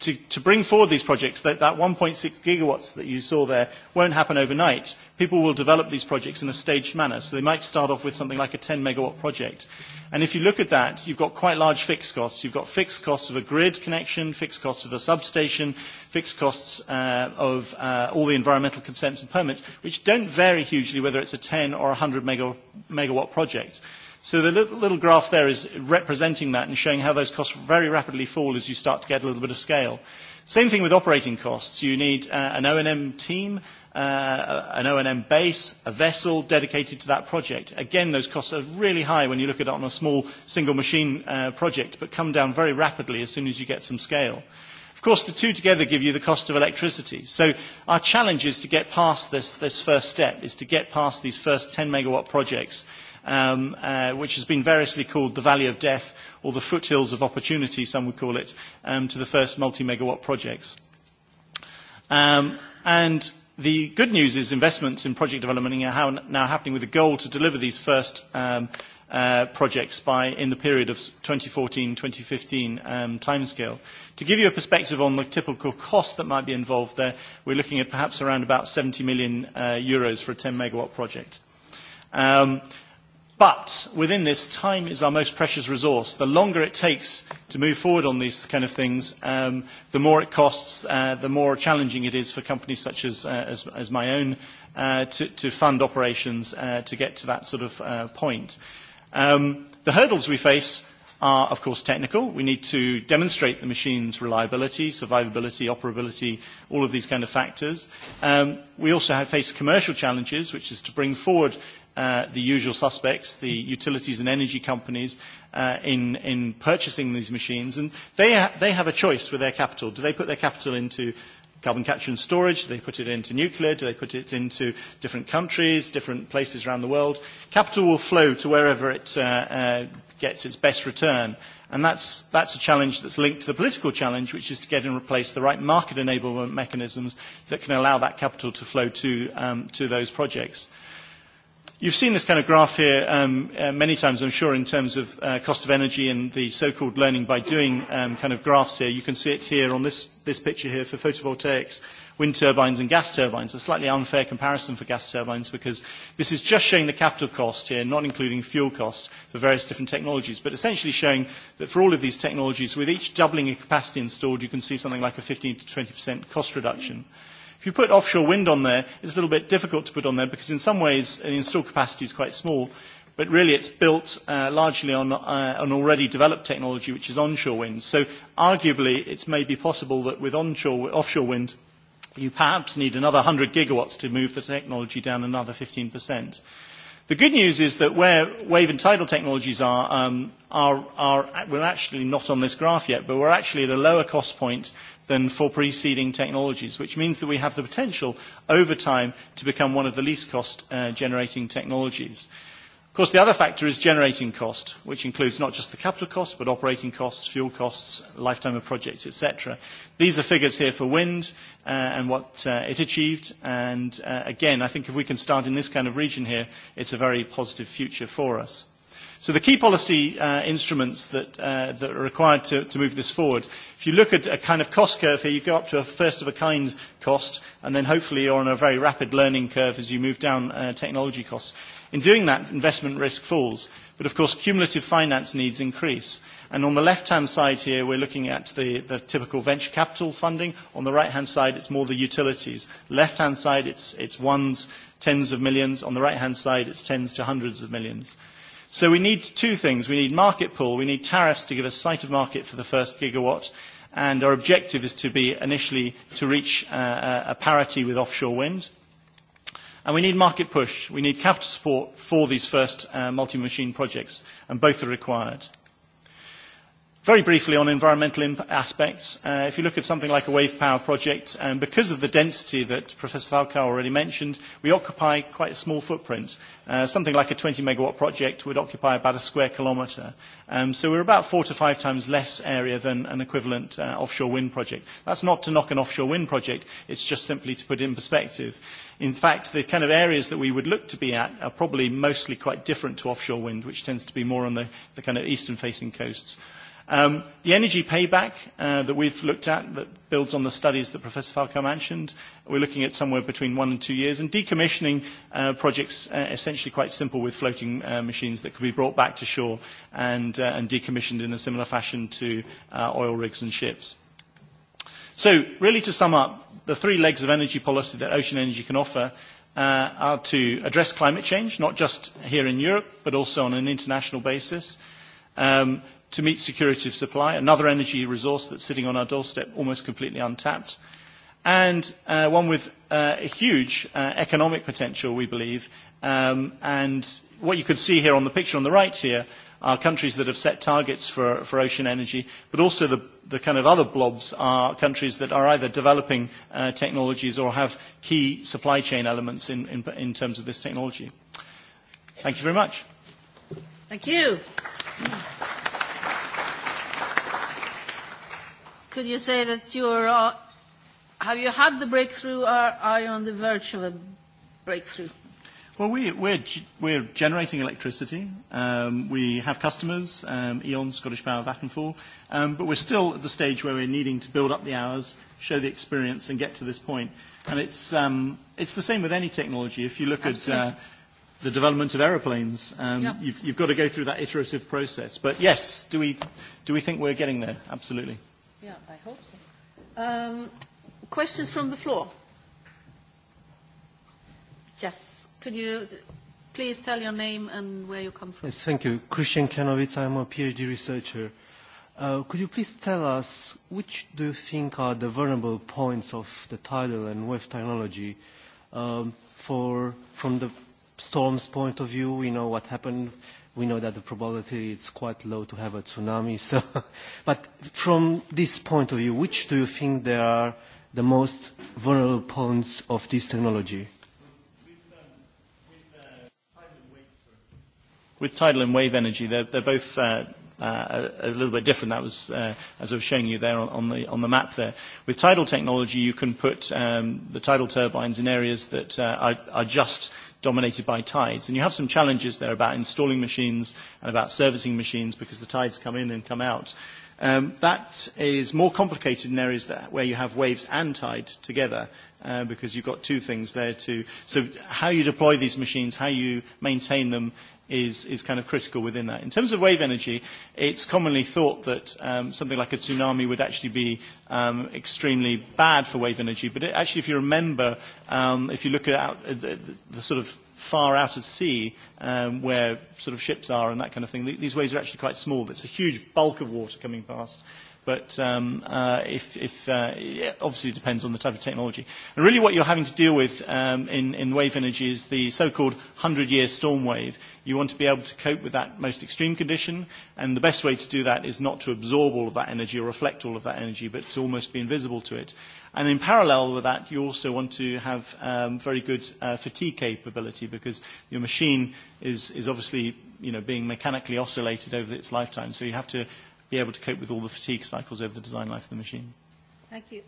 to, to bring forward these projects, that, that 1.6 gigawatts that you saw there won't happen overnight. People will develop these projects in a staged manner. So they might start off with something like a 10 megawatt project. And if you look at that, you've got quite large fixed costs. You've got fixed costs of a grid connection, fixed costs of a substation, fixed costs uh, of uh, all the environmental consents and permits, which don't vary hugely whether it's a 10 or 100 megawatt project. So the little, little graph there is representing that and showing how those costs very rapidly fall as you start to get a little bit of scale. Same thing with operating costs. You need uh, an O&M team, uh, an O&M base, a vessel dedicated to that project. Again, those costs are really high when you look at it on a small single machine uh, project, but come down very rapidly as soon as you get some scale. Of course, the two together give you the cost of electricity. So our challenge is to get past this, this first step, is to get past these first 10 megawatt projects um, uh, which has been variously called the Valley of Death or the Foothills of Opportunity, some would call it, um, to the first multi-megawatt projects. Um, and the good news is investments in project development are now happening with a goal to deliver these first um, uh, projects by in the period of 2014-2015 um, timescale. To give you a perspective on the typical cost that might be involved there, we're looking at perhaps around about 70 million uh, euros for a 10 megawatt project. Um, But within this, time is our most precious resource. The longer it takes to move forward on these kind of things, um, the more it costs, uh, the more challenging it is for companies such as, uh, as, as my own uh, to, to fund operations uh, to get to that sort of uh, point. Um, the hurdles we face are, of course, technical. We need to demonstrate the machine's reliability, survivability, operability, all of these kind of factors. Um, we also have faced commercial challenges, which is to bring forward uh, the usual suspects, the utilities and energy companies, uh, in, in purchasing these machines. And they, ha- they have a choice with their capital. Do they put their capital into carbon capture and storage? Do they put it into nuclear? Do they put it into different countries, different places around the world? Capital will flow to wherever it uh, uh, gets its best return. And that's, that's a challenge that's linked to the political challenge, which is to get and replace the right market enablement mechanisms that can allow that capital to flow to, um, to those projects. You've seen this kind of graph here um, uh, many times, I'm sure, in terms of uh, cost of energy and the so-called learning by doing um, kind of graphs here. You can see it here on this, this picture here for photovoltaics, wind turbines and gas turbines. A slightly unfair comparison for gas turbines because this is just showing the capital cost here, not including fuel cost for various different technologies, but essentially showing that for all of these technologies, with each doubling of capacity installed, you can see something like a 15 to 20% cost reduction. Mm-hmm If you put offshore wind on there, it's a little bit difficult to put on there because in some ways the install capacity is quite small, but really it's built uh, largely on uh, an already developed technology, which is onshore wind. So arguably it's maybe possible that with onshore, offshore wind, you perhaps need another 100 gigawatts to move the technology down another 15%. The good news is that where wave and tidal technologies are, um, are, are, we're actually not on this graph yet, but we're actually at a lower cost point than for preceding technologies, which means that we have the potential over time to become one of the least cost uh, generating technologies. Of course, the other factor is generating cost, which includes not just the capital cost, but operating costs, fuel costs, lifetime of projects, etc. These are figures here for wind uh, and what uh, it achieved. And uh, again, I think if we can start in this kind of region here, it's a very positive future for us. So the key policy uh, instruments that, uh, that are required to, to move this forward, if you look at a kind of cost curve here, you go up to a first-of-a-kind cost, and then hopefully you're on a very rapid learning curve as you move down uh, technology costs. In doing that, investment risk falls, but of course cumulative finance needs increase. And on the left-hand side here, we're looking at the, the typical venture capital funding. On the right-hand side, it's more the utilities. Left-hand side, it's, it's ones, tens of millions. On the right-hand side, it's tens to hundreds of millions. So we need two things. We need market pull. We need tariffs to give us sight of market for the first gigawatt. And our objective is to be initially to reach uh, a parity with offshore wind. And we need market push. We need capital support for these first uh, multi-machine projects. And both are required. Very briefly on environmental aspects, uh, if you look at something like a wave power project, um, because of the density that Professor Falcao already mentioned, we occupy quite a small footprint. Uh, something like a 20 megawatt project would occupy about a square kilometre. Um, so we're about four to five times less area than an equivalent uh, offshore wind project. That's not to knock an offshore wind project, it's just simply to put it in perspective. In fact, the kind of areas that we would look to be at are probably mostly quite different to offshore wind, which tends to be more on the, the kind of eastern facing coasts. Um, the energy payback uh, that we've looked at that builds on the studies that Professor Falco mentioned, we're looking at somewhere between one and two years, and decommissioning uh, projects uh, essentially quite simple with floating uh, machines that could be brought back to shore and, uh, and decommissioned in a similar fashion to uh, oil rigs and ships. So really to sum up, the three legs of energy policy that ocean energy can offer uh, are to address climate change, not just here in Europe, but also on an international basis, um, to meet security of supply, another energy resource that's sitting on our doorstep almost completely untapped, and uh, one with uh, a huge uh, economic potential, we believe. Um, and what you could see here on the picture on the right here are countries that have set targets for, for ocean energy, but also the, the kind of other blobs are countries that are either developing uh, technologies or have key supply chain elements in, in, in terms of this technology. Thank you very much. Thank you. could you say that you are, have you had the breakthrough, or are you on the verge of a breakthrough? Well, we, we're, we're generating electricity. Um, we have customers, um, E.ON, Scottish Power, Vattenfall, um, but we're still at the stage where we're needing to build up the hours, show the experience, and get to this point. And it's, um, it's the same with any technology. If you look Absolutely. at uh, the development of aeroplanes, um, yeah. you've, you've got to go through that iterative process. But yes, do we, do we think we're getting there? Absolutely. Yeah, I hope so. Um, questions from the floor? Yes. Could you please tell your name and where you come from? Yes, thank you. Christian Kanowitz, I'm a PhD researcher. Uh, could you please tell us which do you think are the vulnerable points of the tidal and wave technology um, for, from the storm's point of view? We know what happened we know that the probability is quite low to have a tsunami. So, but from this point of view, which do you think there are the most vulnerable points of this technology? With tidal and wave energy, they're, they're both uh, uh, a little bit different. That was, uh, as I was showing you there on, on, the, on the map there. With tidal technology, you can put um, the tidal turbines in areas that uh, are, are just – dominated by tides. And you have some challenges there about installing machines and about servicing machines because the tides come in and come out. Um, that is more complicated in areas that, where you have waves and tide together uh, because you've got two things there too. So how you deploy these machines, how you maintain them is, is kind of critical within that. In terms of wave energy, it's commonly thought that um, something like a tsunami would actually be um, extremely bad for wave energy. But it, actually, if you remember, um, if you look at out, uh, the, the sort of far out at sea um, where sort of ships are and that kind of thing, th- these waves are actually quite small. It's a huge bulk of water coming past but um, uh, if, if, uh, yeah, obviously it depends on the type of technology. And really what you're having to deal with um, in, in wave energy is the so-called 100-year storm wave. You want to be able to cope with that most extreme condition, and the best way to do that is not to absorb all of that energy or reflect all of that energy, but to almost be invisible to it. And in parallel with that, you also want to have um, very good uh, fatigue capability because your machine is, is obviously you know, being mechanically oscillated over its lifetime. So you have to be able to cope with all the fatigue cycles over the design life of the machine. Thank you.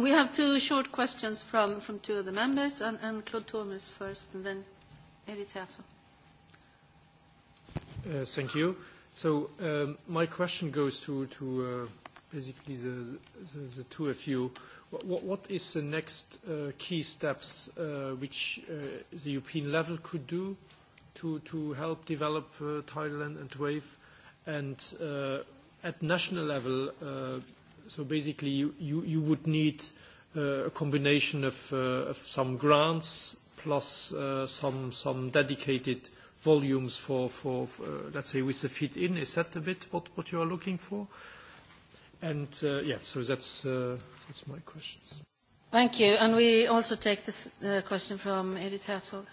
We have two short questions from, from two of the members, and, and Claude Thomas first, and then Edith Hassel. Uh, thank you. So um, my question goes to, to uh, basically the, the, the two of you. What, what is the next uh, key steps uh, which uh, the European level could do to, to help develop uh, Thailand and WAVE? And uh, at national level, uh, so basically you, you, you would need uh, a combination of, uh, of some grants plus uh, some, some dedicated volumes for, for uh, let's say, with the fit-in. Is that a bit what, what you are looking for? And uh, yeah, so that's, uh, that's my questions. Thank you. And we also take this uh, question from Edith Hertog.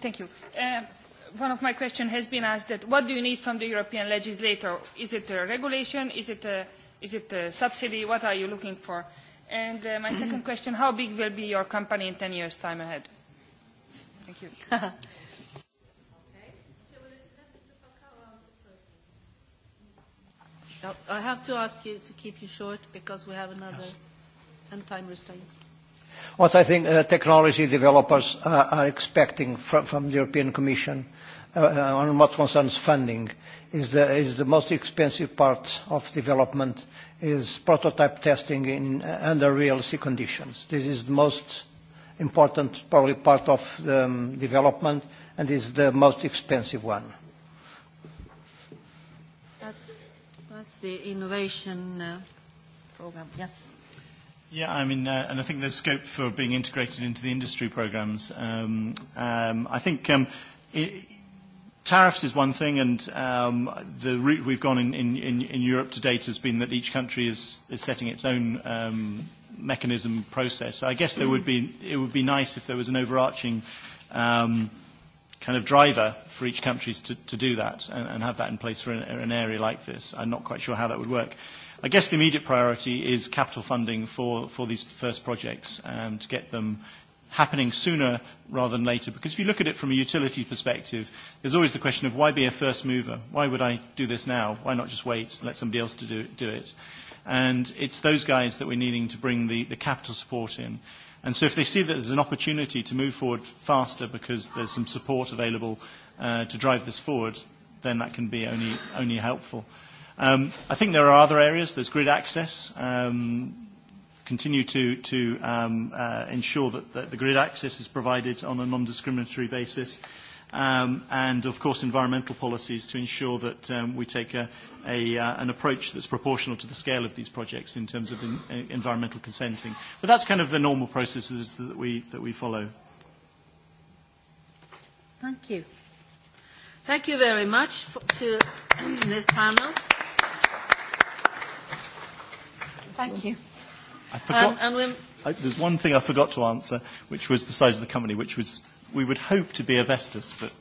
Thank you. Uh, one of my questions has been asked that what do you need from the European legislator? Is it a regulation? Is it a, is it a subsidy? What are you looking for? And uh, my second question, how big will be your company in 10 years' time ahead? Thank you. I have to ask you to keep you short because we have another yes. end time restraint. What I think uh, technology developers are are expecting from, from the European Commission on what concerns funding is the, is the most expensive part of development is prototype testing in, uh, under real sea conditions. This is the most important probably part of the um, development and is the most expensive one. That's, that's the innovation uh, program, yes. Yeah, I mean, uh, and I think there's scope for being integrated into the industry programs. Um, um, I think um, it, Tariffs is one thing, and um, the route we've gone in, in, in, in Europe to date has been that each country is, is setting its own um, mechanism process. So I guess there would be, it would be nice if there was an overarching um, kind of driver for each country to, to do that and, and have that in place for an, an area like this. I'm not quite sure how that would work. I guess the immediate priority is capital funding for, for these first projects um, to get them happening sooner rather than later. Because if you look at it from a utility perspective, there's always the question of why be a first mover? Why would I do this now? Why not just wait and let somebody else to do, do it? And it's those guys that we're needing to bring the, the capital support in. And so if they see that there's an opportunity to move forward faster because there's some support available uh, to drive this forward, then that can be only, only helpful. Um, I think there are other areas. There's grid access. Um, continue to, to um, uh, ensure that, that the grid access is provided on a non-discriminatory basis, um, and of course environmental policies to ensure that um, we take a, a, uh, an approach that's proportional to the scale of these projects in terms of in, uh, environmental consenting. But that's kind of the normal processes that we, that we follow. Thank you. Thank you very much for, to this panel. Thank you. I forgot. Um, and we're... I, there's one thing I forgot to answer, which was the size of the company, which was we would hope to be a Vestas, but.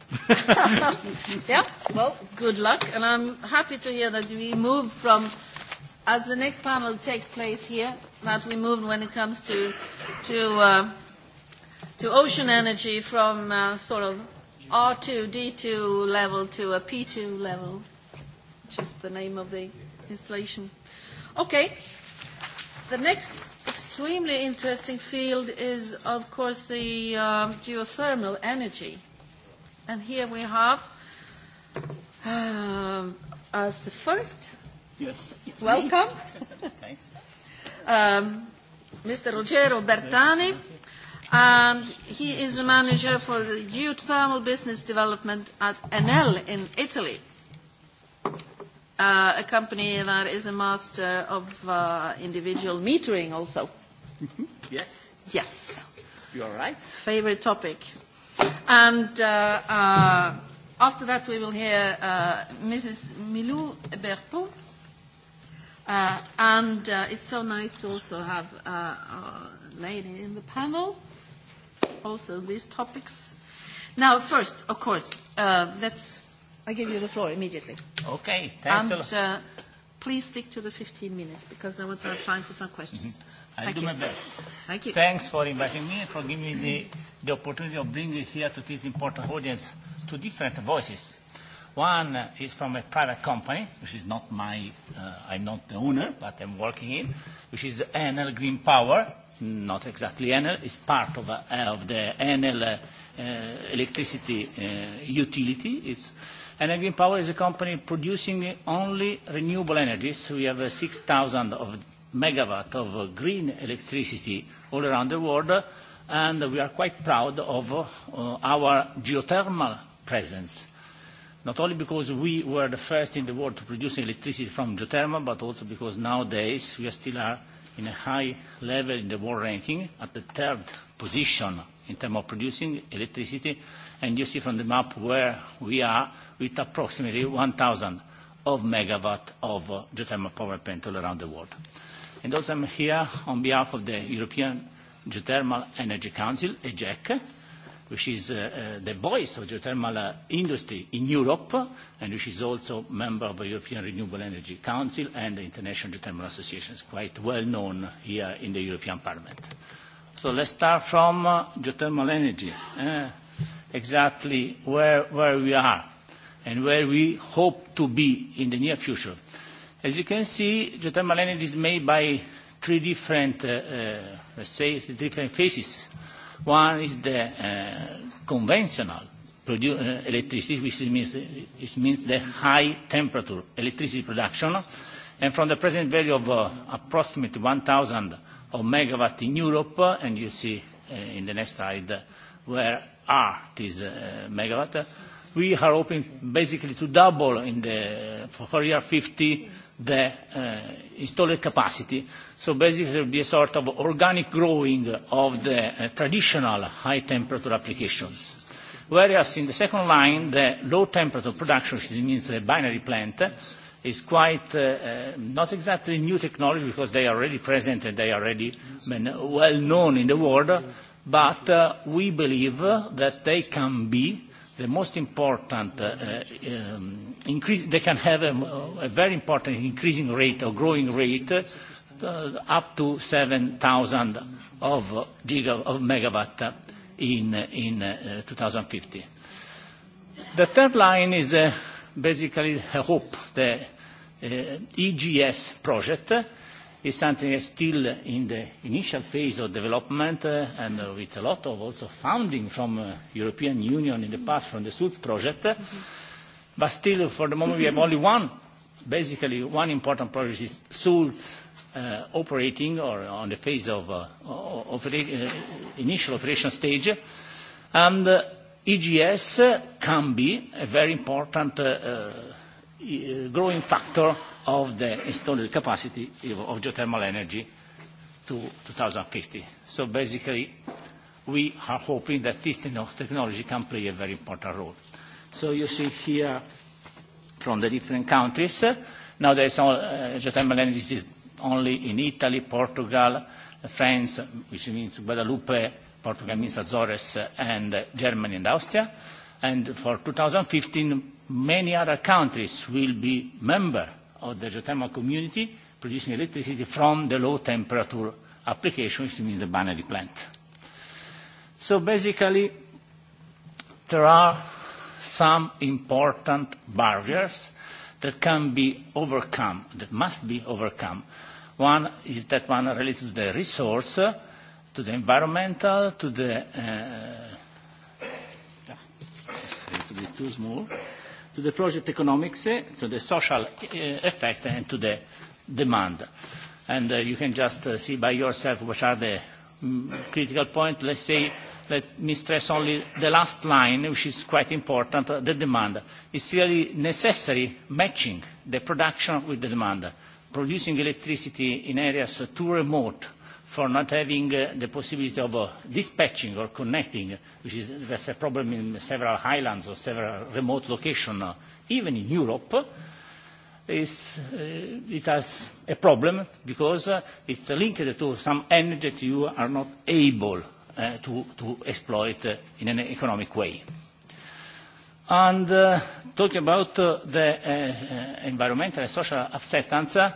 yeah, well, good luck. And I'm happy to hear that we move from, as the next panel takes place here, that we move when it comes to, to, uh, to ocean energy from uh, sort of R2, D2 level to a P2 level, which is the name of the installation. Okay. The next extremely interesting field is, of course, the uh, geothermal energy. And here we have, uh, as the first, yes, it's welcome, Thanks. um, Mr. Rogero Bertani. And he is the manager for the geothermal business development at Enel in Italy uh, a company that is a master of uh, individual metering also. yes. Yes. You are right. Favorite topic. And uh, uh, after that we will hear uh, Mrs. Milou Berpo. Uh, and uh, it's so nice to also have uh, a lady in the panel, also these topics. Now, first, of course, uh, let's I give you the floor immediately. Okay, thanks and, a lot. Uh, please stick to the 15 minutes because I want to have time for some questions. Mm-hmm. I'll Thank do you. my best. Thank you. Thanks for inviting me and for giving me the, the opportunity of bringing here to this important audience two different voices. One is from a private company, which is not my, uh, I'm not the owner, but I'm working in, which is Enel Green Power. Not exactly Enel, it's part of, uh, of the Enel uh, uh, electricity uh, utility. It's And Power is a company producing only renewable energies. We have 6,000 of megawatt of green electricity all around the world, and we are quite proud of our geothermal presence. Not only because we were the first in the world to produce electricity from geothermal, but also because nowadays we still are in a high level in the world ranking, at the third position in terms of producing electricity, and you see from the map where we are with approximately 1,000 of megawatt of geothermal power plant all around the world. And also I'm here on behalf of the European Geothermal Energy Council, EGEC, which is uh, the voice of geothermal uh, industry in Europe, and which is also member of the European Renewable Energy Council and the International Geothermal Association. It's quite well known here in the European Parliament. So let's start from uh, geothermal energy. Uh, exactly where, where we are and where we hope to be in the near future. As you can see, geothermal energy is made by three different, uh, uh, let's say, three different phases. One is the uh, conventional produ- uh, electricity, which means, it means the high temperature electricity production. And from the present value of uh, approximately 1,000 of megawatt in Europe, uh, and you see uh, in the next slide uh, where are these uh, megawatt. We are hoping basically to double in the for year 50 the uh, installed capacity. So basically it will be a sort of organic growing of the uh, traditional high temperature applications. Whereas in the second line, the low temperature production, which means the binary plant, is quite uh, not exactly new technology because they are already present and they are already well known in the world, but uh, we believe that they can be the most important uh, um, increase. They can have a, a very important increasing rate or growing rate uh, up to 7,000 of, giga, of megawatt in, in uh, 2050. The third line is uh, basically a hope, the uh, EGS project, is something that's still in the initial phase of development uh, and uh, with a lot of also funding from uh, European Union in the past from the SUD project. Uh, but still, for the moment, we have only one, basically one important project is SULS uh, operating or on the phase of uh, opera- uh, initial operation stage. And uh, EGS can be a very important uh, uh, growing factor of the installed capacity of geothermal energy to 2050. So basically, we are hoping that this technology can play a very important role. So you see here from the different countries. Now there is all, geothermal energy is only in Italy, Portugal, France, which means Guadalupe, Portugal means Azores, and Germany and Austria. And for 2015, many other countries will be member of the geothermal community producing electricity from the low temperature application, which means the binary plant. So basically, there are some important barriers that can be overcome, that must be overcome. One is that one related to the resource, to the environmental, to the... Uh, yeah, it's a little bit too small to the project economics, to the social uh, effect, and to the demand. And uh, you can just uh, see by yourself what are the mm, critical points. Let's say, let me stress only the last line, which is quite important, uh, the demand. It's really necessary matching the production with the demand. Producing electricity in areas too remote for not having uh, the possibility of uh, dispatching or connecting, which is that's a problem in several highlands or several remote locations, uh, even in Europe, is, uh, it has a problem because uh, it's linked to some energy that you are not able uh, to, to exploit uh, in an economic way. And uh, talking about uh, the uh, environmental and social acceptance, uh,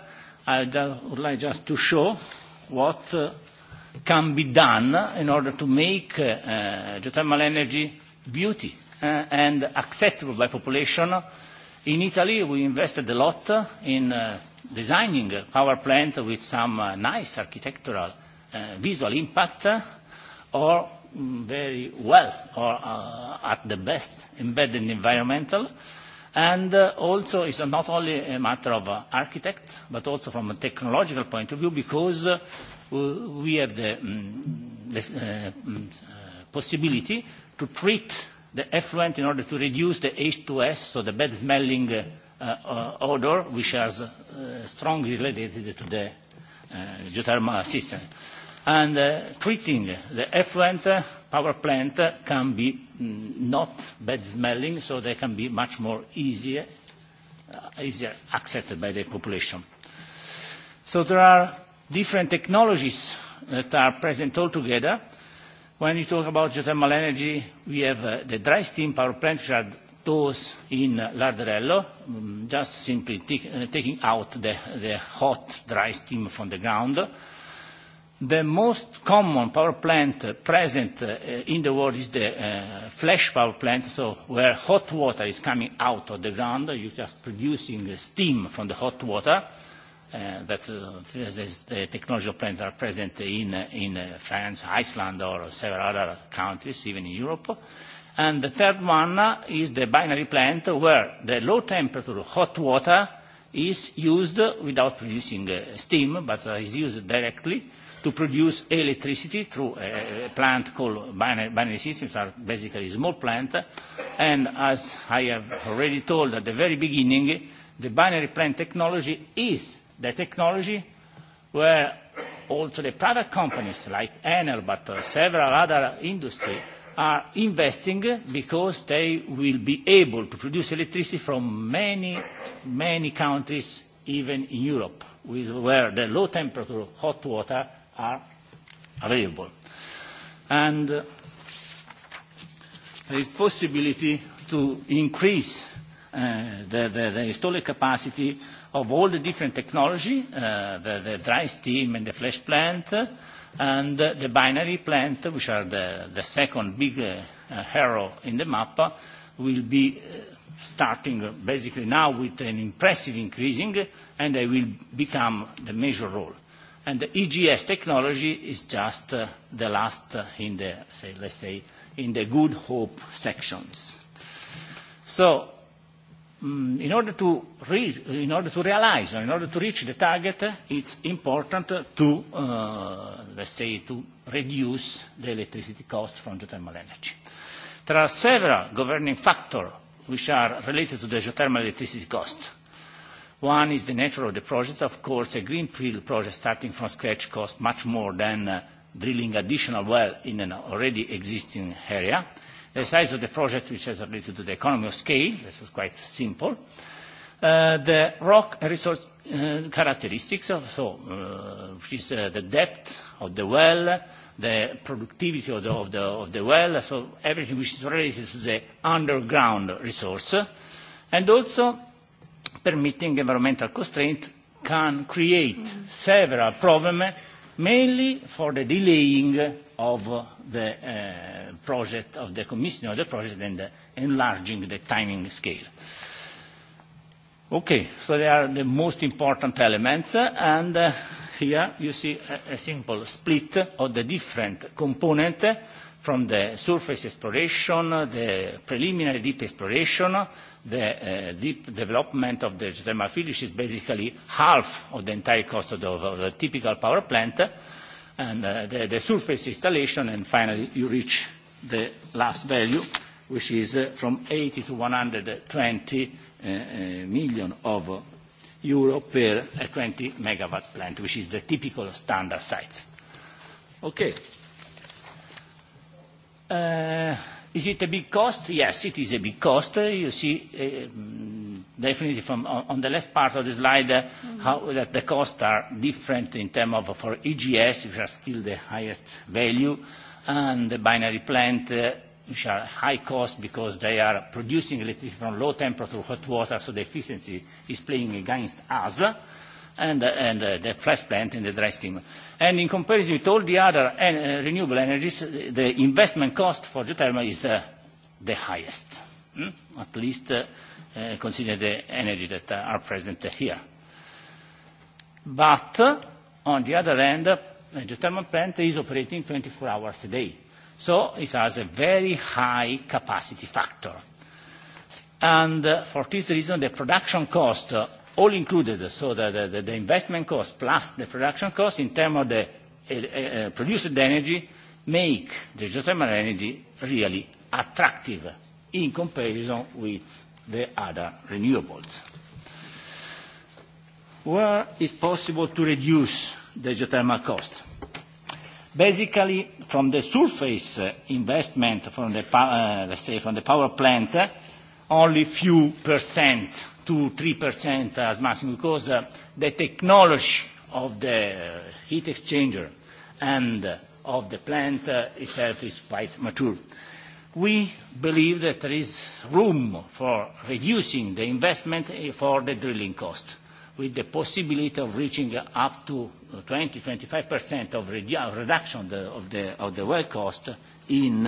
I would like just to show what uh, can be done in order to make uh, geothermal energy beauty uh, and acceptable by population. In Italy, we invested a lot in uh, designing a power plant with some uh, nice architectural uh, visual impact uh, or very well or uh, at the best embedded environmental. And also, it's not only a matter of architect, but also from a technological point of view, because we have the the possibility to treat the effluent in order to reduce the H2S, so the bad-smelling uh odor, which is strongly related to the geothermal system and treating the effluent power plant can be not bad smelling, so they can be much more easier, accepted by the population. So there are different technologies that are present altogether. When you talk about geothermal energy, we have the dry steam power plant, which are those in Larderello, just simply taking out the, the hot dry steam from the ground. The most common power plant present in the world is the flash power plant, so where hot water is coming out of the ground. You're just producing steam from the hot water. That the technology plants are present in France, Iceland, or several other countries, even in Europe. And the third one is the binary plant, where the low temperature hot water is used without producing steam, but is used directly to produce electricity through a plant called binary systems, are basically small plant. And as I have already told at the very beginning, the binary plant technology is the technology where also the product companies like Enel, but several other industries are investing because they will be able to produce electricity from many, many countries, even in Europe, where the low temperature hot water are available. And uh, there is possibility to increase uh, the, the, the installed capacity of all the different technology, uh, the, the dry steam and the flash plant, uh, and uh, the binary plant, which are the, the second big uh, arrow in the map, will be uh, starting basically now with an impressive increasing, and they will become the major role. And the EGS technology is just uh, the last uh, in the, say, let's say, in the good hope sections. So, um, in order to re- in order to realize, or in order to reach the target, uh, it's important to, uh, let's say, to reduce the electricity cost from geothermal energy. There are several governing factors which are related to the geothermal electricity cost One is the nature of the project. Of course, a greenfield project starting from scratch costs much more than uh, drilling additional well in an already existing area. The size of the project, which has related to the economy of scale, this is quite simple. Uh, the rock resource uh, characteristics, of, so, uh, which is uh, the depth of the well, the productivity of the, of, the, of the well, so everything which is related to the underground resource, and also permitting environmental constraints can create several problems, mainly for the delaying of the uh, project, of the commission of the project, and the enlarging the timing scale. Okay, so they are the most important elements, and uh, here you see a, a simple split of the different components from the surface exploration, the preliminary deep exploration, the uh, deep development of the geothermal field, which is basically half of the entire cost of the, of the typical power plant, and uh, the, the surface installation, and finally you reach the last value, which is uh, from 80 to 120 uh, uh, million of euro per uh, 20 megawatt plant, which is the typical standard size. Okay. Uh, Is it a big cost? Yes, it is a big cost. You see, definitely from on the left part of the slide, how that the costs are different in terms of for EGS, which are still the highest value, and the binary plant, which are high cost because they are producing electricity from low temperature hot water, so the efficiency is playing against us and, and uh, the flash plant and the dry steam. And in comparison with all the other en- uh, renewable energies, the investment cost for geothermal is uh, the highest, at least uh, uh, consider the energy that are present here. But uh, on the other hand, a geothermal plant is operating 24 hours a day. So it has a very high capacity factor. And uh, for this reason, the production cost all included, so the, the, investment cost plus the production cost in terms of the produced energy make the geothermal energy really attractive in comparison with the other renewables. Where is possible to reduce the geothermal cost? Basically, from the surface investment from the, let's say, from the power plant, only few percent 2%-3% as maximum, because the technology of the heat exchanger and of the plant itself is quite mature. We believe that there is room for reducing the investment for the drilling cost, with the possibility of reaching up to 20%-25% of reduction of the well cost in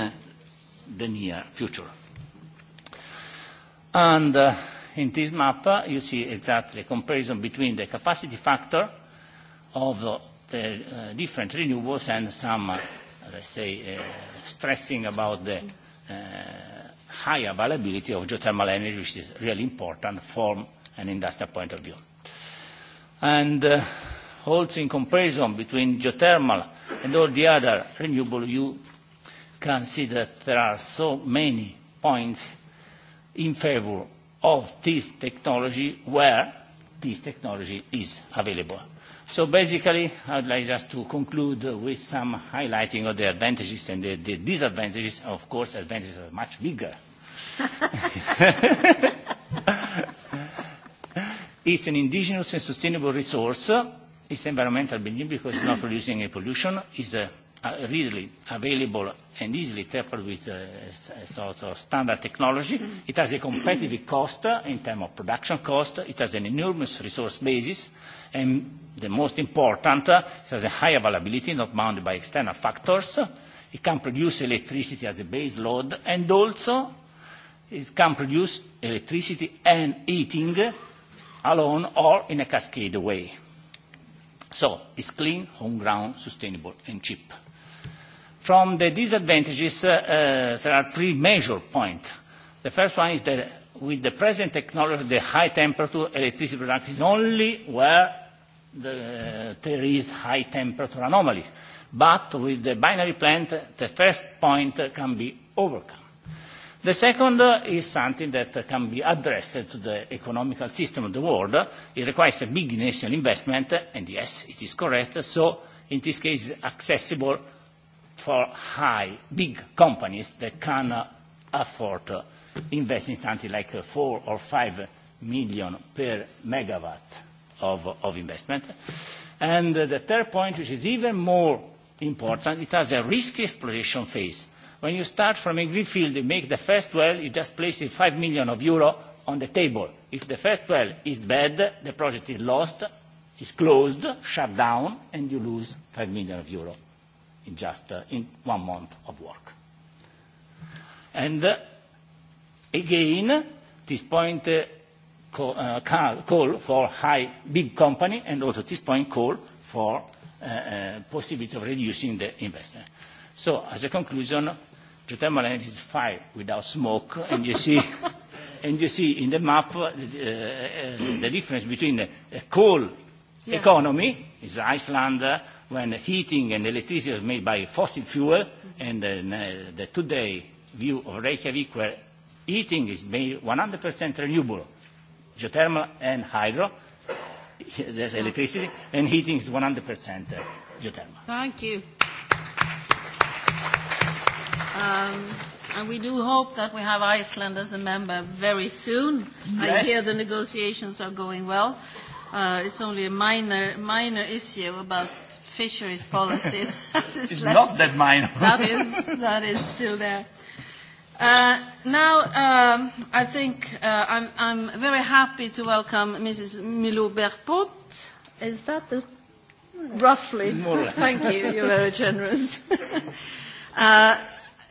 the near future. And In this map, you see exactly a comparison between the capacity factor of the different renewables and some, let's say, stressing about the high availability of geothermal energy, which is really important from an industrial point of view. And also in comparison between geothermal and all the other renewable, you can see that there are so many points in favor of this technology where this technology is available. So basically, I would like just to conclude with some highlighting of the advantages and the, the disadvantages. Of course, advantages are much bigger. it's an indigenous and sustainable resource. It's environmental because it's not producing any pollution. It's a readily available and easily tempered with uh, sort of standard technology. It has a competitive cost in terms of production cost. It has an enormous resource basis. And the most important, uh, it has a high availability, not bounded by external factors. It can produce electricity as a base load. And also, it can produce electricity and heating alone or in a cascade way. So it's clean, home ground, sustainable, and cheap. From the disadvantages, uh, there are three major points. The first one is that with the present technology, the high temperature electricity production is only where the, uh, there is high temperature anomalies. But with the binary plant, the first point can be overcome. The second is something that can be addressed to the economical system of the world. It requires a big national investment, and yes, it is correct. So in this case, accessible for high, big companies that can uh, afford uh, in something like uh, 4 or 5 million per megawatt of, of investment. And uh, the third point, which is even more important, it has a risky exploration phase. When you start from a green field, you make the first well, you just place 5 million of euro on the table. If the first well is bad, the project is lost, is closed, shut down, and you lose 5 million of euro in just uh, in one month of work. And uh, again, this point uh, call, uh, call for high big company and also this point call for uh, uh, possibility of reducing the investment. So as a conclusion, geothermal energy is fire without smoke, and you see, and you see in the map uh, uh, the difference between the coal yeah. economy, is Iceland, when heating and electricity was made by fossil fuel, and uh, the today view of Reykjavik, where heating is made 100% renewable, geothermal and hydro, there's electricity, and heating is 100% geothermal. Thank you. Um, And we do hope that we have Iceland as a member very soon. Yes. I hear the negotiations are going well. Uh, it's only a minor, minor issue about fisheries policy. it's left, not that minor. that is that is still there. Uh, now, um, I think uh, I'm, I'm very happy to welcome Mrs. Milou Berpot. Is that the roughly? More Thank you. You're very generous. uh,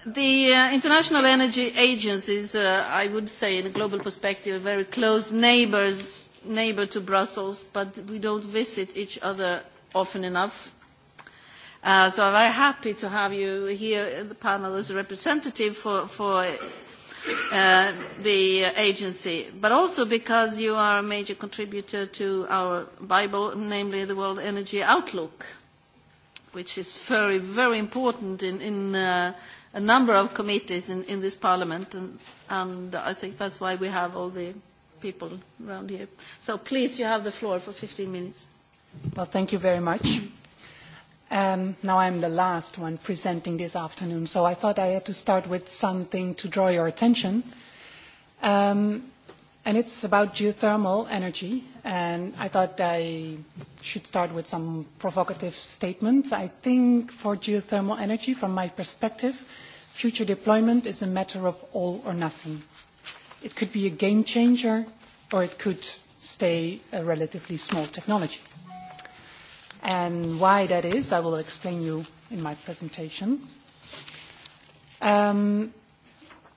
the uh, International Energy Agency is, uh, I would say, in a global perspective, a very close neighbors, neighbor to Brussels, but we don't visit each other often enough so I'm very happy to have you here in the panel as a representative for, for uh, the agency, but also because you are a major contributor to our Bible, namely the World Energy Outlook, which is very, very important in, in uh, a number of committees in, in this parliament, and, and I think that's why we have all the people around here. So please, you have the floor for 15 minutes. Well, thank you very much. Um, now I'm the last one presenting this afternoon, so I thought I had to start with something to draw your attention. Um, and it's about geothermal energy. And I thought I should start with some provocative statements. I think for geothermal energy, from my perspective, future deployment is a matter of all or nothing. It could be a game changer, or it could stay a relatively small technology and why that is, I will explain you in my presentation.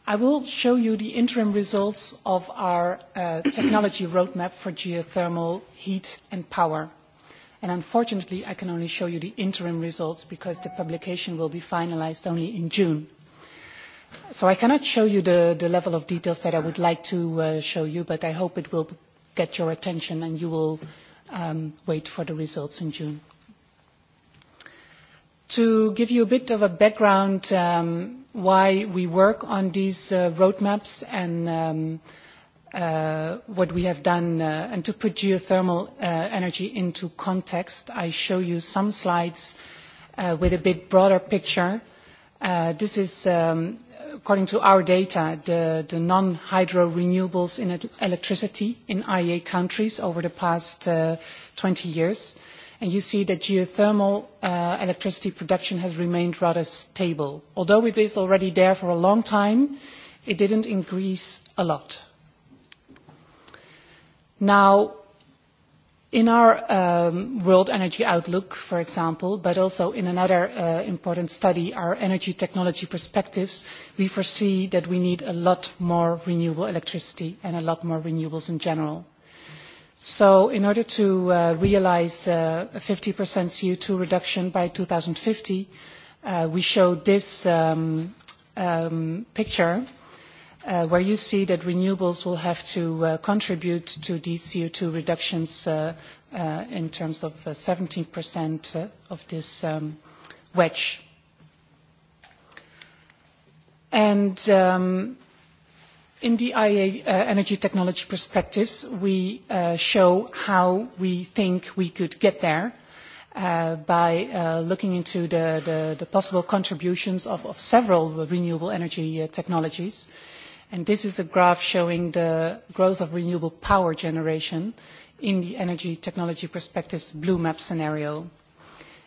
I will show you the interim results of our uh, technology roadmap for geothermal heat and power. And unfortunately, I can only show you the interim results because the publication will be finalized only in June. So I cannot show you the, the level of details that I would like to uh, show you, but I hope it will get your attention and you will um, wait for the results in June. To give you a bit of a background um, why we work on these uh, roadmaps and um, uh, what we have done uh, and to put geothermal uh, energy into context, I show you some slides uh, with a bit broader picture. Uh, this is um, according to our data, the, the non-hydro renewables in electricity in IEA countries over the past uh, 20 years. And you see that geothermal uh, electricity production has remained rather stable. Although it is already there for a long time, it didn't increase a lot. Now, In our um, World Energy Outlook, for example, but also in another uh, important study, our energy technology perspectives, we foresee that we need a lot more renewable electricity and a lot more renewables in general. So in order to uh, realize uh, a 50% CO2 reduction by 2050, uh, we show this um, um, picture – where you see that renewables will have to contribute to these CO2 reductions in terms of 17% of this wedge. And in the IEA energy technology perspectives, we show how we think we could get there by looking into the possible contributions of several renewable energy technologies And this is a graph showing the growth of renewable power generation in the Energy Technology Perspectives blue map scenario.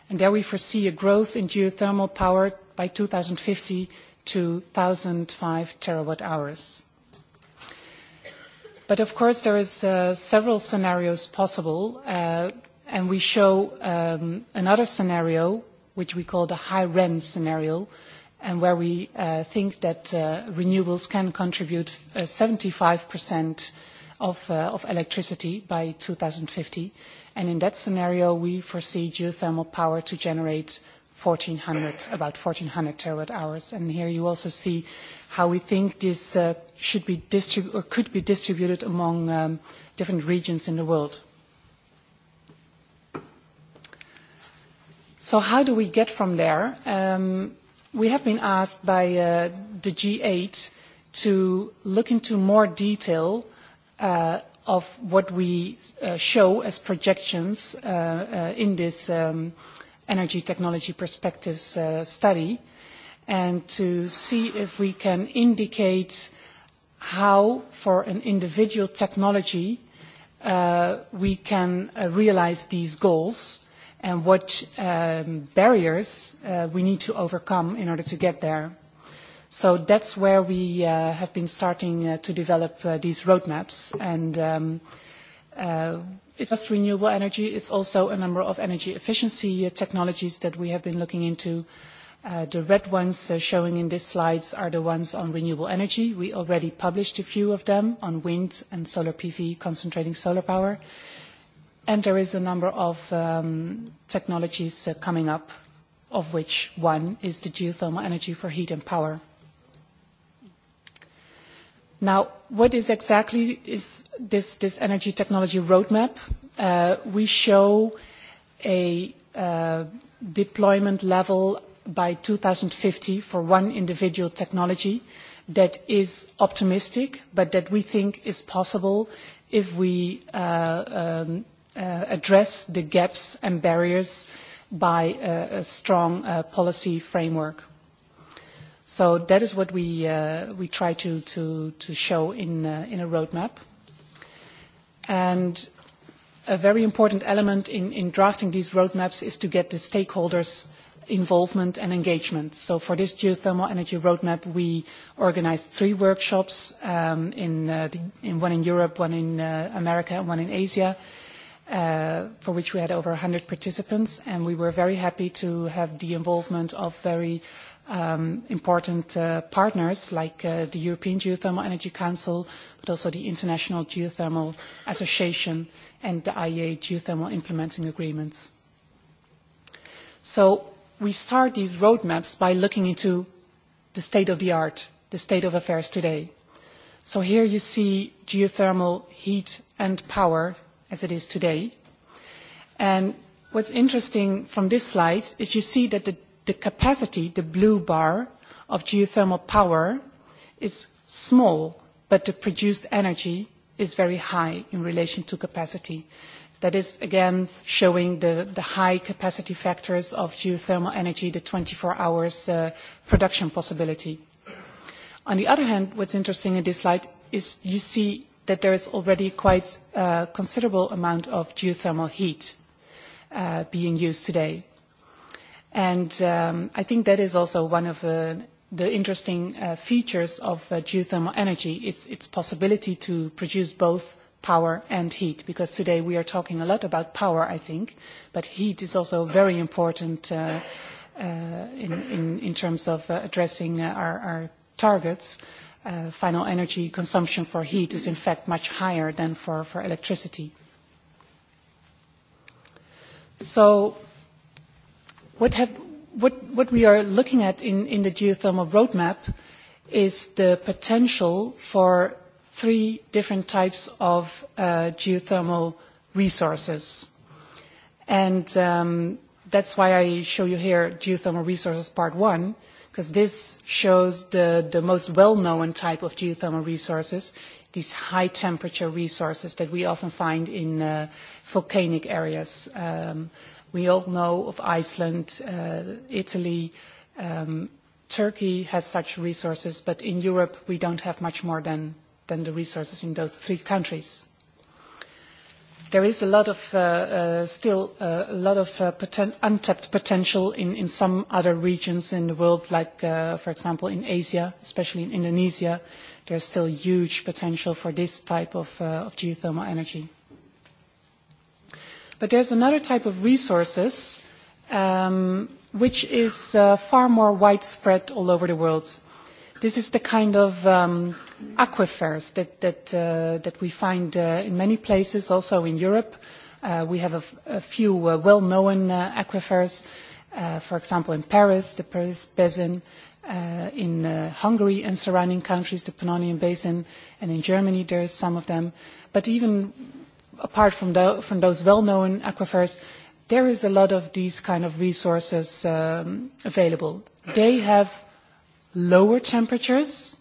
And there we foresee a growth in geothermal power by 2050 to 1,005 terawatt hours. But of course, there is uh, several scenarios possible, uh, and we show um, another scenario, which we call the high REN scenario, and where we think that renewables can contribute 75% of electricity by 2050. And in that scenario, we foresee geothermal power to generate about 1,400 terawatt-hours. And here you also see how we think this should be or could be distributed among different regions in the world. So how do we get from there? Um We have been asked by uh, the G8 to look into more detail uh, of what we uh, show as projections uh, uh, in this um, energy technology perspectives uh, study and to see if we can indicate how, for an individual technology, uh, we can uh, realize these goals and what um, barriers uh, we need to overcome in order to get there. So that's where we uh, have been starting uh, to develop uh, these roadmaps. And um, uh, it's just renewable energy. It's also a number of energy efficiency uh, technologies that we have been looking into. Uh, the red ones uh, showing in these slides are the ones on renewable energy. We already published a few of them on wind and solar PV, concentrating solar power. Uh, And there is a number of um, technologies uh, coming up, of which one is the geothermal energy for heat and power. Now, what is exactly is this, this energy technology roadmap? Uh, we show a uh, deployment level by 2050 for one individual technology that is optimistic, but that we think is possible if we uh, um, address the gaps and barriers by a strong policy framework. So that is what we we try to to to show in in a roadmap. And a very important element in in drafting these roadmaps is to get the stakeholders' involvement and engagement. So for this geothermal energy roadmap, we organized three workshops, in in one in Europe, one in America, and one in Asia, for which we had over 100 participants, and we were very happy to have the involvement of very important partners like the European Geothermal Energy Council, but also the International Geothermal Association and the IEA Geothermal Implementing Agreement. So we start these roadmaps by looking into the state of the art, the state of affairs today. So here you see geothermal heat and power as it is today. And what's interesting from this slide is you see that the, the capacity, the blue bar, of geothermal power is small, but the produced energy is very high in relation to capacity. That is, again, showing the, the high capacity factors of geothermal energy, the 24 hours uh, production possibility. On the other hand, what's interesting in this slide is you see that there is already quite a considerable amount of geothermal heat uh, being used today. And I think that is also one of the interesting uh, features of geothermal energy, its, its possibility to produce both power and heat, because today we are talking a lot about power, I think, but heat is also very important in, in, in terms of addressing our, our targets final energy consumption for heat is in fact much higher than for, for electricity. So what, have, what, what we are looking at in, in the geothermal roadmap is the potential for three different types of uh, geothermal resources. And um, that's why I show you here geothermal resources part one because this shows the, the most well-known type of geothermal resources, these high-temperature resources that we often find in uh, volcanic areas. Um, we all know of Iceland, uh, Italy, um, Turkey has such resources, but in Europe we don't have much more than, than the resources in those three countries there is a lot of uh, uh, still uh, a lot of uh, poten- untapped potential in, in some other regions in the world, like uh, for example in Asia, especially in Indonesia. There's still huge potential for this type of, uh, of geothermal energy. But there's another type of resources um, which is uh, far more widespread all over the world This is the kind of um, aquifers that, that, uh, that we find uh, in many places, also in Europe. Uh, we have a, a few uh, well-known uh, aquifers, uh, for example, in Paris, the Paris Basin, uh, in uh, Hungary and surrounding countries, the Pannonian Basin, and in Germany there is some of them. But even apart from, the, from those well-known aquifers, there is a lot of these kind of resources um, available. They have lower temperatures,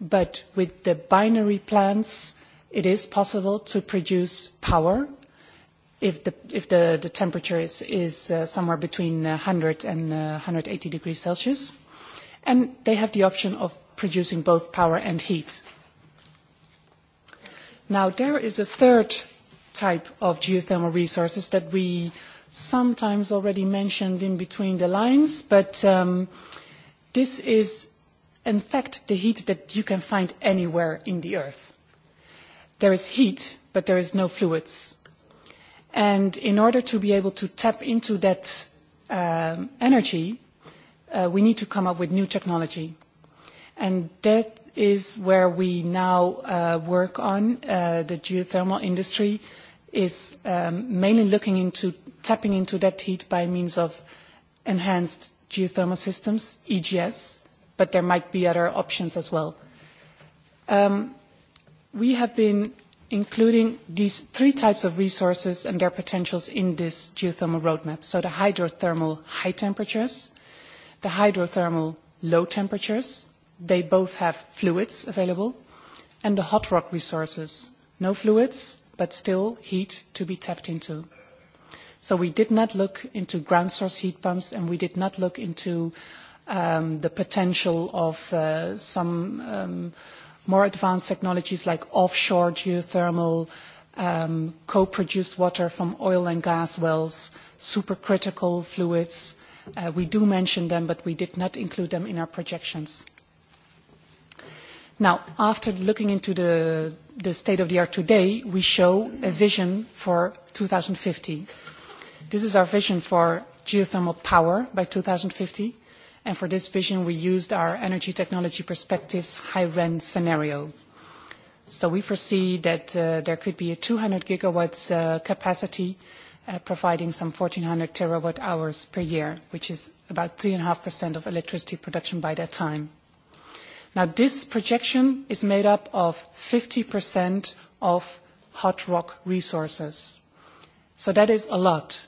but with the binary plants, it is possible to produce power if the if the the temperature is is uh somewhere between 100 and uh 180 degrees Celsius. and They have the option of producing both power and heat. Now, there is a third type of geothermal resources that we sometimes already mentioned in between the lines, but um this is in fact the heat that you can find anywhere in the earth. There is heat, but there is no fluids. And in order to be able to tap into that um, energy, uh, we need to come up with new technology. And that is where we now uh, work on. Uh, the geothermal industry is um, mainly looking into tapping into that heat by means of enhanced geothermal systems, EGS, but there might be other options as well. we have been including these three types of resources and their potentials in this geothermal roadmap. So the hydrothermal high temperatures, the hydrothermal low temperatures, they both have fluids available, and the hot rock resources. No fluids, but still heat to be tapped into. So we did not look into ground source heat pumps, and we did not look into the potential of some more advanced technologies like offshore geothermal, co-produced water from oil and gas wells, supercritical fluids. We do mention them, but we did not include them in our projections. Now, after looking into the state of the art today, we show a vision for 2050. This is our vision for geothermal power by 2050, and for this vision we used our energy technology perspectives high REN scenario. So we foresee that there could be a 200 gigawatts capacity, providing some 1,400 terawatt hours per year, which is about 3.5% of electricity production by that time. Now, this projection is made up of 50% of hot rock resources. So that is a lot,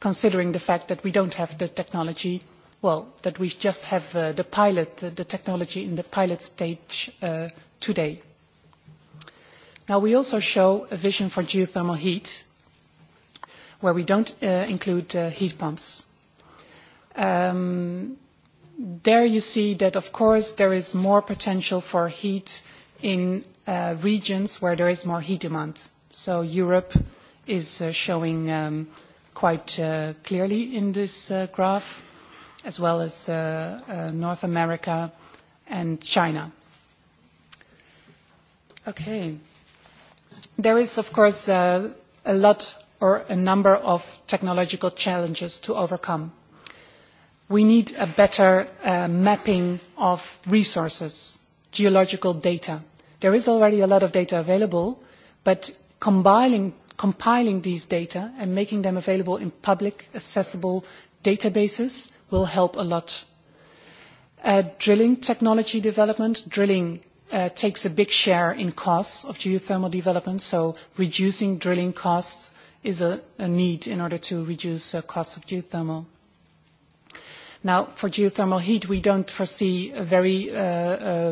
considering the fact that we don't have the technology well, that we just have uh, the pilot, uh, the technology in the pilot stage uh, today. Now we also show a vision for geothermal heat, where we don't uh, include uh, heat pumps. Um, there you see that, of course, there is more potential for heat in uh, regions where there is more heat demand. So Europe is uh, showing um, quite uh, clearly in this uh, graph as well as North America and China. Okay. There is, of course, a lot or a number of technological challenges to overcome. We need a better mapping of resources, geological data. There is already a lot of data available, but combining compiling these data and making them available in public, accessible databases will help a lot. drilling technology development, drilling takes a big share in costs of geothermal development, so reducing drilling costs is a, need in order to reduce the costs of geothermal. Now, for geothermal heat, we don't foresee very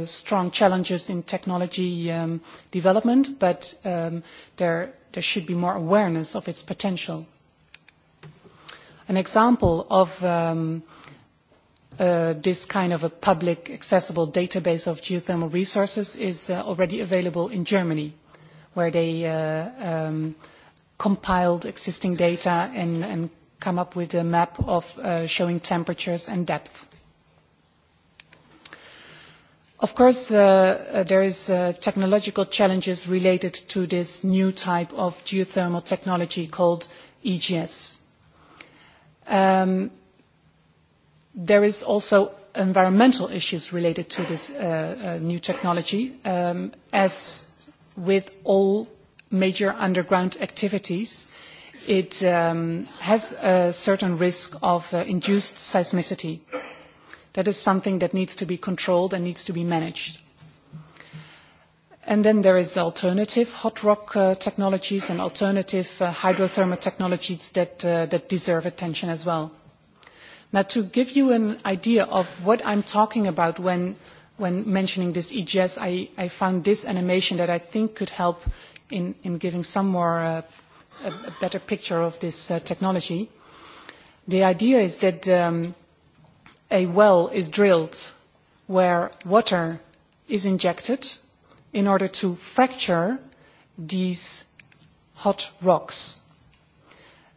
strong challenges in technology development, but there, should be more awareness of its potential. An example of this kind of a public accessible database of geothermal resources is already available in Germany, where they compiled existing data and come up with a map of showing temperatures and depth. Of course, there is technological challenges related to this new type of geothermal technology called EGS. There is also environmental issues related to this new technology, as with all major underground activities, it has a certain risk of induced seismicity. That is something that needs to be controlled and needs to be managed. And then there is alternative hot rock technologies and alternative hydrothermal technologies that deserve attention as well. Now, to give you an idea of what I'm talking about when, when mentioning this EGS, I, I found this animation that I think could help in, in giving some more, uh, a, a better picture of this uh, technology. The idea is that um, a well is drilled where water is injected in order to fracture these hot rocks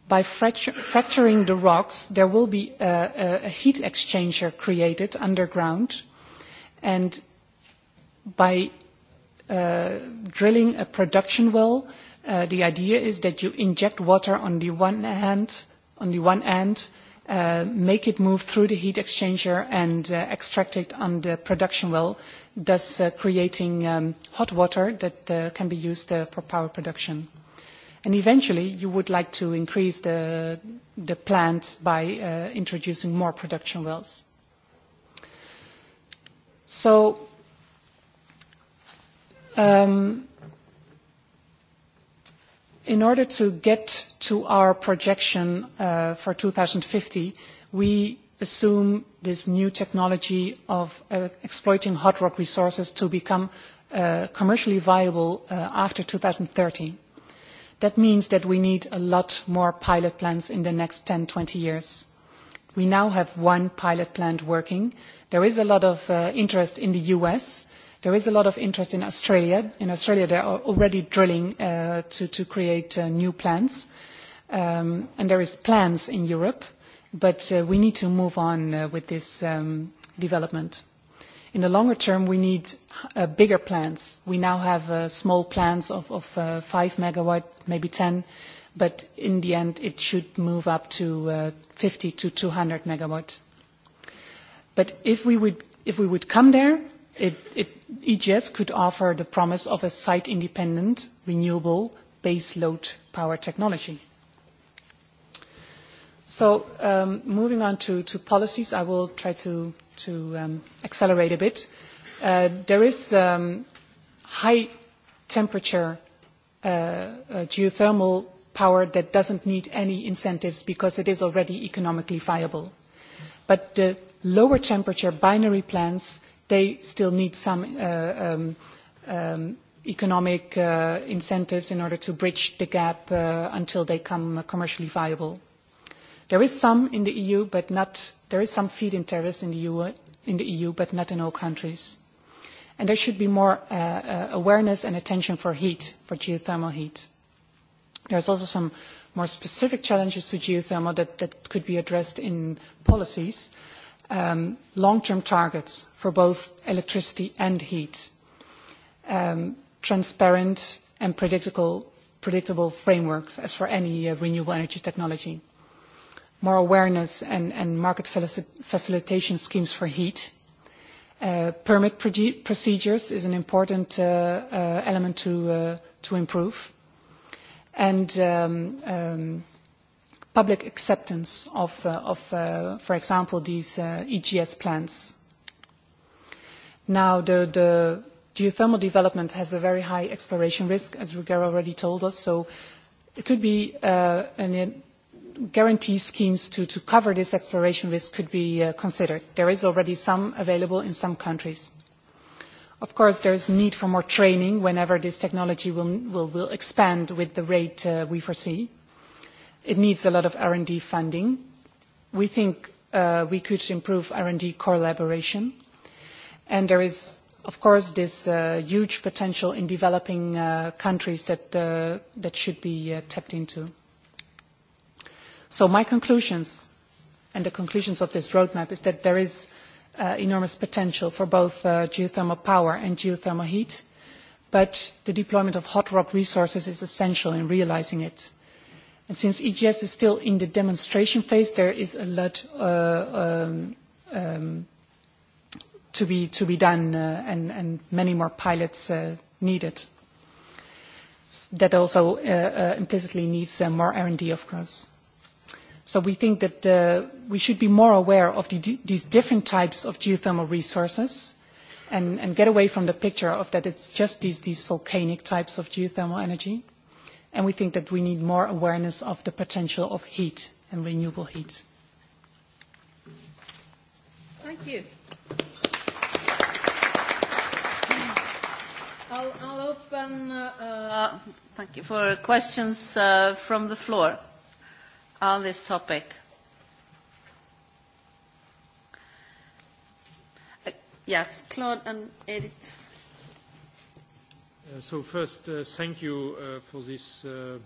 by fracturing the rocks, there will be a, a heat exchanger created underground. And by uh, drilling a production well, uh, the idea is that you inject water on the one hand, on the one end, uh, make it move through the heat exchanger and uh, extract it on the production well, thus uh, creating um, hot water that uh, can be used uh, for power production. And eventually, you would like to increase the plant by introducing more production wells. So in order to get to our projection for 2050, we assume this new technology of exploiting hot rock resources to become commercially viable after 2030. That means that we need a lot more pilot plants in the next 10, 20 years. We now have one pilot plant working. There is a lot of interest in the U.S. There is a lot of interest in Australia. In Australia, they are already drilling to create new plants. And there is plans in Europe, but we need to move on with this development. In the longer term, we need uh, bigger plants. We now have uh, small plants of, of uh, 5 megawatt, maybe 10, but in the end it should move up to uh, 50 to 200 megawatt. But if we would, if we would come there, it, it, EGS could offer the promise of a site-independent, renewable, base-load power technology. So moving on to, to policies, I will try to, to um, accelerate a bit there is um, high temperature uh, uh, geothermal power that doesn't need any incentives because it is already economically viable. But the lower temperature binary plants, they still need some uh, um, economic uh, incentives in order to bridge the gap uh, until they come commercially viable. There is some in the EU, but not, there is some feed-in tariffs in the EU, in the EU, but not in all countries. And there should be more uh, awareness and attention for heat, for geothermal heat. There's also some more specific challenges to geothermal that, that could be addressed in policies, um, long-term targets for both electricity and heat, um, transparent and predictable, predictable frameworks as for any uh, renewable energy technology, more awareness and, and market facilitation schemes for heat, permit procedures is an important element to improve. And public acceptance of, for example, these EGS plants. Now, the geothermal development has a very high exploration risk, as Rüdiger already told us, so it could be an guarantee schemes to, to cover this exploration risk could be uh, considered. There is already some available in some countries. Of course, there is need for more training whenever this technology will, will, will expand with the rate uh, we foresee. It needs a lot of R&D funding. We think uh, we could improve R&D collaboration. And there is, of course, this uh, huge potential in developing uh, countries that, uh, that should be uh, tapped into. So my conclusions and the conclusions of this roadmap is that there is enormous potential for both geothermal power and geothermal heat, but the deployment of hot rock resources is essential in realizing it. And since EGS is still in the demonstration phase, there is a lot to be done, and many more pilots needed. That also implicitly needs more R&D, of course. So we think that uh, we should be more aware of the, these different types of geothermal resources and, and get away from the picture of that it's just these, these volcanic types of geothermal energy. And we think that we need more awareness of the potential of heat and renewable heat. Thank you. I'll, I'll open. Uh, uh, thank you for questions uh, from the floor on this topic. Yes, Claude and Edith. Uh, So first, uh, thank you uh, for this uh,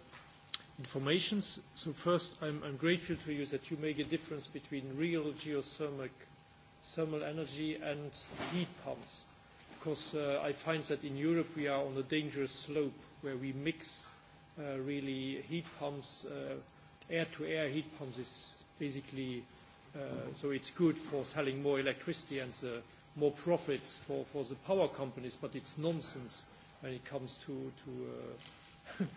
information. So first, I'm I'm grateful to you that you make a difference between real geothermal thermal energy and heat pumps, because uh, I find that in Europe we are on a dangerous slope where we mix uh, really heat pumps air-to-air heat pumps is basically so it's good for selling more electricity and more profits for the power companies, but it's nonsense when it comes to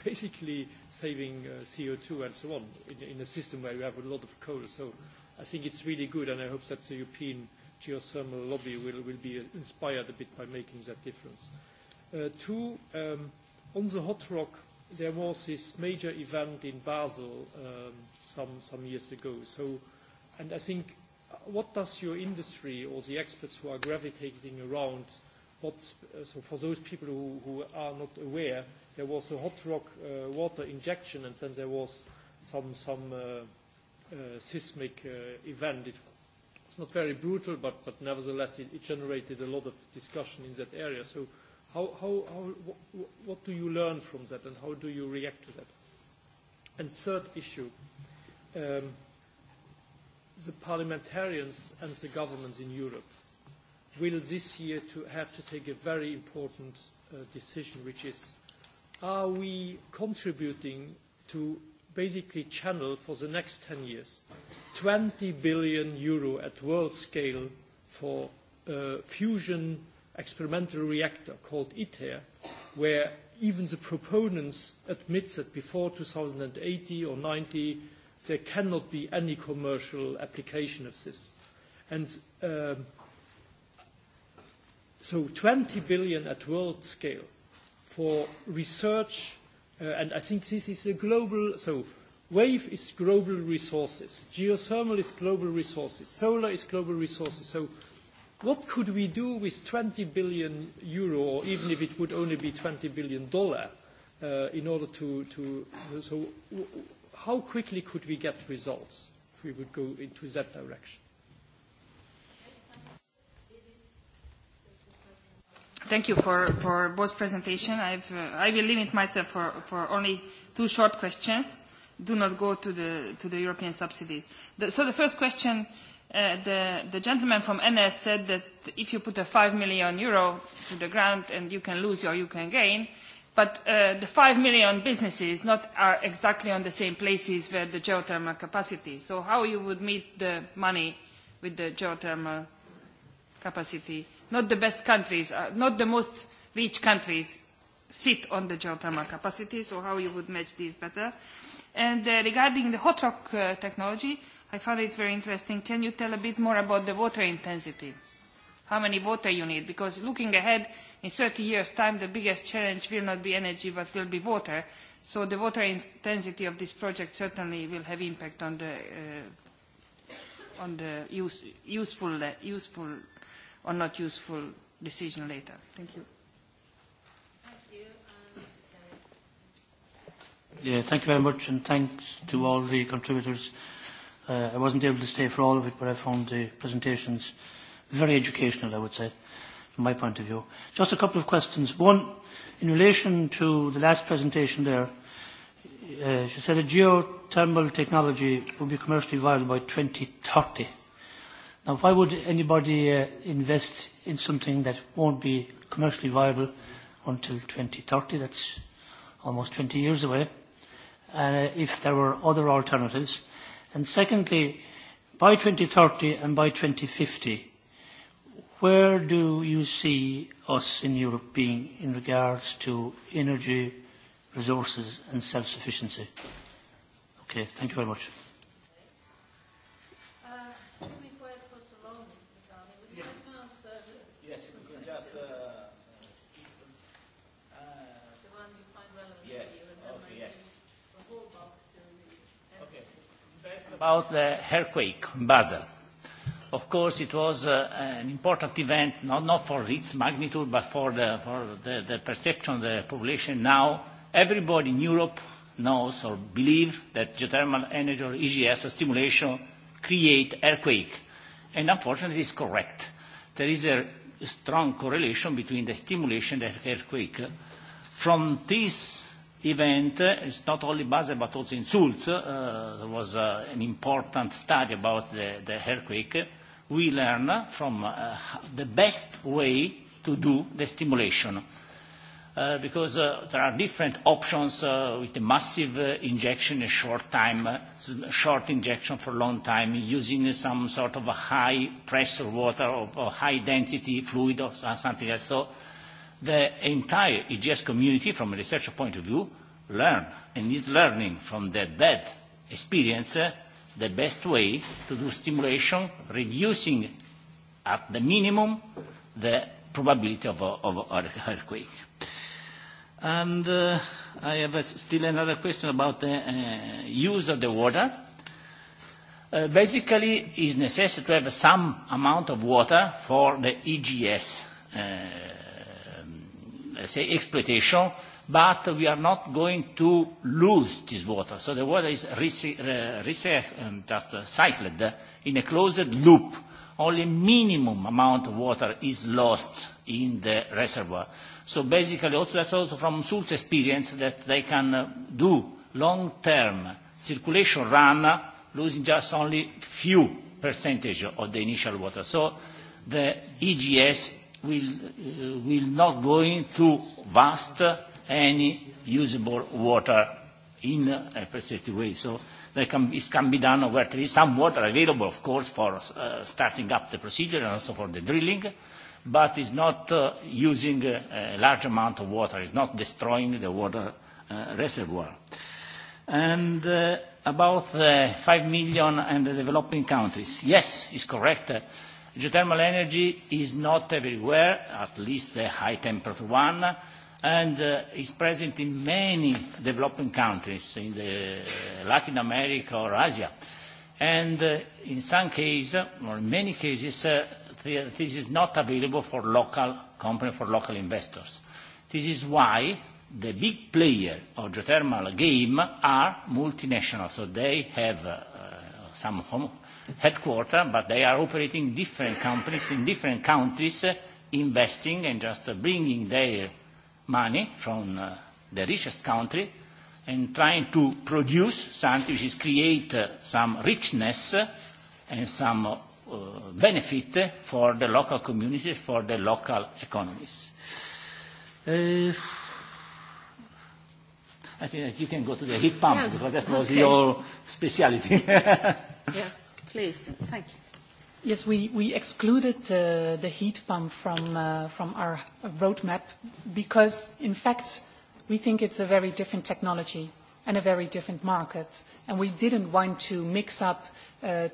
basically saving CO2 and so on in a system where you have a lot of coal. So I think it's really good, and I hope that the European geothermal lobby will be inspired a bit by making that difference. Two, on the hot rock there was this major event in Basel um, some, some years ago. So, and I think, what does your industry or the experts who are gravitating around, what, uh so for those people who, who are not aware, there was a hot rock uh, water injection and then there was some, some uh, uh, seismic uh, event. It, it's not very brutal, but, but nevertheless it, it generated a lot of discussion in that area. So How, how, how, what do you learn from that and how do you react to that? And third issue, um, the parliamentarians and the governments in Europe will this year to have to take a very important uh, decision, which is, are we contributing to basically channel for the next 10 years 20 billion euro at world scale for uh, fusion experimental reactor called ITER, where even the proponents admit that before eighty or ninety there cannot be any commercial application of this. And um, so 20 billion at world scale for research, uh, and I think this is a global, so wave is global resources, geothermal is global resources, solar is global resources, so What could we do with 20 billion euro, or even if it would only be 20 billion dollar, in order to, to so how quickly could we get results if we would go into that direction? Thank you for, for both presentation. I've, uh, I will limit myself for, for only two short questions. Do not go to the, to the European subsidies. The, so the first question the, the gentleman from NS said that if you put a 5 million euro to the ground and you can lose or you can gain, but uh, the 5 million businesses not are exactly on the same places where the geothermal capacity. So how you would meet the money with the geothermal capacity? Not the best countries, uh, not the most rich countries sit on the geothermal capacity, so how you would match these better. Uh, And uh, regarding the hot rock uh, technology, I found it very interesting. Can you tell a bit more about the water intensity? How many water you need? Because looking ahead, in 30 years' time, the biggest challenge will not be energy, but will be water. So the water intensity of this project certainly will have impact on the, uh, on the use, useful, useful or not useful decision later. Thank you. Yeah, thank you very much, and thanks to all the contributors. Uh, I wasn't able to stay for all of it, but I found the presentations very educational, I would say, from my point of view. Just a couple of questions. One, in relation to the last presentation there, uh, she said that geothermal technology will be commercially viable by 2030. Now, why would anybody uh, invest in something that won't be commercially viable until 2030? That's almost 20 years away uh, if there were other alternatives. And secondly, by 2030 and by 2050, where do you see us in Europe being in regards to energy, resources and self-sufficiency? Okay, thank you very much. about the earthquake in Basel. Of course, it was uh, an important event, not, not for its magnitude, but for, the, for the, the perception of the population. Now, everybody in Europe knows or believes that geothermal energy or EGS stimulation create earthquake. And unfortunately, it's correct. There is a strong correlation between the stimulation and the earthquake. From this event. It's not only Basel, but also in Sulz. Uh, there was uh, an important study about the, the earthquake. We learn from uh, the best way to do the stimulation. Uh, because uh, there are different options uh, with a massive uh, injection, a short time, uh, short injection for a long time, using some sort of a high pressure water or, or high density fluid or something else. So the entire EGS community, from a researcher point of view, learn and is learning from their bad experience uh, the best way to do stimulation, reducing at the minimum the probability of, of an earthquake. And uh, I have a, still another question about the uh, use of the water. Uh, basically, it is necessary to have some amount of water for the EGS uh, let's say, exploitation, but we are not going to lose this water. So the water is just cycled in a closed loop. Only minimum amount of water is lost in the reservoir. So basically, also that's also from Sul's experience that they can do long-term circulation run, losing just only few percentage of the initial water. So the EGS will, uh, will not go into vast any usable water in a specific way. So there can, this can be done where there is some water available, of course, for uh, starting up the procedure and also for the drilling, but it's not uh, using a, a large amount of water. It's not destroying the water uh, reservoir. And uh, about uh, 5 million and the developing countries. Yes, it's correct. Uh, Geothermal energy is not everywhere, at least the high temperature one, and uh, is present in many developing countries in the Latin America or Asia. And uh, in some cases, or in many cases, uh, this is not available for local companies, for local investors. This is why the big player of geothermal game are multinational, so they have uh, some home headquarter, but they are operating different companies in different countries, uh, investing and just uh, bringing their money from uh, the richest country and trying to produce something which is create uh, some richness uh, and some uh, benefit for the local communities, for the local economies. Uh, I think that you can go to the heat pump yes, because that was okay. your speciality. yes. Please, thank you. Yes, we excluded the heat pump from our roadmap because, in fact, we think it's a very different technology and a very different market, and we didn't want to mix up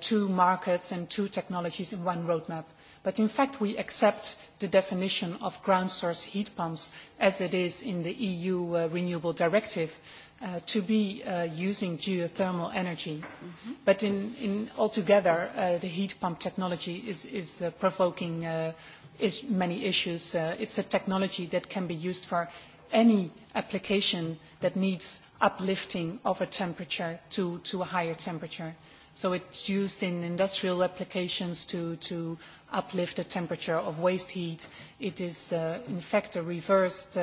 two markets and two technologies in one roadmap. But in fact, we accept the definition of ground source heat pumps as it is in the EU Renewable Directive, uh, to be uh, using geothermal energy. Mm-hmm. But in, in altogether, uh, the heat pump technology is, is uh, provoking uh, is many issues. Uh, it's a technology that can be used for any application that needs uplifting of a temperature to, to a higher temperature. So it's used in industrial applications to, to uplift the temperature of waste heat. It is, in fact, a reversed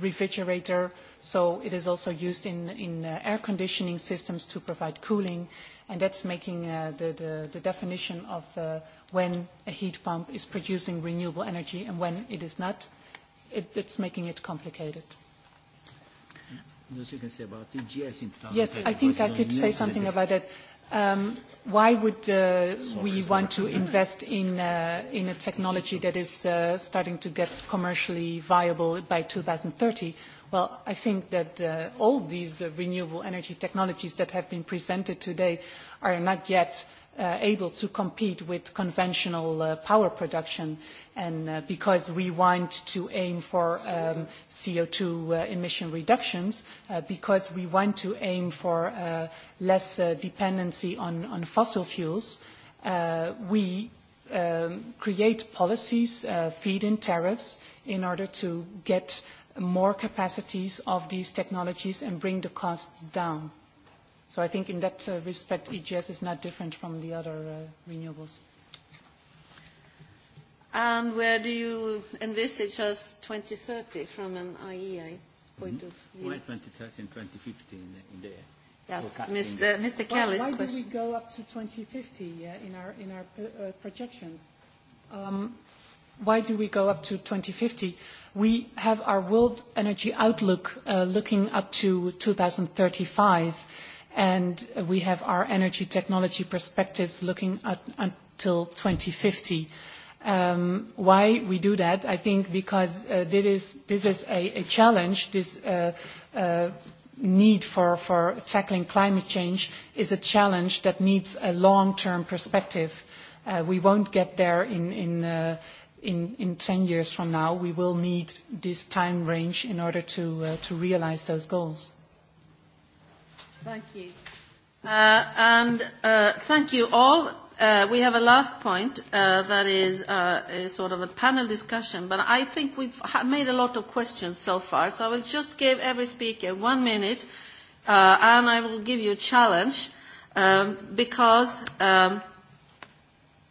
refrigerator, so it is also used in air conditioning systems to provide cooling, and that's making the definition of when a heat pump is producing renewable energy and when it is not, it's making it complicated. Yes, I think I could say something about that why would we want to invest in a technology that is starting to get commercially viable by 2030? Well, I think that all these renewable energy technologies that have been presented today are not yet able to compete with conventional power production and because we want to aim for co two emission reductions, because we want to aim for less dependency on fossil fuels, we create policies, feed-in tariffs, in order to get more capacities of these technologies and bring the costs down I think in that respect, EGS is not different from the other renewables. where do you envisage us 2030 from an IEA point of view? Why 2030 and 2050 in the Yes, Mr. Mr. Kelly's question. Why do we go up to 2050 in our projections? Why do we go up to 2050? We have our World Energy Outlook looking up to 2035, and we have our energy technology perspectives looking at until 2050. Why we do that? I think because this is a challenge. This need for tackling climate change is a challenge that needs a long-term perspective. We won't get there in 10 years from now. We will need this time range in order to realize those goals. Thank you. Uh, and uh, thank you all. Uh, we have a last point uh, that is, uh, is sort of a panel discussion, but I think we've made a lot of questions so far, so I will just give every speaker one minute, uh, and I will give you a challenge, um, because um,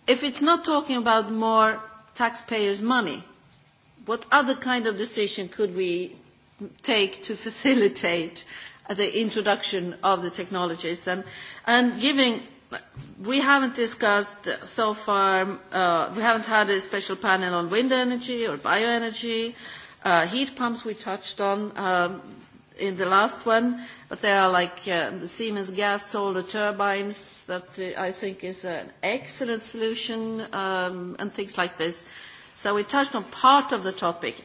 if it's not talking about more taxpayers' money, what other kind of decision could we take to facilitate uh, the introduction of the technologies. And, and giving, we haven't discussed so far, uh, we haven't had a special panel on wind energy or bioenergy. Uh, heat pumps we touched on um, in the last one, but there are like uh, the Siemens gas solar turbines that uh, I think is an excellent solution um, and things like this. So we touched on part of the topic,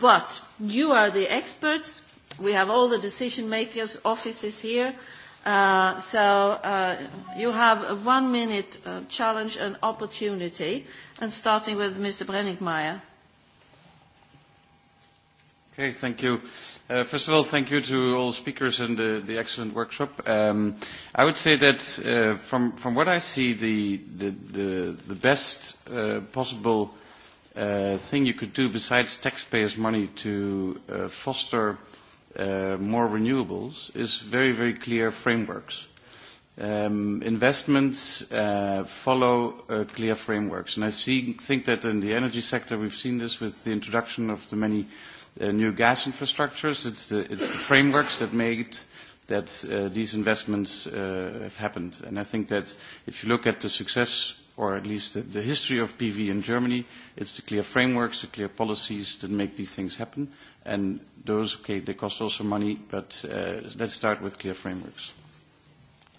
but you are the experts We have all the decision makers' offices here. Uh, so uh, you have a one minute uh, challenge and opportunity, and starting with Mr. Brenningmeier. Okay, thank you. Uh, first of all, thank you to all speakers and the, the excellent workshop. Um, I would say that uh, from, from what I see, the, the, the, the best uh, possible uh, thing you could do besides taxpayers' money to uh, foster uh, uh, more renewables is very, very clear frameworks. Um, investments uh, follow uh, clear frameworks. And I see, think that in the energy sector, we've seen this with the introduction of the many uh, new gas infrastructures. It's the, it's the frameworks that made that uh, these investments uh, have happened. And I think that if you look at the success or at least the, the history of PV in Germany, it's the clear frameworks, the clear policies that make these things happen. And those, okay, they cost also money, but uh, let's start with clear frameworks.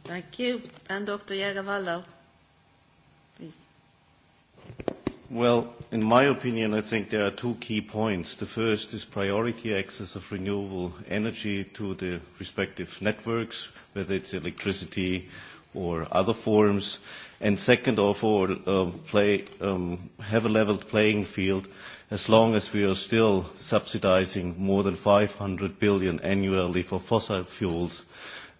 Thank you. And Dr. Jagavallo, please. Well, in my opinion, I think there are two key points. The first is priority access of renewable energy to the respective networks, whether it's electricity or other forms. And second of all, uh, play, um, have a leveled playing field as long as we are still subsidizing more than 500 billion annually for fossil fuels,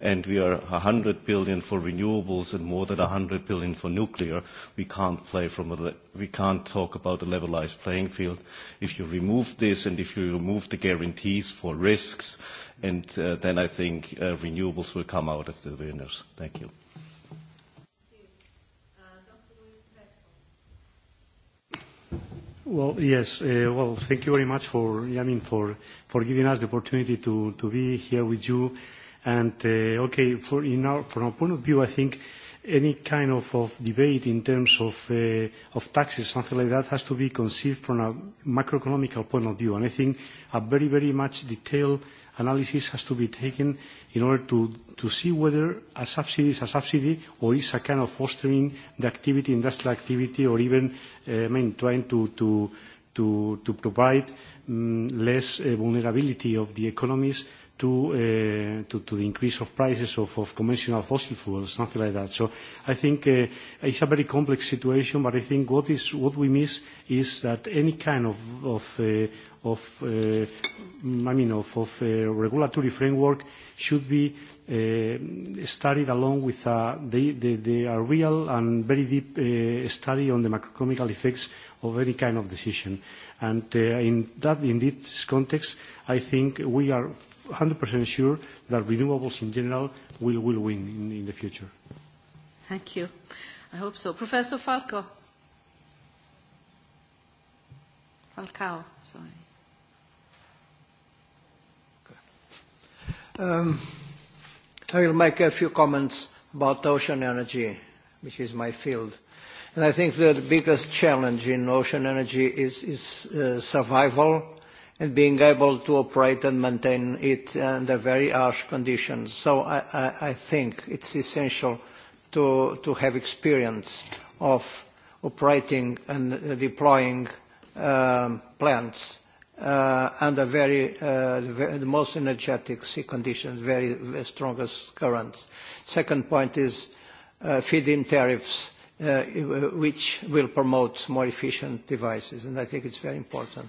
and we are 100 billion for renewables and more than 100 billion for nuclear, we can't play from a, we can't talk about a levelized playing field. If you remove this and if you remove the guarantees for risks, and then I think renewables will come out of the winners. Thank you. Well, yes. Well, thank you very much for, I mean, for for giving us the opportunity to to be here with you. And uh okay, for in our from our point of view, I think any kind of of debate in terms of uh of taxes, something like that, has to be conceived from a macroeconomic point of view. And I think a very, very much detailed analysis has to be taken in order to, to see whether a subsidy is a subsidy or is a kind of fostering the activity, industrial activity, or even uh, I mean, trying to, to, to, to provide um, less uh, vulnerability of the economies to to the increase of prices of of conventional fossil fuels, something like that. So I think uh it's a very complex situation, but I think what is what we miss is that any kind of of uh I mean of regulatory framework should be uh studied along with a real and very deep uh study on the macroeconomic effects of any kind of decision. And uh in that, in this context, I think we are 100% sure that renewables in general will win in the future. Thank you. I hope so. Professor Falco. Falcao, sorry. I will make a few comments about ocean energy, which is my field. And I think that the biggest challenge in ocean energy is, is uh, survival and being able to operate and maintain it under very harsh conditions. So I, I, I think it's essential to, to have experience of operating and deploying um, plants uh, under very, uh, the, the most energetic sea conditions, very, very strongest currents. Second point is uh, feed-in tariffs, uh, which will promote more efficient devices, and I think it's very important.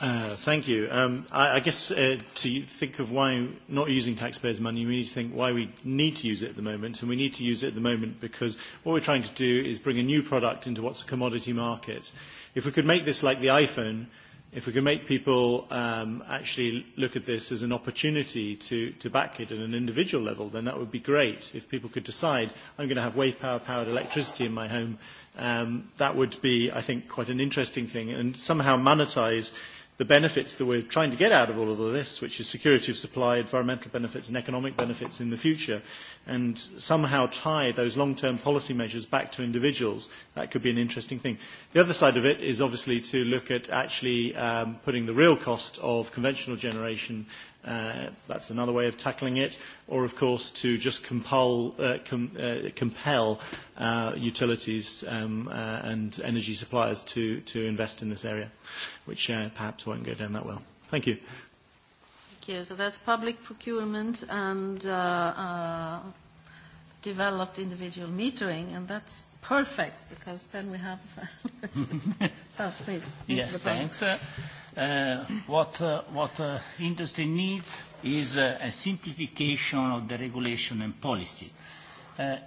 thank you. Um, I, I guess uh, to think of why not using taxpayers' money, we need to think why we need to use it at the moment, and we need to use it at the moment because what we're trying to do is bring a new product into what's a commodity market. If we could make this like the iPhone, if we could make people um, actually look at this as an opportunity to, to back it at an individual level, then that would be great. If people could decide, I'm going to have wave power powered electricity in my home, um, that would be, I think, quite an interesting thing, and somehow monetize – the benefits that we're trying to get out of all of this, which is security of supply, environmental benefits and economic benefits in the future, and somehow tie those long-term policy measures back to individuals, that could be an interesting thing. The other side of it is obviously to look at actually um, putting the real cost of conventional generation Uh, that's another way of tackling it. Or, of course, to just compel, uh, com, uh, compel uh, utilities um, uh, and energy suppliers to, to invest in this area, which uh, perhaps won't go down that well. Thank you. Thank you. So that's public procurement and uh, uh, developed individual metering, and that's perfect because then we have. so, please. Yes, thanks. Uh, what industry needs is a simplification of the regulation and policy.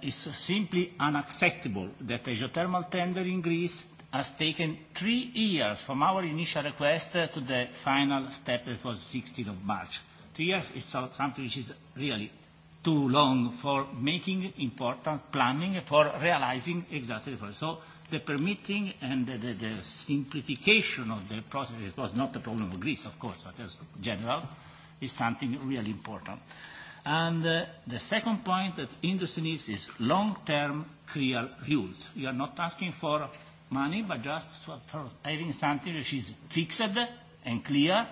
It's simply unacceptable that the geothermal tender in Greece has taken three years from our initial request to the final step that was 16th of March. Three years is something which is really too long for making important planning, for realizing exactly the first the permitting and the, the, the simplification of the process, it was not a problem of Greece, of course, but as general, is something really important. And uh, the second point that industry needs is long-term clear rules. You are not asking for money, but just for, for having something which is fixed and clear,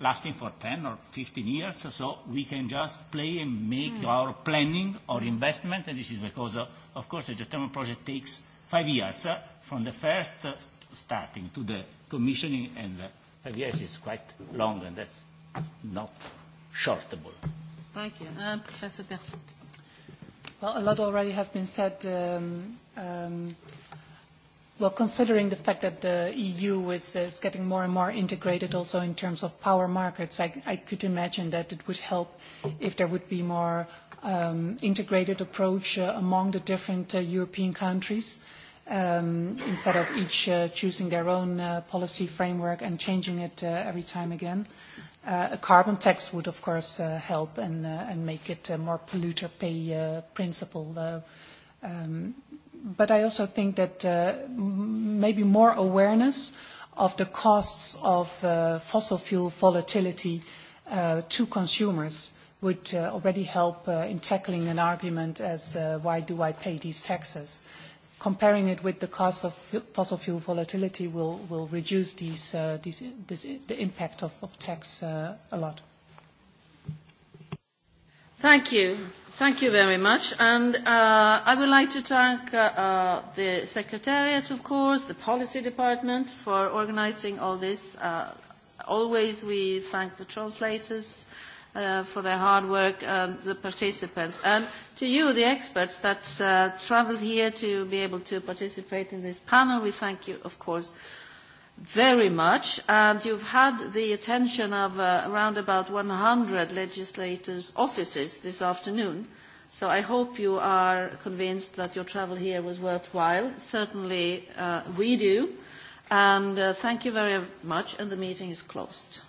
lasting for 10 or 15 years, so we can just play and make mm. our planning or investment, and this is because, uh, of course, the geothermal project takes five years from the first starting to the commissioning, and five years is quite long, and that's not shortable. Thank you. Uh, Professor Bertrand. Well, a lot already has been said. Um, um, Well, considering the fact that the EU is, is getting more and more integrated also in terms of power markets, I, I could imagine that it would help if there would be more um, integrated approach uh, among the different uh, European countries instead of each choosing their own policy framework and changing it every time again. A carbon tax would, of course, help and make it a more polluter pay principle. But I also think that maybe more awareness of the costs of fossil fuel volatility to consumers would already help in tackling an argument as why do I pay these taxes? comparing it with the cost of fossil fuel volatility will, will reduce these, uh, these, this, the impact of, of tax uh, a lot. Thank you. Thank you very much. And uh, I would like to thank uh, uh, the Secretariat, of course, the Policy Department for organizing all this. Uh, always we thank the translators uh, for their hard work, uh, the participants. And to you, the experts that uh, traveled here to be able to participate in this panel, we thank you, of course, very much. And you've had the attention of uh, around about 100 legislators' offices this afternoon. So I hope you are convinced that your travel here was worthwhile. Certainly uh, we do. And uh, thank you very much, and the meeting is closed.